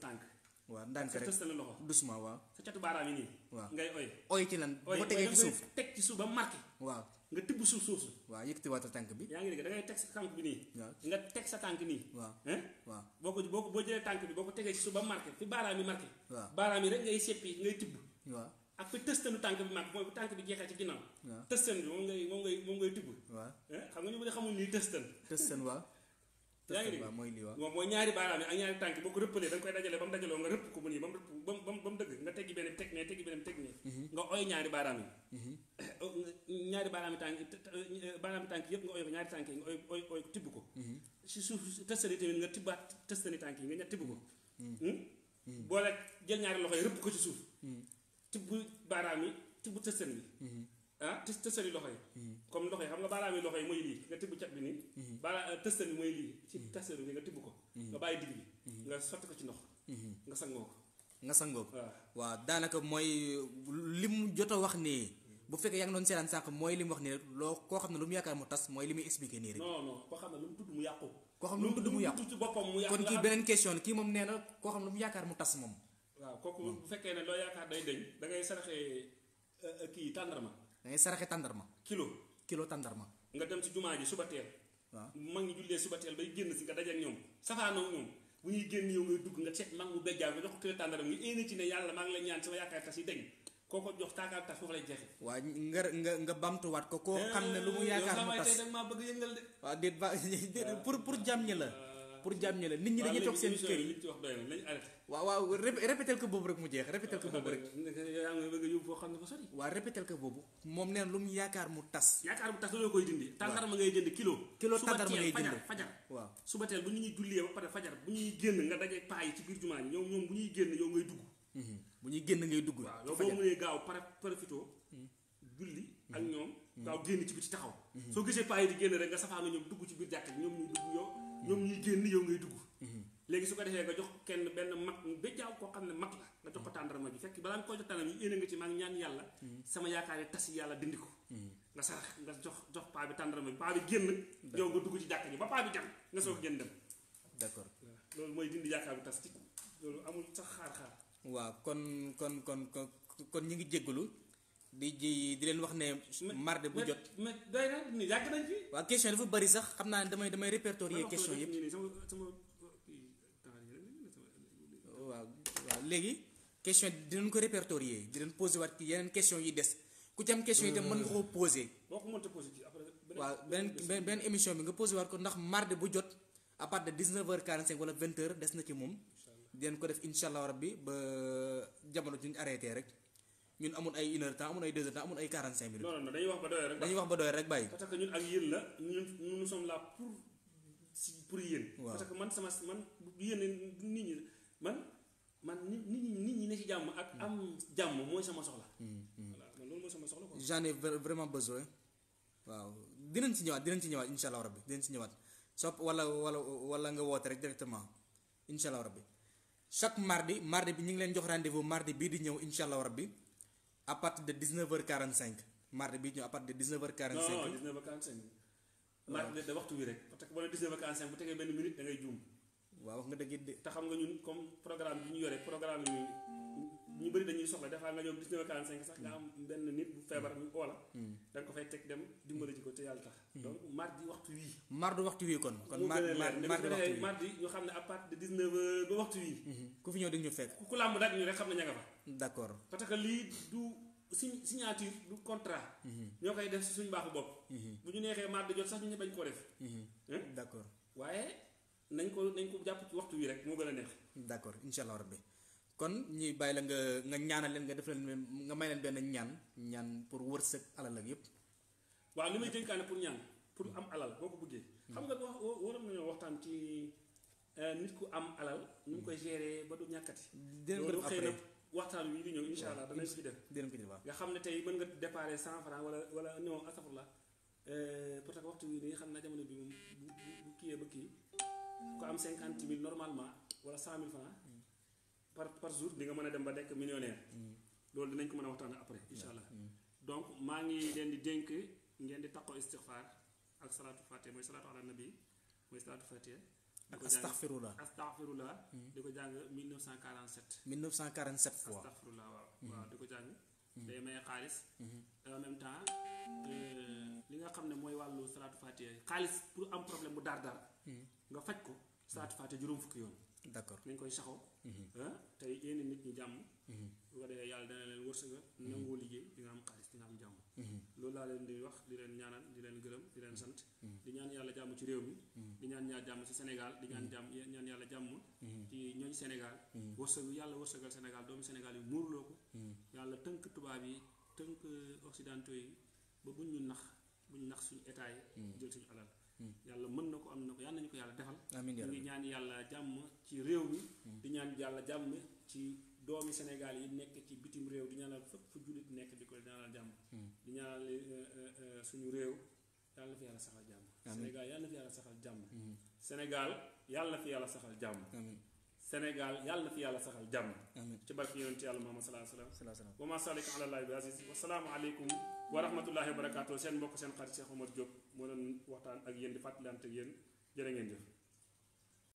da waa ndànk rek sa loxo doucement waaw. sa catu baaraam yi nii. waaw ngay oy. oy ci lan bi. yaa da ngay teg sa tànk bi nii. waaw nga teg sa tànk nii. waaw bi boo ko tegee ci suuf ba marqué fi baaraam yi marqué. waaw baaraam yi rek ngay seppi ngay tibb. moom ngay tëstan. tëstan waaw yaa ngi dégg mooy lii waaw moom mooy ñaari baaraam yi ak ñaari tànk boo ko rëppalee da koy dajalee ba mu dajaloo nga rëpp ko mu nii ba mu rëpp ba mu dëgg nga teggi benn teg ne teggi benn teg ne mhm. nga oy ñaari baaraam yi mhm. tànk baaraam yi tànk yëpp nga oy tànk yi nga oy oy oy tibb ko mhm. si suuf tëstani tamit nga tibbaat tëstani tànk yi nga ña tibb ko hmm? boole jël ñaari loxo yi rëpp ko ci suuf tibb baaraam yi tibb tëstan bi ah tës tëstani loxo yi. Hmm. comme loxo yi xam nga baalaam yi loxo yi mooy lii nga tibb cat bi nii. Hmm. baala euh, tëstani mooy lii. Hmm. ci tëstani nga tibb ko. nga bàyyi digg bi. nga sotti ko ci ndox. nga sangoo ko. nga sangoo ko waaw daanaka mooy li mu jot a wax nii. bu fekkee yaa ngi doon seetaan sànq mooy li mu wax nii loo koo xam ne lu mu yaakaar mu tas mooy li muy expliqué nii rek. mu tudd mu koo xam ne lu mu tudd mu yàqu kon kii beneen moom nee na koo mu yaakaar mu tas moom. waaw kooku bu fekkee ne loo yaakaar day deñ da ngay saraxee euh, euh, kii tàndarma da ngay saraxe tàndarma. kilo kilo tàndarma. nga dem ci jumaa ji suba teel. waaw mag ñi jullee suba teel bay génn si nga dajeeg ñoom safaanoo ñoom bu ñuy génn yow ngay dugg nga seet mag mu bejjaaw nga jox ko yàlla maa ngi la ñaan sama yaakaar tas yi ko jox taakaar tas foofu lay jeexee. waaw nga nga nga bamtuwaat ko. koo xam ne lu mu yaakaar mu tas eh, yow sama tey maa bëgg yëngal de. waaw déet ba déet pour pour jàmm ñi la. Ah. pour jàmm ñi la nit ñi dañuy toog seen kër waaw waaw répétel que boobu rek mu jeex répétel que ah, boobu rek xam ne fa sori waaw répétel que moom neen lu mu yaakaar mu tas yaakaar mu tas loolu koy dindi tàndarma ngay jënd kilo kilo tàndarma ngay jënd fajar waaw suba teel bu ñu ñuy jullee ba pare fajar bu ñuy génn nga daje paa yi ci biir jumaa ñoom ñoom bu ñuy génn yow ngay dugg mhm. bu ñuy génn ngay dugg waaw yow boo mënee gaaw pare profito mhm. julli ak mhm. ñoom gaaw génn ci biti taxaw soo gisee paa yi di génn rek nga safaanu ñoom dugg ci biir jàkk ñoom ñu dugg ñoom ñuy génn yow ngay dugg mhm. léegi su ko defee nga jox kenn benn mag ba jaaw koo xam ne mag la nga jox ko tàndarma bi fekk balaa nga koy jox tàndarma bi yéene nga ci maa ngi ñaan yàlla mhm. yàlla dindi ko mhm. nga sarax nga jox jox paa bi tàndarma bi paa bi génn yow dugg ci jàkk ji ba paa bi jàng nga soog génn dem d'accord loolu mooy dindi yaakaar bu tas ci loolu amul sax xaar waaw kon kon kon kon kon ñu ngi jéggalu di ji di leen wax ne. mardi bu jot mais doy na waaw question dafa bari sax xam naa ne damay damay répertorier question yëpp waaw waaw léegi question dinañ ko répertorier di leen posé waat ci yeneen question yi des ku ci question yi tam mën nga koo posé. waaw beneen beneen émission bi nga posé waat ko ndax mardi bu jot à partir de 19h45 wala 20 des na ci moom. di leen ko def incha allah rabbi ba jamono juñ arrêté rek. ñun amul ay une heure temps amul ay deux heures temps amul ay quarante cinq minutes. non non dañuy wax ba doy rek. dañuy wax ba doy rek bàyyi. parce que ak pour si pour yéen. waaw que man sama man yéen nit ñi man man nit nit ñi ne ci jàmm ak. am jàmm mooy sama soxla. Hmm, hmm. voilà man loolu mooy sama soxla quoi. j'en ai vraiment besoin waaw dinañ ci ñëwaat dinañ ci ñëwaat incha allah rabbi dinañ ci ñëwaat sopp wala wala wala nga woote rek directement incha allah rabbi chaque mardi mardi bi ñu ngi leen jox rendez vous mardi di ñëw incha allah bi à partir de 19h45 mardi bi ñëw à partir de 19h45. non non 19h45. mardi waxtu wi rek parce que boo nee 19h45 bu tegee benn minute da ngay waaw wax nga dëgg de. te xam nga ñun comme programme bi ñu yore programme yi. ñu bëri dañuy soxla des fois nga ñëw 19h45 sax nga am mm. benn nit bu feebar ñu mm. oola. Mm. da nga ko fay teg dem dimbale ji ko te yàlla tax. donc mardi waxtu wii. mardi waxtu wii kon. kon mardi mardi waxtu wii mardi ñu xam ne à partir de 19h ba waxtu wii. Mm-hmm. ku fi ñëw di ñu fekk. ku làmb daaj ñu rek xam ne ña nga fa. d'accord parce que lii du. sign signature du contrat. Mm-hmm. ñoo koy def si suñ baaxu bopp. Mm-hmm. bu ñu neexee mardi jot sax ñu ne bañ koo def. d'accord waaye nañ ko nañ ko jàpp ci waxtu wi rek moo gën a neex. d'accord incha allah bi kon ñuy bàyyi la nga ñaana ñaanal leen nga def leen nga may leen benn ñaan ñaan pour wërsëg alal ak yëpp. waaw li may dénkaane pour ñaan pour am alal boo ko bëggee. xam nga wax waroon nañoo waxtaan ci euh, nit ku am alal. nu mu koy gérer ba du ñàkkati. loolu xëy na waxtaan wi di ñëw incha allah danañ ko ci def. nga xam ne tey mën nga déparé cent franc wala wala non astafurlah euh, parce que waxtu wi nii xam naa jamono bi moom bu bu kii ba kii ku am cinquante mille normalement wala cent mille franc. par par jour di nga mën a dem ba nekk millionnaire. Mm. loolu dinañ ko mën a waxtaan après incha allah. Mm. donc maa ngi leen di dénk ngeen di taqoo istixfaar ak salaatu fatiha mooy salaatu ala nabi mooy salaatu fatiha. di ko jàng astaghfirullah astaghfirullah mm. di ko jàng 1947. 1947 fois astaghfirullah waaw. waaw di ko jàng. day may xaalis. Mm-hmm. en temps euh, li nga xam ne mooy wàllu salaatu fatiha xaalis pour am problème bu daar daar nga faj ko salaatu fatiha juróom fukki yoon. d' accord nañ koy saxoo. Mhm. Ah, tey yéen nit ñi jàmm. bu mhm. ko defee yàlla dana leen wërsëga. Mhm. nangoo liggéey di nga am xaalis di am jàmm. loolu laa leen di wax di leen ñaanal di leen gërëm di leen sant. di ñaan yàlla jàmm ci réew mi. di ñaan jàmm ci Sénégal di ñaan jàmm ñaan yàlla jàmm. ci ñooñ Sénégal. wërsëgu yàlla wërsëgal Sénégal doomu Sénégal yi muurloo ko. yàlla tënk tubaab yi tënk occidentaux yi ba buñ ñu nax buñ nax suñu état yi. jël suñu alal. yàlla mën na ko am na ko yàlla nañu ko yàlla defal ñu ngi ñaan yàlla jàmm ci réew mi mm. di ñaan yàlla jàmm ci doomi Sénégal yi nekk ci bitim réew di ñaanal fépp fu jullit di ko ñaanal jàmm mm. di ñaanal eh, eh, eh, suñu réew yàlla na fi yàlla saxal jàmm Sénégal yàlla na fi yàlla saxal jàmm mm. Sénégal yàlla na fi yàlla saxal jàmm Sénégal yàlla na fi yàlla saxal jàmm ci barke yonent yàlla Muhammad ma salik ala llahi bi aziz wa salaamu aleykum wa rahmatullahi wa barakaatu seen mbokk seen xarit Cheikh Omar Diop moo doon waxtaan ak yéen di fàttalante ak yéen jërë ngeen jëf